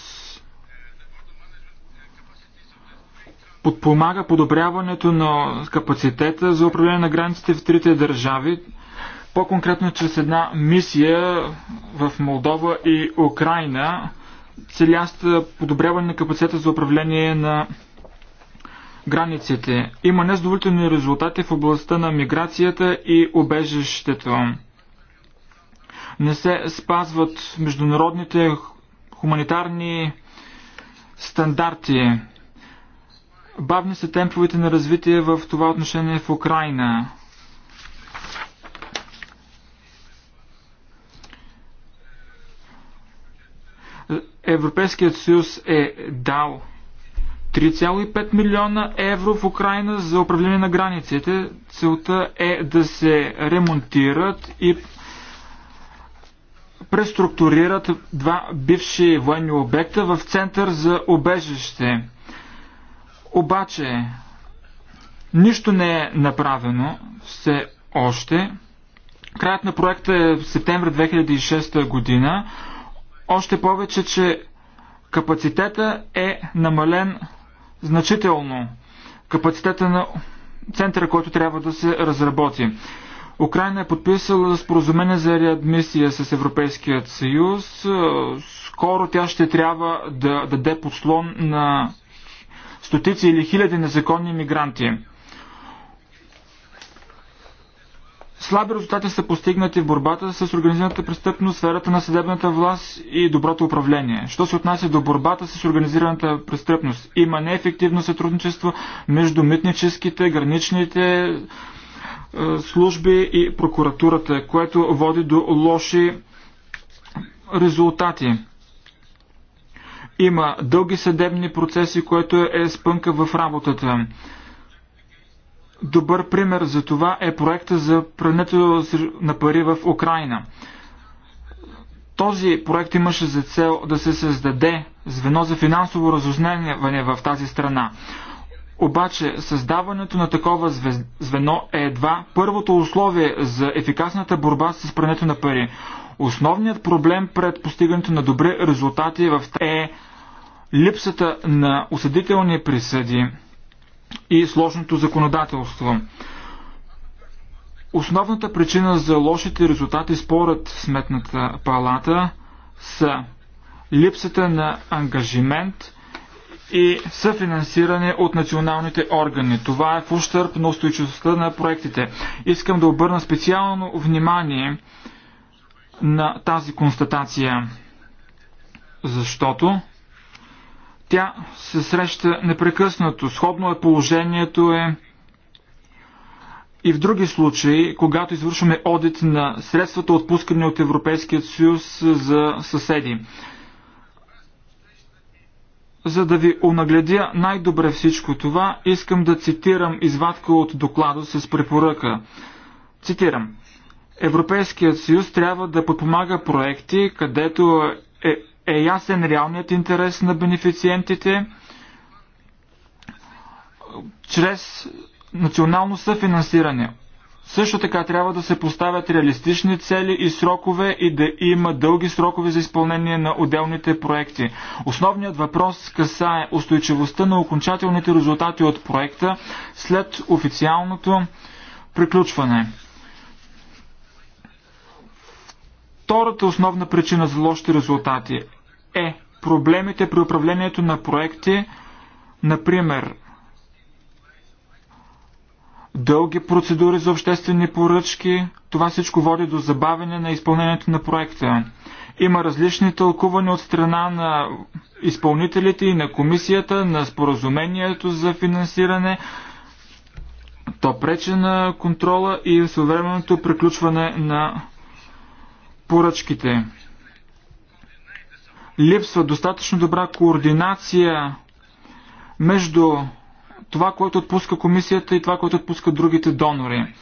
подпомага подобряването на капацитета за управление на границите в трите държави, по-конкретно чрез една мисия в Молдова и Украина, целяща подобряване на капацитета за управление на границите. Има незадоволителни резултати в областта на миграцията и обежището. Не се спазват международните хуманитарни стандарти. Бавни са темповете на развитие в това отношение в Украина. Европейският съюз е дал 3,5 милиона евро в Украина за управление на границите. Целта е да се ремонтират и преструктурират два бивши военни обекта в център за обежище. Обаче, нищо не е направено все още. Краят на проекта е в септември 2006 година. Още повече, че капацитета е намален значително. Капацитета на центъра, който трябва да се разработи. Украина е подписала споразумение за реадмисия с Европейският съюз. Е, скоро тя ще трябва да даде подслон на стотици или хиляди незаконни мигранти. Слаби резултати са постигнати в борбата с организираната престъпност, сферата на съдебната власт и доброто управление. Що се отнася до борбата с организираната престъпност? Има неефективно сътрудничество между митническите, граничните е, служби и прокуратурата, което води до лоши резултати. Има дълги съдебни процеси, което е спънка в работата. Добър пример за това е проекта за прането на пари в Украина. Този проект имаше за цел да се създаде звено за финансово разузнение в тази страна. Обаче създаването на такова звено е едва първото условие за ефикасната борба с прането на пари. Основният проблем пред постигането на добри резултати в е липсата на осъдителни присъди и сложното законодателство. Основната причина за лошите резултати според Сметната палата са липсата на ангажимент – и съфинансиране от националните органи. Това е в ущърп на устойчивостта на проектите. Искам да обърна специално внимание на тази констатация, защото тя се среща непрекъснато. Сходно е положението е и в други случаи, когато извършваме одит на средствата отпускани от Европейския съюз за съседи. За да ви онагледя най-добре всичко това, искам да цитирам извадка от доклада с препоръка. Цитирам. Европейският съюз трябва да подпомага проекти, където е, е ясен реалният интерес на бенефициентите, чрез национално съфинансиране. Също така трябва да се поставят реалистични цели и срокове и да има дълги срокове за изпълнение на отделните проекти. Основният въпрос касае устойчивостта на окончателните резултати от проекта след официалното приключване. Втората основна причина за лошите резултати е проблемите при управлението на проекти, например – дълги процедури за обществени поръчки. Това всичко води до забавяне на изпълнението на проекта. Има различни тълкувания от страна на изпълнителите и на комисията на споразумението за финансиране. То пречи на контрола и съвременното приключване на поръчките. Липсва достатъчно добра координация между това, което отпуска комисията и това, което отпуска другите донори.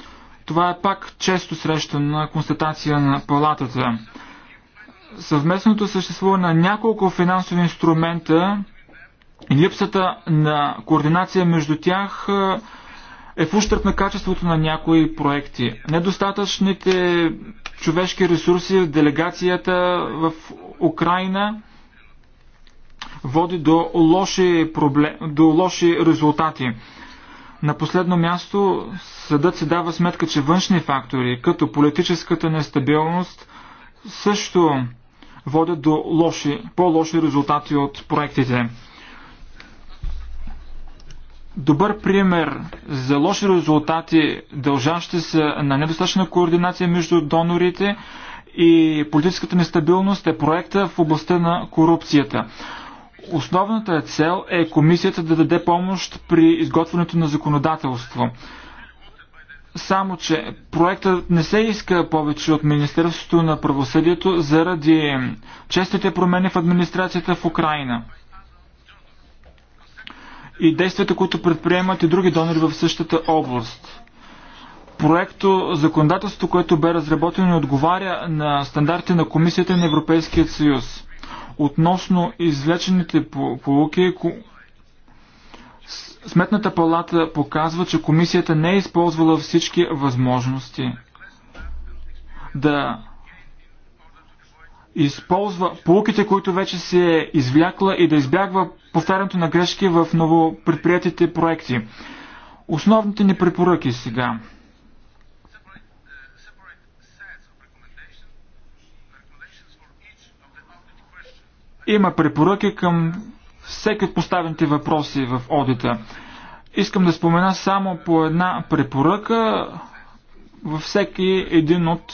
Това е пак често срещана констатация на палатата. Съвместното съществуване на няколко финансови инструмента и липсата на координация между тях е, е в ущърп на качеството на някои проекти. Недостатъчните човешки ресурси в делегацията в Украина води до лоши, проблем, до лоши резултати. На последно място, съдът се дава сметка, че външни фактори, като политическата нестабилност, също водят до лоши, по-лоши резултати от проектите. Добър пример за лоши резултати, дължащи се на недостатъчна координация между донорите и политическата нестабилност е проекта в областта на корупцията. Основната цел е комисията да даде помощ при изготвянето на законодателство. Само, че проектът не се иска повече от Министерството на правосъдието заради честите промени в администрацията в Украина и действията, които предприемат и други донори в същата област. Проекто законодателство, което бе разработено, отговаря на стандарти на Комисията на Европейския съюз. Относно излечените полуки, Сметната палата показва, че комисията не е използвала всички възможности да използва полуките, които вече се е извлякла и да избягва повтарянето на грешки в новопредприятите проекти. Основните ни препоръки сега – Има препоръки към всеки от поставените въпроси в одита. Искам да спомена само по една препоръка във всеки един от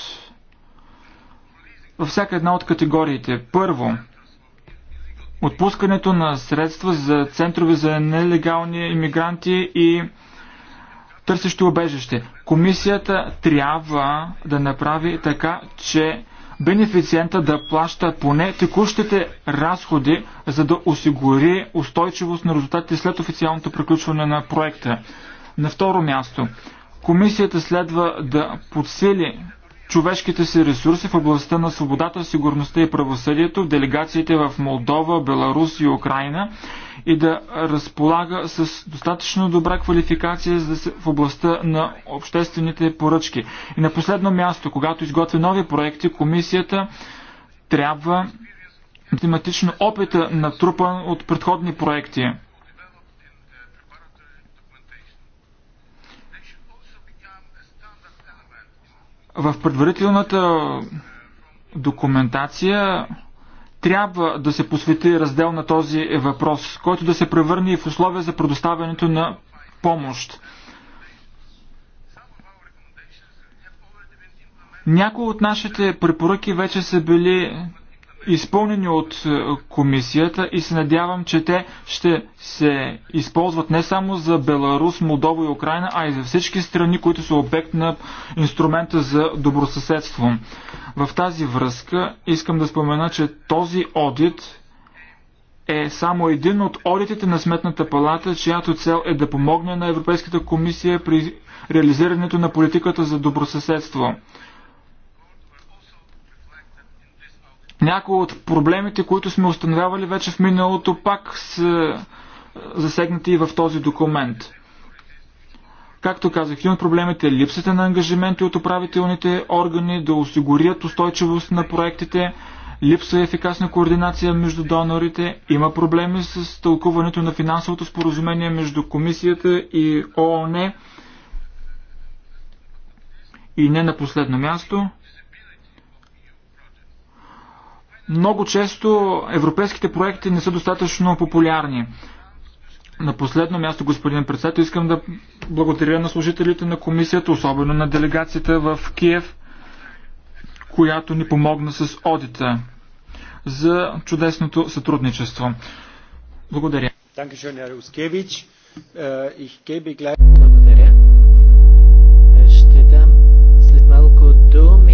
във всяка една от категориите. Първо, отпускането на средства за центрове за нелегални иммигранти и търсещи обежище. Комисията трябва да направи така, че бенефициента да плаща поне текущите разходи, за да осигури устойчивост на резултатите след официалното приключване на проекта. На второ място, комисията следва да подсили човешките си ресурси в областта на свободата, сигурността и правосъдието в делегациите в Молдова, Беларус и Украина и да разполага с достатъчно добра квалификация в областта на обществените поръчки. И на последно място, когато изготвя нови проекти, комисията трябва тематично опита на трупа от предходни проекти. В предварителната документация трябва да се посвети раздел на този въпрос, който да се превърне и в условия за предоставянето на помощ. Някои от нашите препоръки вече са били изпълнени от е, комисията и се надявам, че те ще се използват не само за Беларус, Молдова и Украина, а и за всички страни, които са обект на инструмента за добросъседство. В тази връзка искам да спомена, че този одит е само един от одитите на Сметната палата, чиято цел е да помогне на Европейската комисия при реализирането на политиката за добросъседство. Някои от проблемите, които сме установявали вече в миналото, пак са е, засегнати и в този документ. Както казах, един от проблемите е липсата на ангажименти от управителните органи да осигурят устойчивост на проектите, липса ефикасна координация между донорите, има проблеми с тълкуването на финансовото споразумение между комисията и ООН и не на последно място Много често европейските проекти не са достатъчно популярни. На последно място, господин председател, искам да благодаря на служителите на комисията, особено на делегацията в Киев, която ни помогна с одита за чудесното сътрудничество. Благодаря. Äh, благодаря. Ще дам след малко дума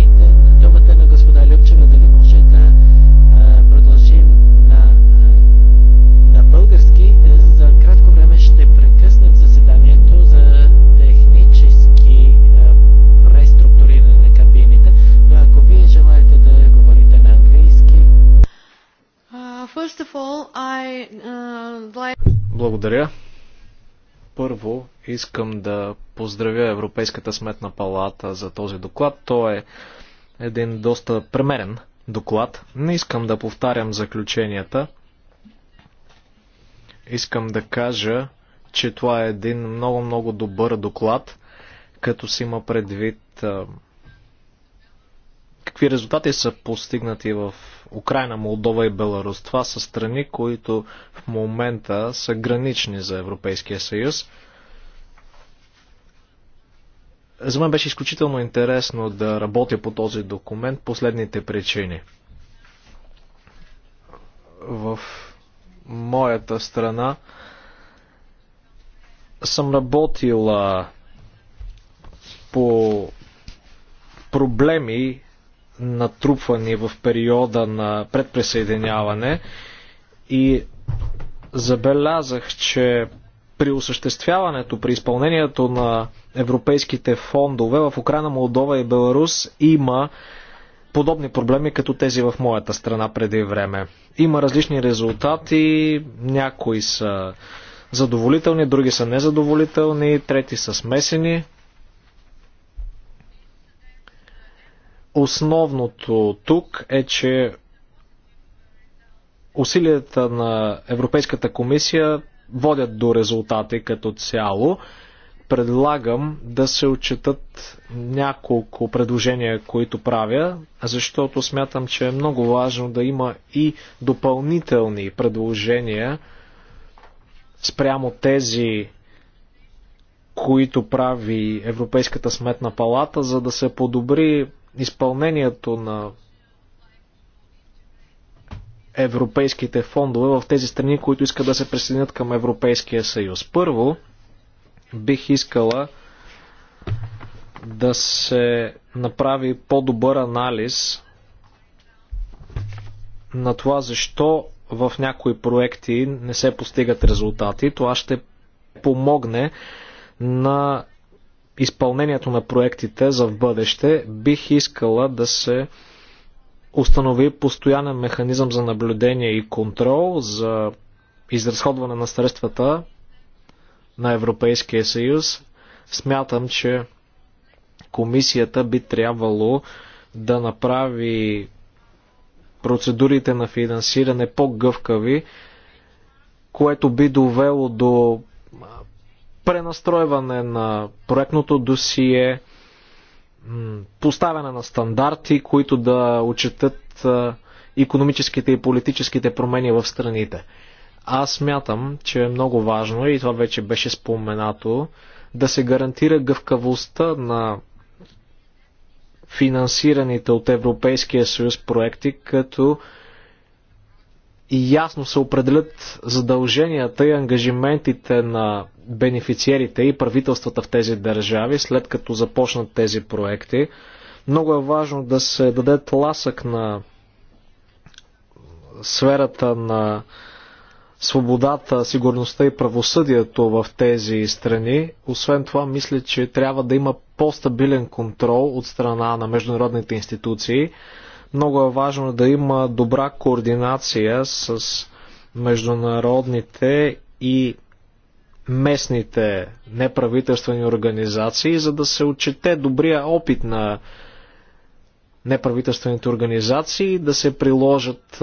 Благодаря. Първо искам да поздравя Европейската сметна палата за този доклад. Той е един доста премерен доклад. Не искам да повтарям заключенията. Искам да кажа, че това е един много-много добър доклад, като си има предвид какви резултати са постигнати в Украина, Молдова и Беларус. Това са страни, които в момента са гранични за Европейския съюз. За мен беше изключително интересно да работя по този документ последните причини. В моята страна съм работила по проблеми натрупвани в периода на предпресъединяване и забелязах, че при осъществяването, при изпълнението на европейските фондове в Украина, Молдова и Беларус има подобни проблеми като тези в моята страна преди време. Има различни резултати, някои са задоволителни, други са незадоволителни, трети са смесени. Основното тук е, че усилията на Европейската комисия водят до резултати като цяло. Предлагам да се отчитат няколко предложения, които правя, защото смятам, че е много важно да има и допълнителни предложения спрямо тези, които прави Европейската сметна палата, за да се подобри изпълнението на европейските фондове в тези страни, които искат да се присъединят към Европейския съюз. Първо, бих искала да се направи по-добър анализ на това защо в някои проекти не се постигат резултати. Това ще помогне на изпълнението на проектите за в бъдеще, бих искала да се установи постоянен механизъм за наблюдение и контрол за изразходване на средствата на Европейския съюз. Смятам, че комисията би трябвало да направи процедурите на финансиране по-гъвкави, което би довело до пренастройване на проектното досие, поставяне на стандарти, които да отчитат економическите и политическите промени в страните. Аз смятам, че е много важно, и това вече беше споменато, да се гарантира гъвкавостта на финансираните от Европейския съюз проекти, като и ясно се определят задълженията и ангажиментите на бенефициерите и правителствата в тези държави, след като започнат тези проекти. Много е важно да се даде тласък на сферата на свободата, сигурността и правосъдието в тези страни. Освен това, мисля, че трябва да има по-стабилен контрол от страна на международните институции. Много е важно да има добра координация с международните и местните неправителствени организации, за да се отчете добрия опит на неправителствените организации да се приложат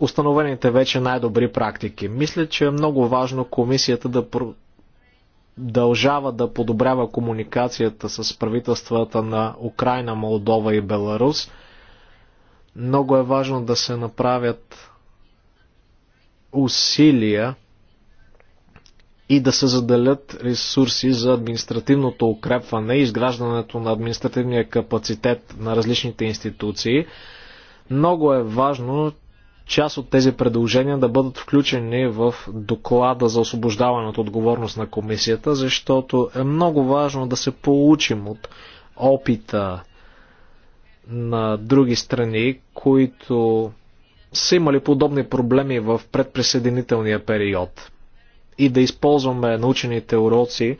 установените вече най-добри практики. Мисля, че е много важно комисията да продължава да подобрява комуникацията с правителствата на Украина, Молдова и Беларус. Много е важно да се направят усилия и да се заделят ресурси за административното укрепване и изграждането на административния капацитет на различните институции. Много е важно част от тези предложения да бъдат включени в доклада за освобождаване от отговорност на комисията, защото е много важно да се получим от опита на други страни, които са имали подобни проблеми в предприсъединителния период и да използваме научените уроци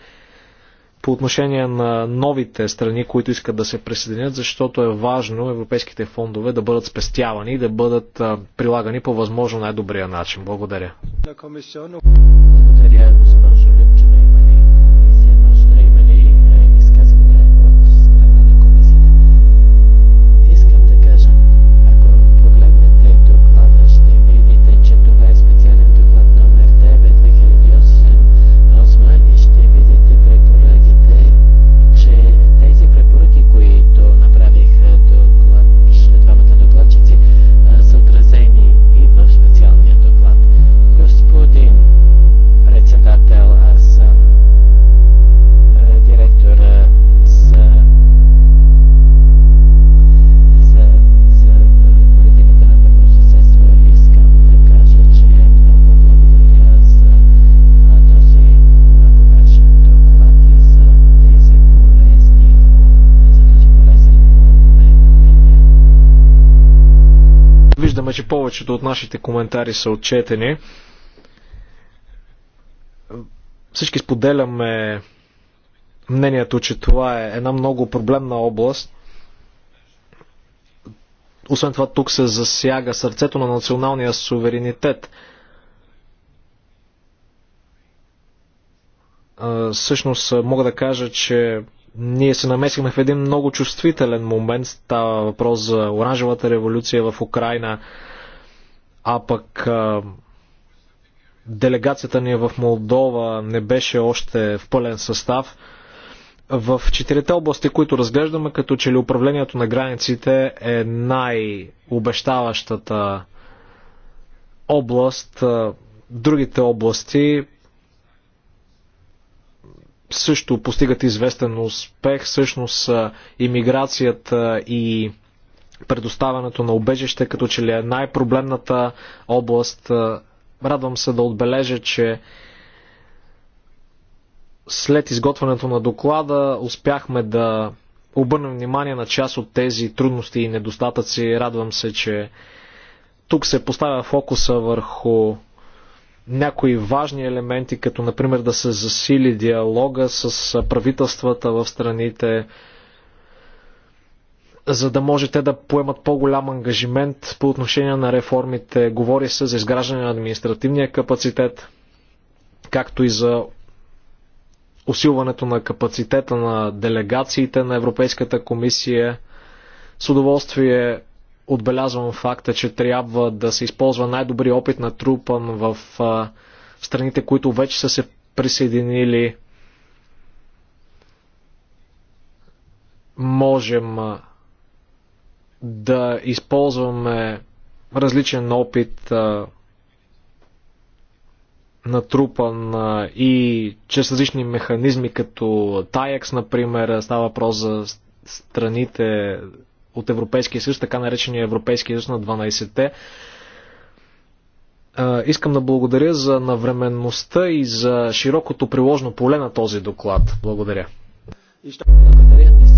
по отношение на новите страни, които искат да се присъединят, защото е важно европейските фондове да бъдат спестявани и да бъдат прилагани по възможно най-добрия начин. Благодаря. Благодаря, господин. повечето от нашите коментари са отчетени. Всички споделяме мнението, че това е една много проблемна област. Освен това, тук се засяга сърцето на националния суверенитет. Всъщност, мога да кажа, че ние се намесихме в един много чувствителен момент. Става въпрос за оранжевата революция в Украина. А пък делегацията ни в Молдова не беше още в пълен състав. В четирите области, които разглеждаме, като че ли управлението на границите е най-обещаващата област, другите области също постигат известен успех. Всъщност иммиграцията и предоставянето на обежище, като че ли е най-проблемната област. Е, радвам се да отбележа, че след изготвянето на доклада успяхме да обърнем внимание на част от тези трудности и недостатъци. Радвам се, че тук се поставя фокуса върху някои важни елементи, като например да се засили диалога с правителствата в страните, за да може те да поемат по-голям ангажимент по отношение на реформите. Говори се за изграждане на административния капацитет, както и за усилването на капацитета на делегациите на Европейската комисия. С удоволствие отбелязвам факта, че трябва да се използва най-добри опит на трупан в страните, които вече са се присъединили. Можем да използваме различен опит, натрупан и чрез различни механизми, като TAEX, например, става въпрос за страните от Европейския съюз, така наречения Европейския съюз на 12-те. Искам да благодаря за навременността и за широкото приложно поле на този доклад. Благодаря. И Благодаря.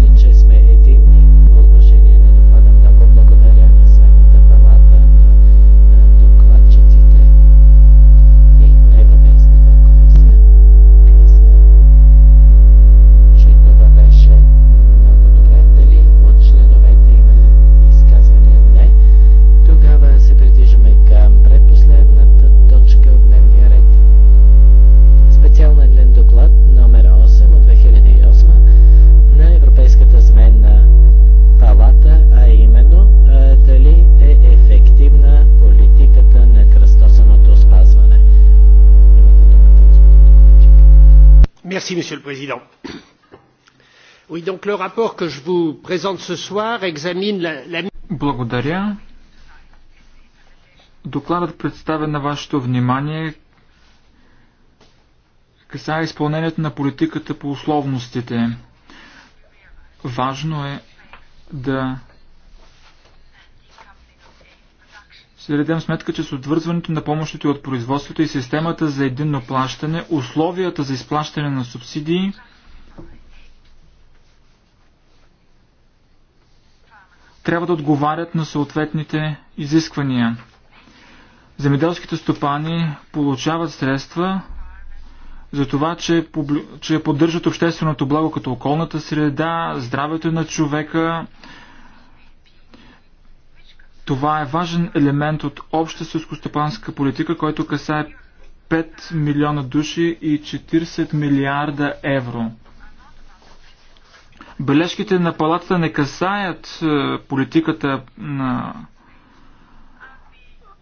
monsieur le président le rapport que je vous présente ce soir examine la. Благодаря. Докладът представя на вашето внимание касае изпълнението на политиката по условностите. Важно е да ще дадем сметка, че с отвързването на помощите от производството и системата за единно плащане, условията за изплащане на субсидии трябва да отговарят на съответните изисквания. Земеделските стопани получават средства за това, че, че поддържат общественото благо като околната среда, здравето на човека, това е важен елемент от обща сълскостопанска политика, който касае 5 милиона души и 40 милиарда евро. Бележките на палатата не касаят е, политиката на...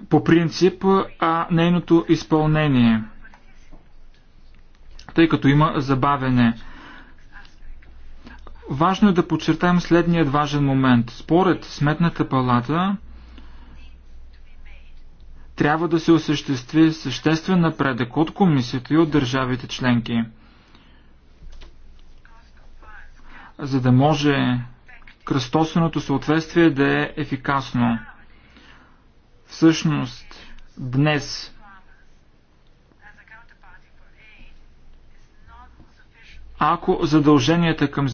по принцип, а нейното изпълнение, тъй като има забавене. Важно е да подчертаем следният важен момент. Според Сметната палата, трябва да се осъществи съществен напредък от комисията и от държавите членки, за да може кръстосеното съответствие да е ефикасно. Всъщност, днес ако задълженията към